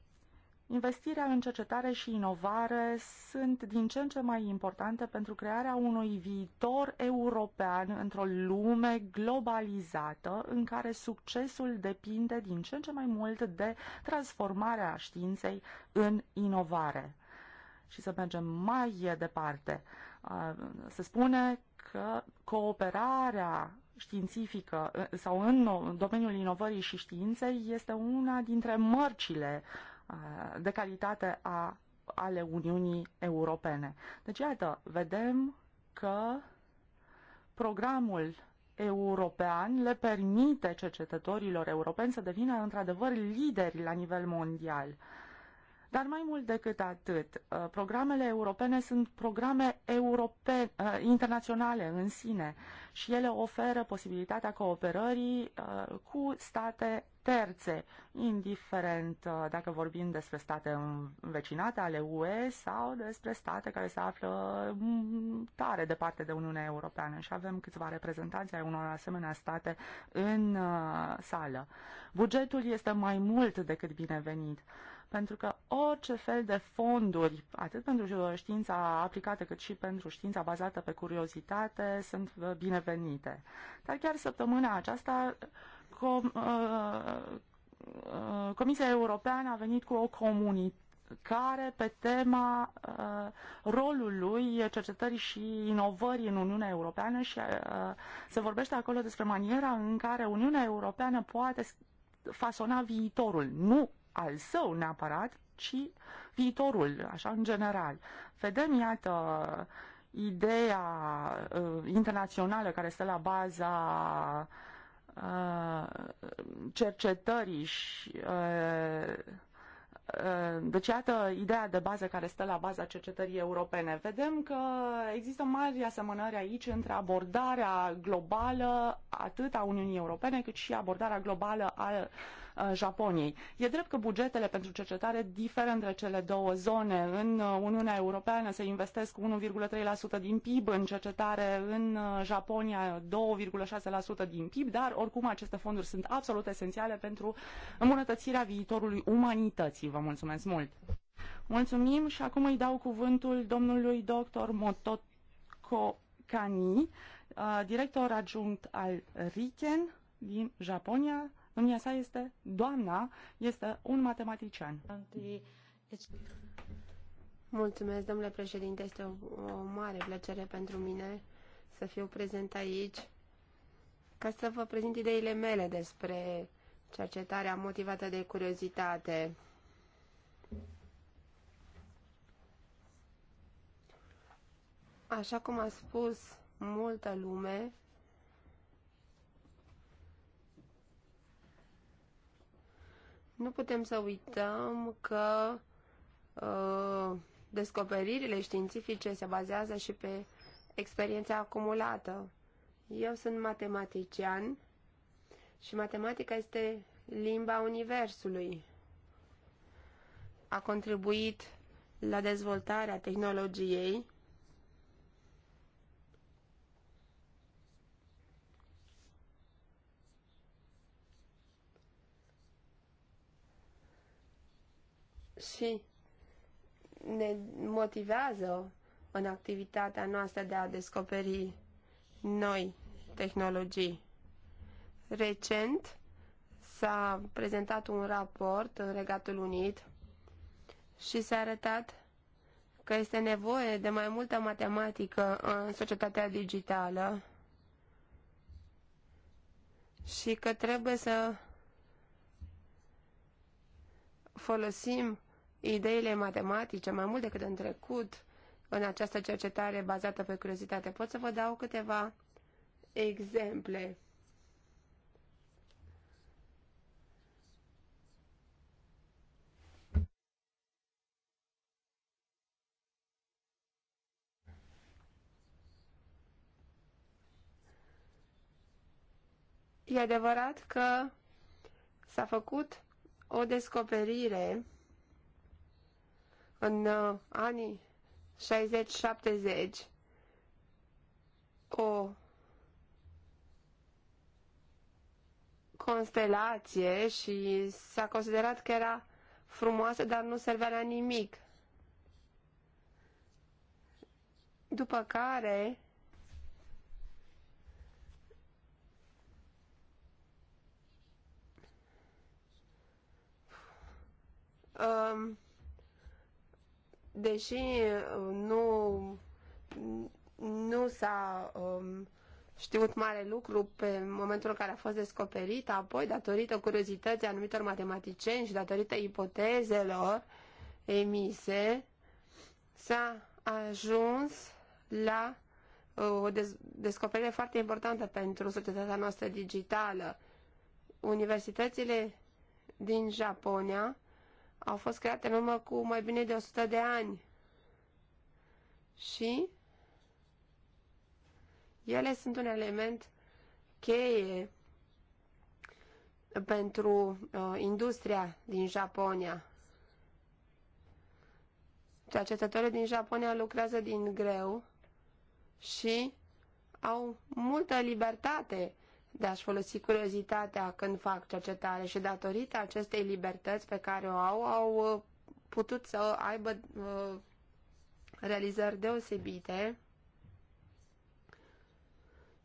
Speaker 4: Investirea în cercetare și inovare sunt din ce în ce mai importante pentru crearea unui viitor european într-o lume globalizată în care succesul depinde din ce în ce mai mult de transformarea științei în inovare. Și să mergem mai departe. Se spune că cooperarea științifică eh, sau în domeniul inovării și științei este una dintre mărcile eh, de calitate a, ale Uniunii Europene. Deci, iată, vedem că programul european le permite cercetătorilor europeni să devină într-adevăr lideri la nivel mondial. Uh, dar mai mult decât atât, uh, programele europene sunt programe europene, uh, internaționale în sine și ele oferă posibilitatea cooperării uh, cu state terțe, indiferent dacă vorbim despre state învecinate ale UE sau despre state care se află mm, tare departe de Uniunea Europeană și avem câțiva reprezentanți ai unor asemenea state în sală. Bugetul este mai mult decât binevenit pentru că orice fel de fonduri, atât pentru știința aplicată cât și pentru știința bazată pe curiozitate, sunt uh, binevenite. Dar chiar săptămâna aceasta com, uh, uh, Comisia Europeană a venit cu o comunitate care pe tema uh, rolului cercetării și inovării în Uniunea Europeană și uh, se vorbește acolo despre maniera în care Uniunea Europeană poate fasona viitorul, nu al său neapărat, ci viitorul, așa în general. Vedem, iată, ideea uh, internațională care stă la baza uh, cercetării și uh, uh, deci, iată ideea de bază care stă la baza cercetării europene. Vedem că există mari asemănări aici între abordarea globală atât a Uniunii Europene cât și abordarea globală a Uh, Japoniei. E drept că bugetele pentru cercetare diferă între cele două zone. În uh, Uniunea Europeană se investesc 1,3% din PIB în cercetare, în uh, Japonia 2,6% din PIB, dar oricum aceste fonduri sunt absolut esențiale pentru îmbunătățirea viitorului umanității. Vă mulțumesc mult! Mulțumim și acum îi dau cuvântul domnului dr. Mototko Kani, director adjunct al RIKEN din Japonia, Domnia sa este, doamna, este un matematician.
Speaker 5: Mulțumesc, domnule președinte, este o, o mare plăcere pentru mine să fiu prezent aici ca să vă prezint ideile mele despre cercetarea motivată de curiozitate. Așa cum a spus multă lume, Nu putem să uităm că uh, descoperirile științifice se bazează și pe experiența acumulată. Eu sunt matematician și matematica este limba universului. A contribuit la dezvoltarea tehnologiei și ne motivează în activitatea noastră de a descoperi noi tehnologii. Recent s-a prezentat un raport în Regatul Unit și s-a arătat că este nevoie de mai multă matematică în societatea digitală și că trebuie să folosim ideile matematice mai mult decât în trecut în această cercetare bazată pe curiozitate. Pot să vă dau câteva exemple. E adevărat că s-a făcut o descoperire în uh, anii 60-70 o constelație și s-a considerat că era frumoasă, dar nu servea la nimic. După care um, deși uh, nu, nu s-a um, știut mare lucru pe momentul în care a fost descoperit, apoi, datorită curiozității anumitor matematicieni și datorită ipotezelor emise, s-a ajuns la uh, o dez descoperire foarte importantă pentru societatea noastră digitală. Universitățile din Japonia au fost create în urmă cu mai bine de 100 de ani. Și ele sunt un element cheie pentru uh, industria din Japonia. Cercetătorii din Japonia lucrează din greu și au multă libertate de a-și folosi curiozitatea când fac cercetare și datorită acestei libertăți pe care o au, au uh, putut să aibă uh, realizări deosebite,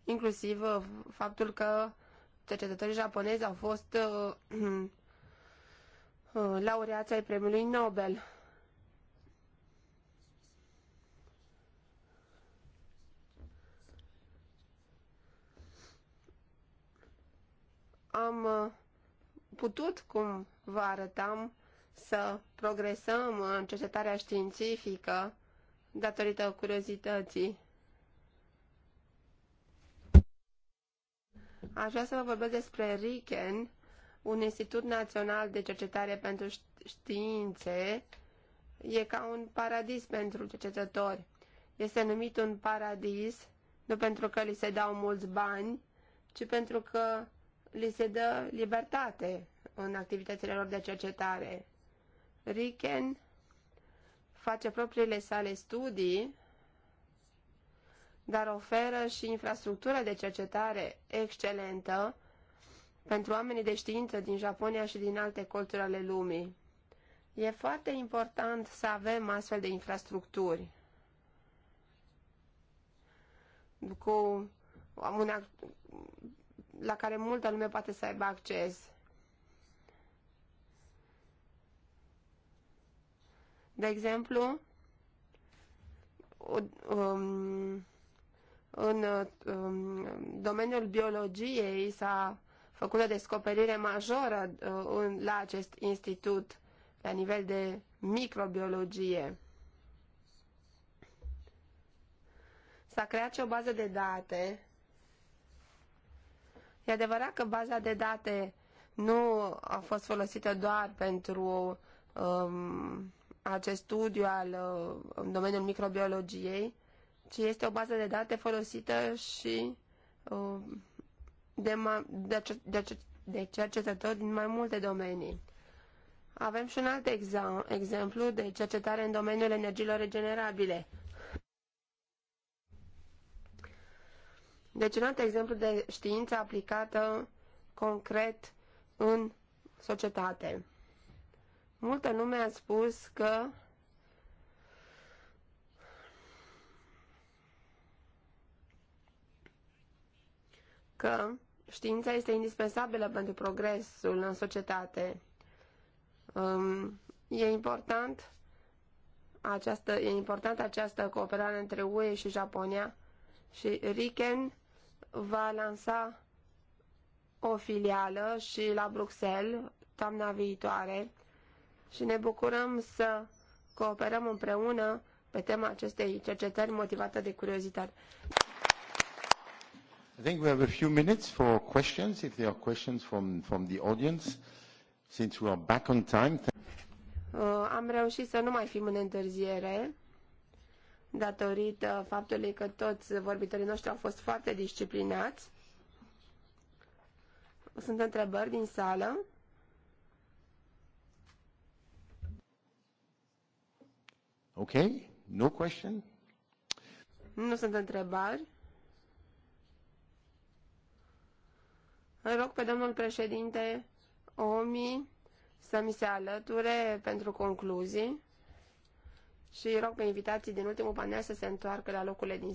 Speaker 5: inclusiv uh, faptul că cercetătorii japonezi au fost [clears throat] laureați ai premiului Nobel. am uh, putut, cum vă arătam, să progresăm în cercetarea științifică datorită curiozității. Aș vrea să vă vorbesc despre RICEN, un institut național de cercetare pentru științe. E ca un paradis pentru cercetători. Este numit un paradis nu pentru că li se dau mulți bani, ci pentru că li se dă libertate în activitățile lor de cercetare. Riken face propriile sale studii, dar oferă și infrastructură de cercetare excelentă pentru oamenii de știință din Japonia și din alte colțuri ale lumii. E foarte important să avem astfel de infrastructuri cu un, la care multă lume poate să aibă acces. De exemplu, um, în um, domeniul biologiei s-a făcut o descoperire majoră uh, la acest institut la nivel de microbiologie. S-a creat și o bază de date E adevărat că baza de date nu a fost folosită doar pentru um, acest studiu al uh, în domeniul microbiologiei, ci este o bază de date folosită și uh, de, de, de, de cercetători din mai multe domenii. Avem și un alt exemplu de cercetare în domeniul energiilor regenerabile. Deci, un alt exemplu de știință aplicată concret în societate. Multă lume a spus că că știința este indispensabilă pentru progresul în societate. Um, e important această, e important această cooperare între UE și Japonia și Riken va lansa o filială și la Bruxelles toamna viitoare și ne bucurăm să cooperăm împreună pe tema acestei cercetări motivată de curiozitate.
Speaker 6: I think we have a few minutes for questions, if there are questions from, from the audience, since we are back on time.
Speaker 5: Uh, am reușit să nu mai fim în întârziere datorită faptului că toți vorbitorii noștri au fost foarte disciplinați. Sunt întrebări din sală.
Speaker 6: Ok? No question?
Speaker 5: Nu sunt întrebări. Îl rog pe domnul președinte Omi să mi se alăture pentru concluzii și rog pe invitații din ultimul panel să se întoarcă la locurile din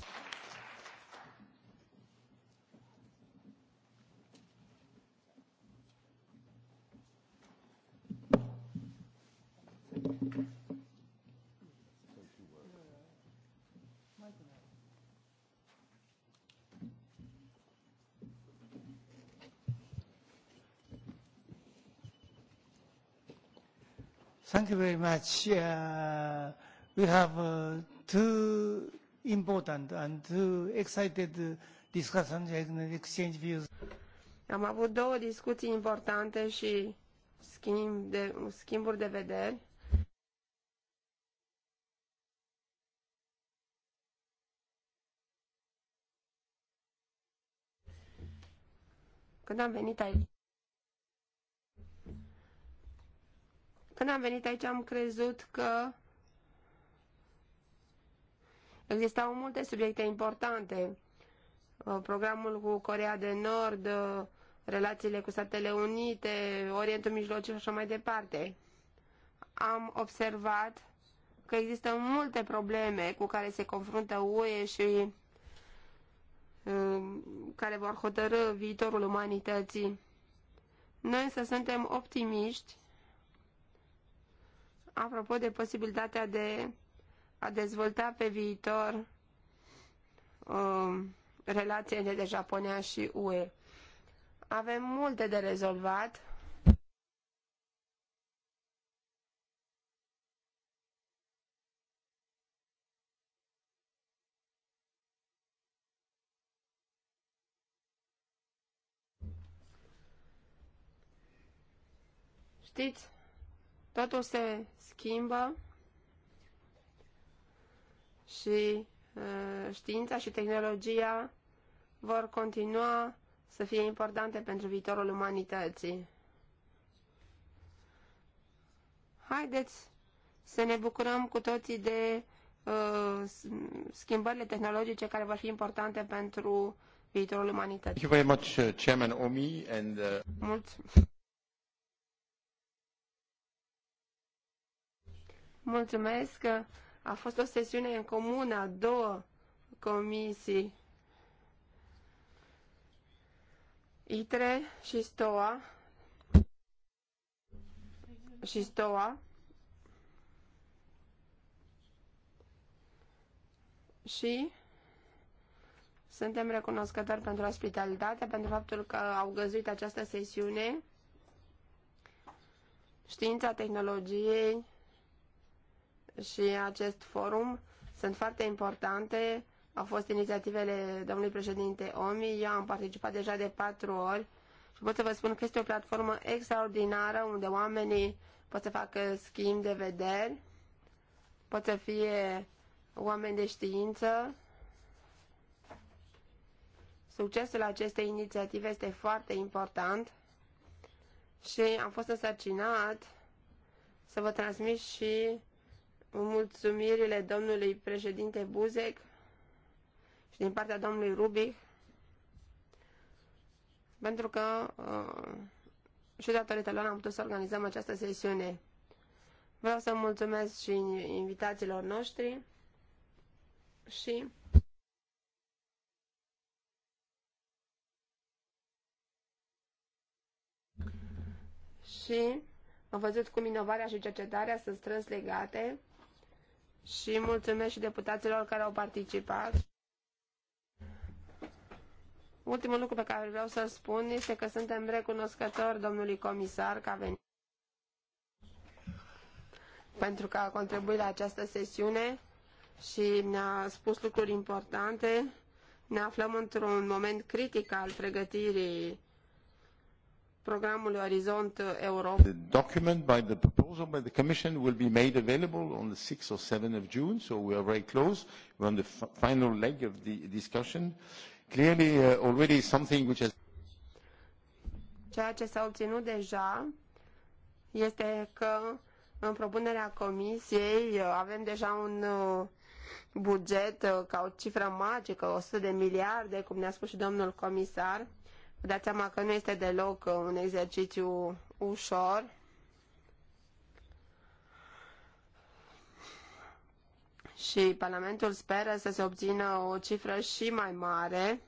Speaker 2: Thank you very much. Uh we have uh, two important and two excited uh, discussions and exchange views.
Speaker 5: Am avut două discuții
Speaker 2: importante
Speaker 5: și schimb de, schimburi de vederi. Când am venit aici, când am venit aici am crezut că Existau multe subiecte importante. Uh, programul cu Corea de Nord, uh, relațiile cu Statele Unite, Orientul Mijlociu și așa mai departe. Am observat că există multe probleme cu care se confruntă UE și uh, care vor hotărâ viitorul umanității. Noi însă suntem optimiști apropo de posibilitatea de a dezvolta pe viitor um, relațiile între de Japonia și UE. Avem multe de rezolvat. Știți, totul se schimbă și uh, știința și tehnologia vor continua să fie importante pentru viitorul umanității. Haideți să ne bucurăm cu toții de uh, schimbările tehnologice care vor fi importante pentru viitorul umanității. Thank you very
Speaker 6: much, uh, Chairman Omi. And, uh... Mulțumesc.
Speaker 5: Mulțumesc. A fost o sesiune în comună a două comisii, ITRE și STOA, și STOA, și suntem recunoscători pentru ospitalitate, pentru faptul că au găzuit această sesiune. Știința tehnologiei și acest forum sunt foarte importante. Au fost inițiativele domnului președinte OMI, eu am participat deja de patru ori și pot să vă spun că este o platformă extraordinară unde oamenii pot să facă schimb de vederi, pot să fie oameni de știință. Succesul acestei inițiative este foarte important și am fost însărcinat să vă transmit și mulțumirile domnului președinte Buzek și din partea domnului Rubic, pentru că uh, și datorită lor am putut să organizăm această sesiune. Vreau să mulțumesc și invitațiilor noștri și și am văzut cum inovarea și cercetarea sunt strâns legate și mulțumesc și deputaților care au participat. Ultimul lucru pe care vreau să-l spun este că suntem recunoscători domnului comisar că a venit pentru că a contribuit la această sesiune și ne-a spus lucruri importante. Ne aflăm într-un moment critic al pregătirii programului Orizont Europa. The
Speaker 6: document by the proposal by the Commission will be made available on the 6 or 7 of June, so we are very close. We're on the final leg of the discussion. Clearly, uh, already something which has...
Speaker 5: Ceea ce s-a obținut deja este că în propunerea Comisiei uh, avem deja un uh, buget uh, ca o cifră magică, 100 de miliarde, cum ne-a spus și domnul comisar, Vă dați seama că nu este deloc uh, un exercițiu ușor. Și Parlamentul speră să se obțină o cifră și mai mare.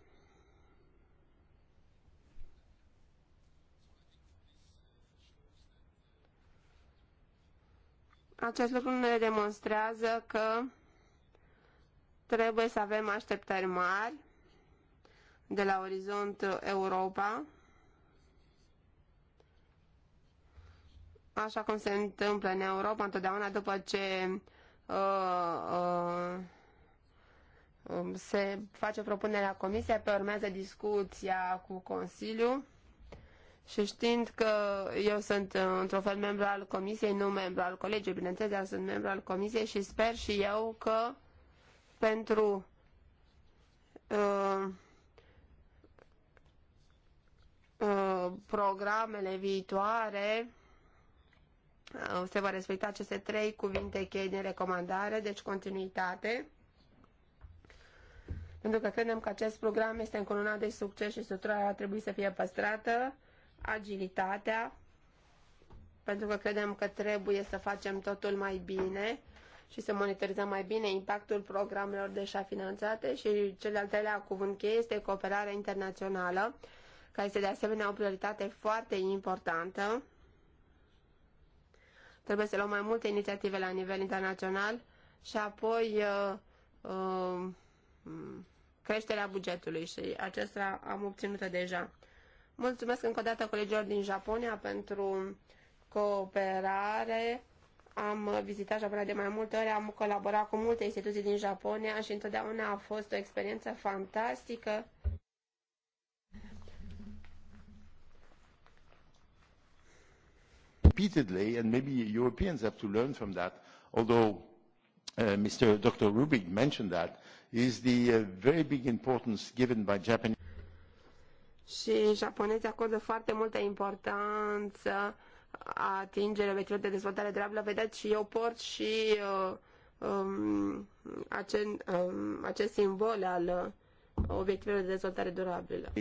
Speaker 5: Acest lucru ne demonstrează că trebuie să avem așteptări mari de la Orizont Europa, așa cum se întâmplă în Europa întotdeauna după ce uh, uh, um, se face propunerea comisiei, pe urmează discuția cu Consiliul și știind că eu sunt uh, într-un fel membru al comisiei, nu membru al colegiului, bineînțeles, dar sunt membru al comisiei și sper și eu că pentru uh, Uh, programele viitoare uh, se vor respecta aceste trei cuvinte cheie din recomandare, deci continuitate, pentru că credem că acest program este încolonat de succes și structura ar trebui să fie păstrată, agilitatea, pentru că credem că trebuie să facem totul mai bine și să monitorizăm mai bine impactul programelor deja finanțate și cel de-al treilea cuvânt cheie este cooperarea internațională, care este de asemenea o prioritate foarte importantă. Trebuie să luăm mai multe inițiative la nivel internațional și apoi uh, uh, creșterea bugetului și acesta am obținut deja. Mulțumesc încă o dată colegilor din Japonia pentru cooperare. Am vizitat Japonia de mai multe ori, am colaborat cu multe instituții din Japonia și întotdeauna a fost o experiență fantastică
Speaker 6: repeatedly, and maybe Europeans have to learn from that, although uh, Mr. Dr. Rubik mentioned that, is the uh, very big importance given by Japanese.
Speaker 5: Și japonezii acordă foarte multă importanță a atingerea obiectivelor de dezvoltare durabilă. Vedeți, și eu port și uh, um, acest, um, acest simbol al uh, obiectivelor de dezvoltare durabilă.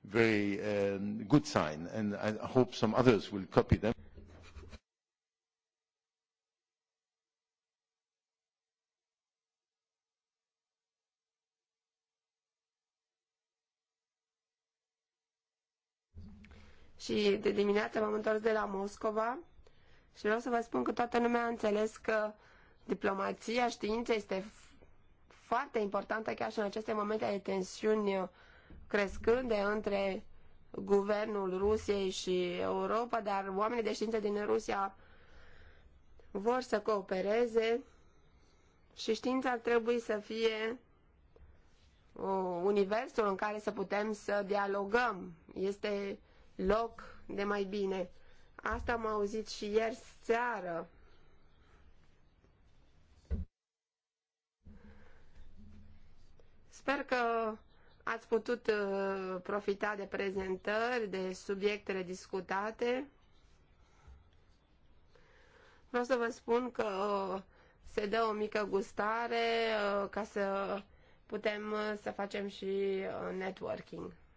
Speaker 6: Very um, good sign and I hope some others will copy them.
Speaker 5: și de dimineață m-am întors de la Moscova și vreau să vă spun că toată lumea a înțeles că diplomația știința este foarte importantă chiar și în aceste momente ale tensiuni crescânde între guvernul Rusiei și Europa, dar oamenii de știință din Rusia vor să coopereze și știința ar trebui să fie uh, universul în care să putem să dialogăm. Este loc de mai bine. Asta am auzit și ieri seară. Sper că ați putut uh, profita de prezentări, de subiectele discutate. Vreau să vă spun că uh, se dă o mică gustare uh, ca să putem să facem și networking.